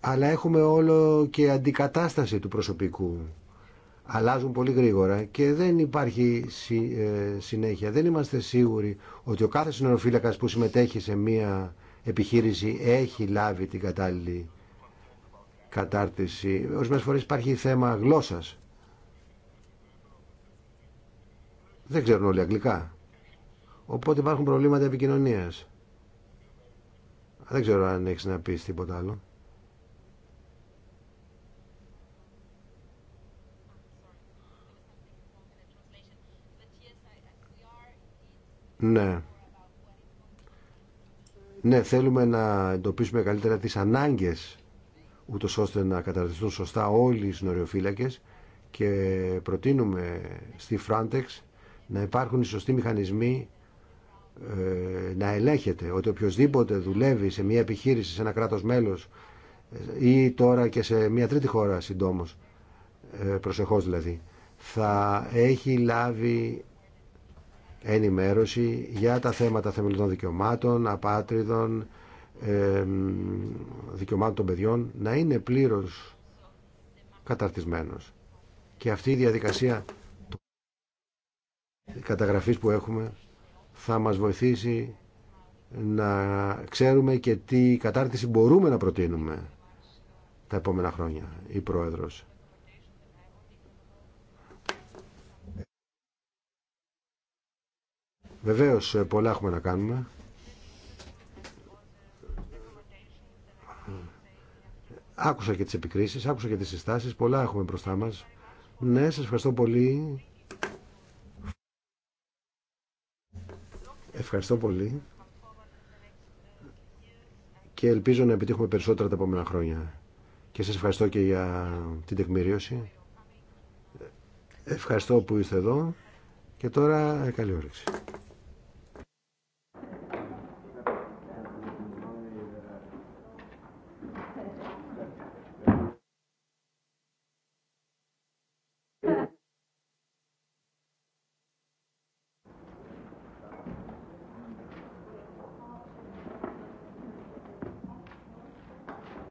Speaker 2: αλλά έχουμε όλο και αντικατάσταση του προσωπικού. Αλλάζουν πολύ γρήγορα και δεν υπάρχει ε, συνέχεια. Δεν είμαστε σίγουροι ότι ο κάθε συνοροφύλακας που συμμετέχει σε μία επιχείρηση έχει λάβει την κατάλληλη κατάρτιση. Ορισμένες φορές υπάρχει θέμα γλώσσας. δεν ξέρουν όλοι αγγλικά. Οπότε υπάρχουν προβλήματα επικοινωνία. Δεν ξέρω αν έχει να πει τίποτα άλλο. Ναι. Ναι, θέλουμε να εντοπίσουμε καλύτερα τις ανάγκες ούτω ώστε να καταρτιστούν σωστά όλοι οι συνοριοφύλακες και προτείνουμε στη Frontex να υπάρχουν οι σωστοί μηχανισμοί ε, να ελέγχεται ότι οποιοδήποτε δουλεύει σε μια επιχείρηση, σε ένα κράτο μέλος ε, ή τώρα και σε μια τρίτη χώρα ε, προσεχώς δηλαδή, θα έχει λάβει ενημέρωση για τα θέματα θεμελιωδών δικαιωμάτων, απάτριδων, ε, δικαιωμάτων των παιδιών, να είναι πλήρως καταρτισμένος. Και αυτή η διαδικασία καταγραφής που έχουμε θα μας βοηθήσει να ξέρουμε και τι κατάρτιση μπορούμε να προτείνουμε τα επόμενα χρόνια η Πρόεδρος. Βεβαίως πολλά έχουμε να κάνουμε. Άκουσα και τις επικρίσεις, άκουσα και τις συστάσεις, πολλά έχουμε μπροστά μας. Ναι, σας ευχαριστώ πολύ Ευχαριστώ πολύ και ελπίζω να επιτύχουμε περισσότερα τα επόμενα χρόνια. Και σας ευχαριστώ και για την τεκμηρίωση. Ευχαριστώ που είστε εδώ και τώρα καλή όρεξη.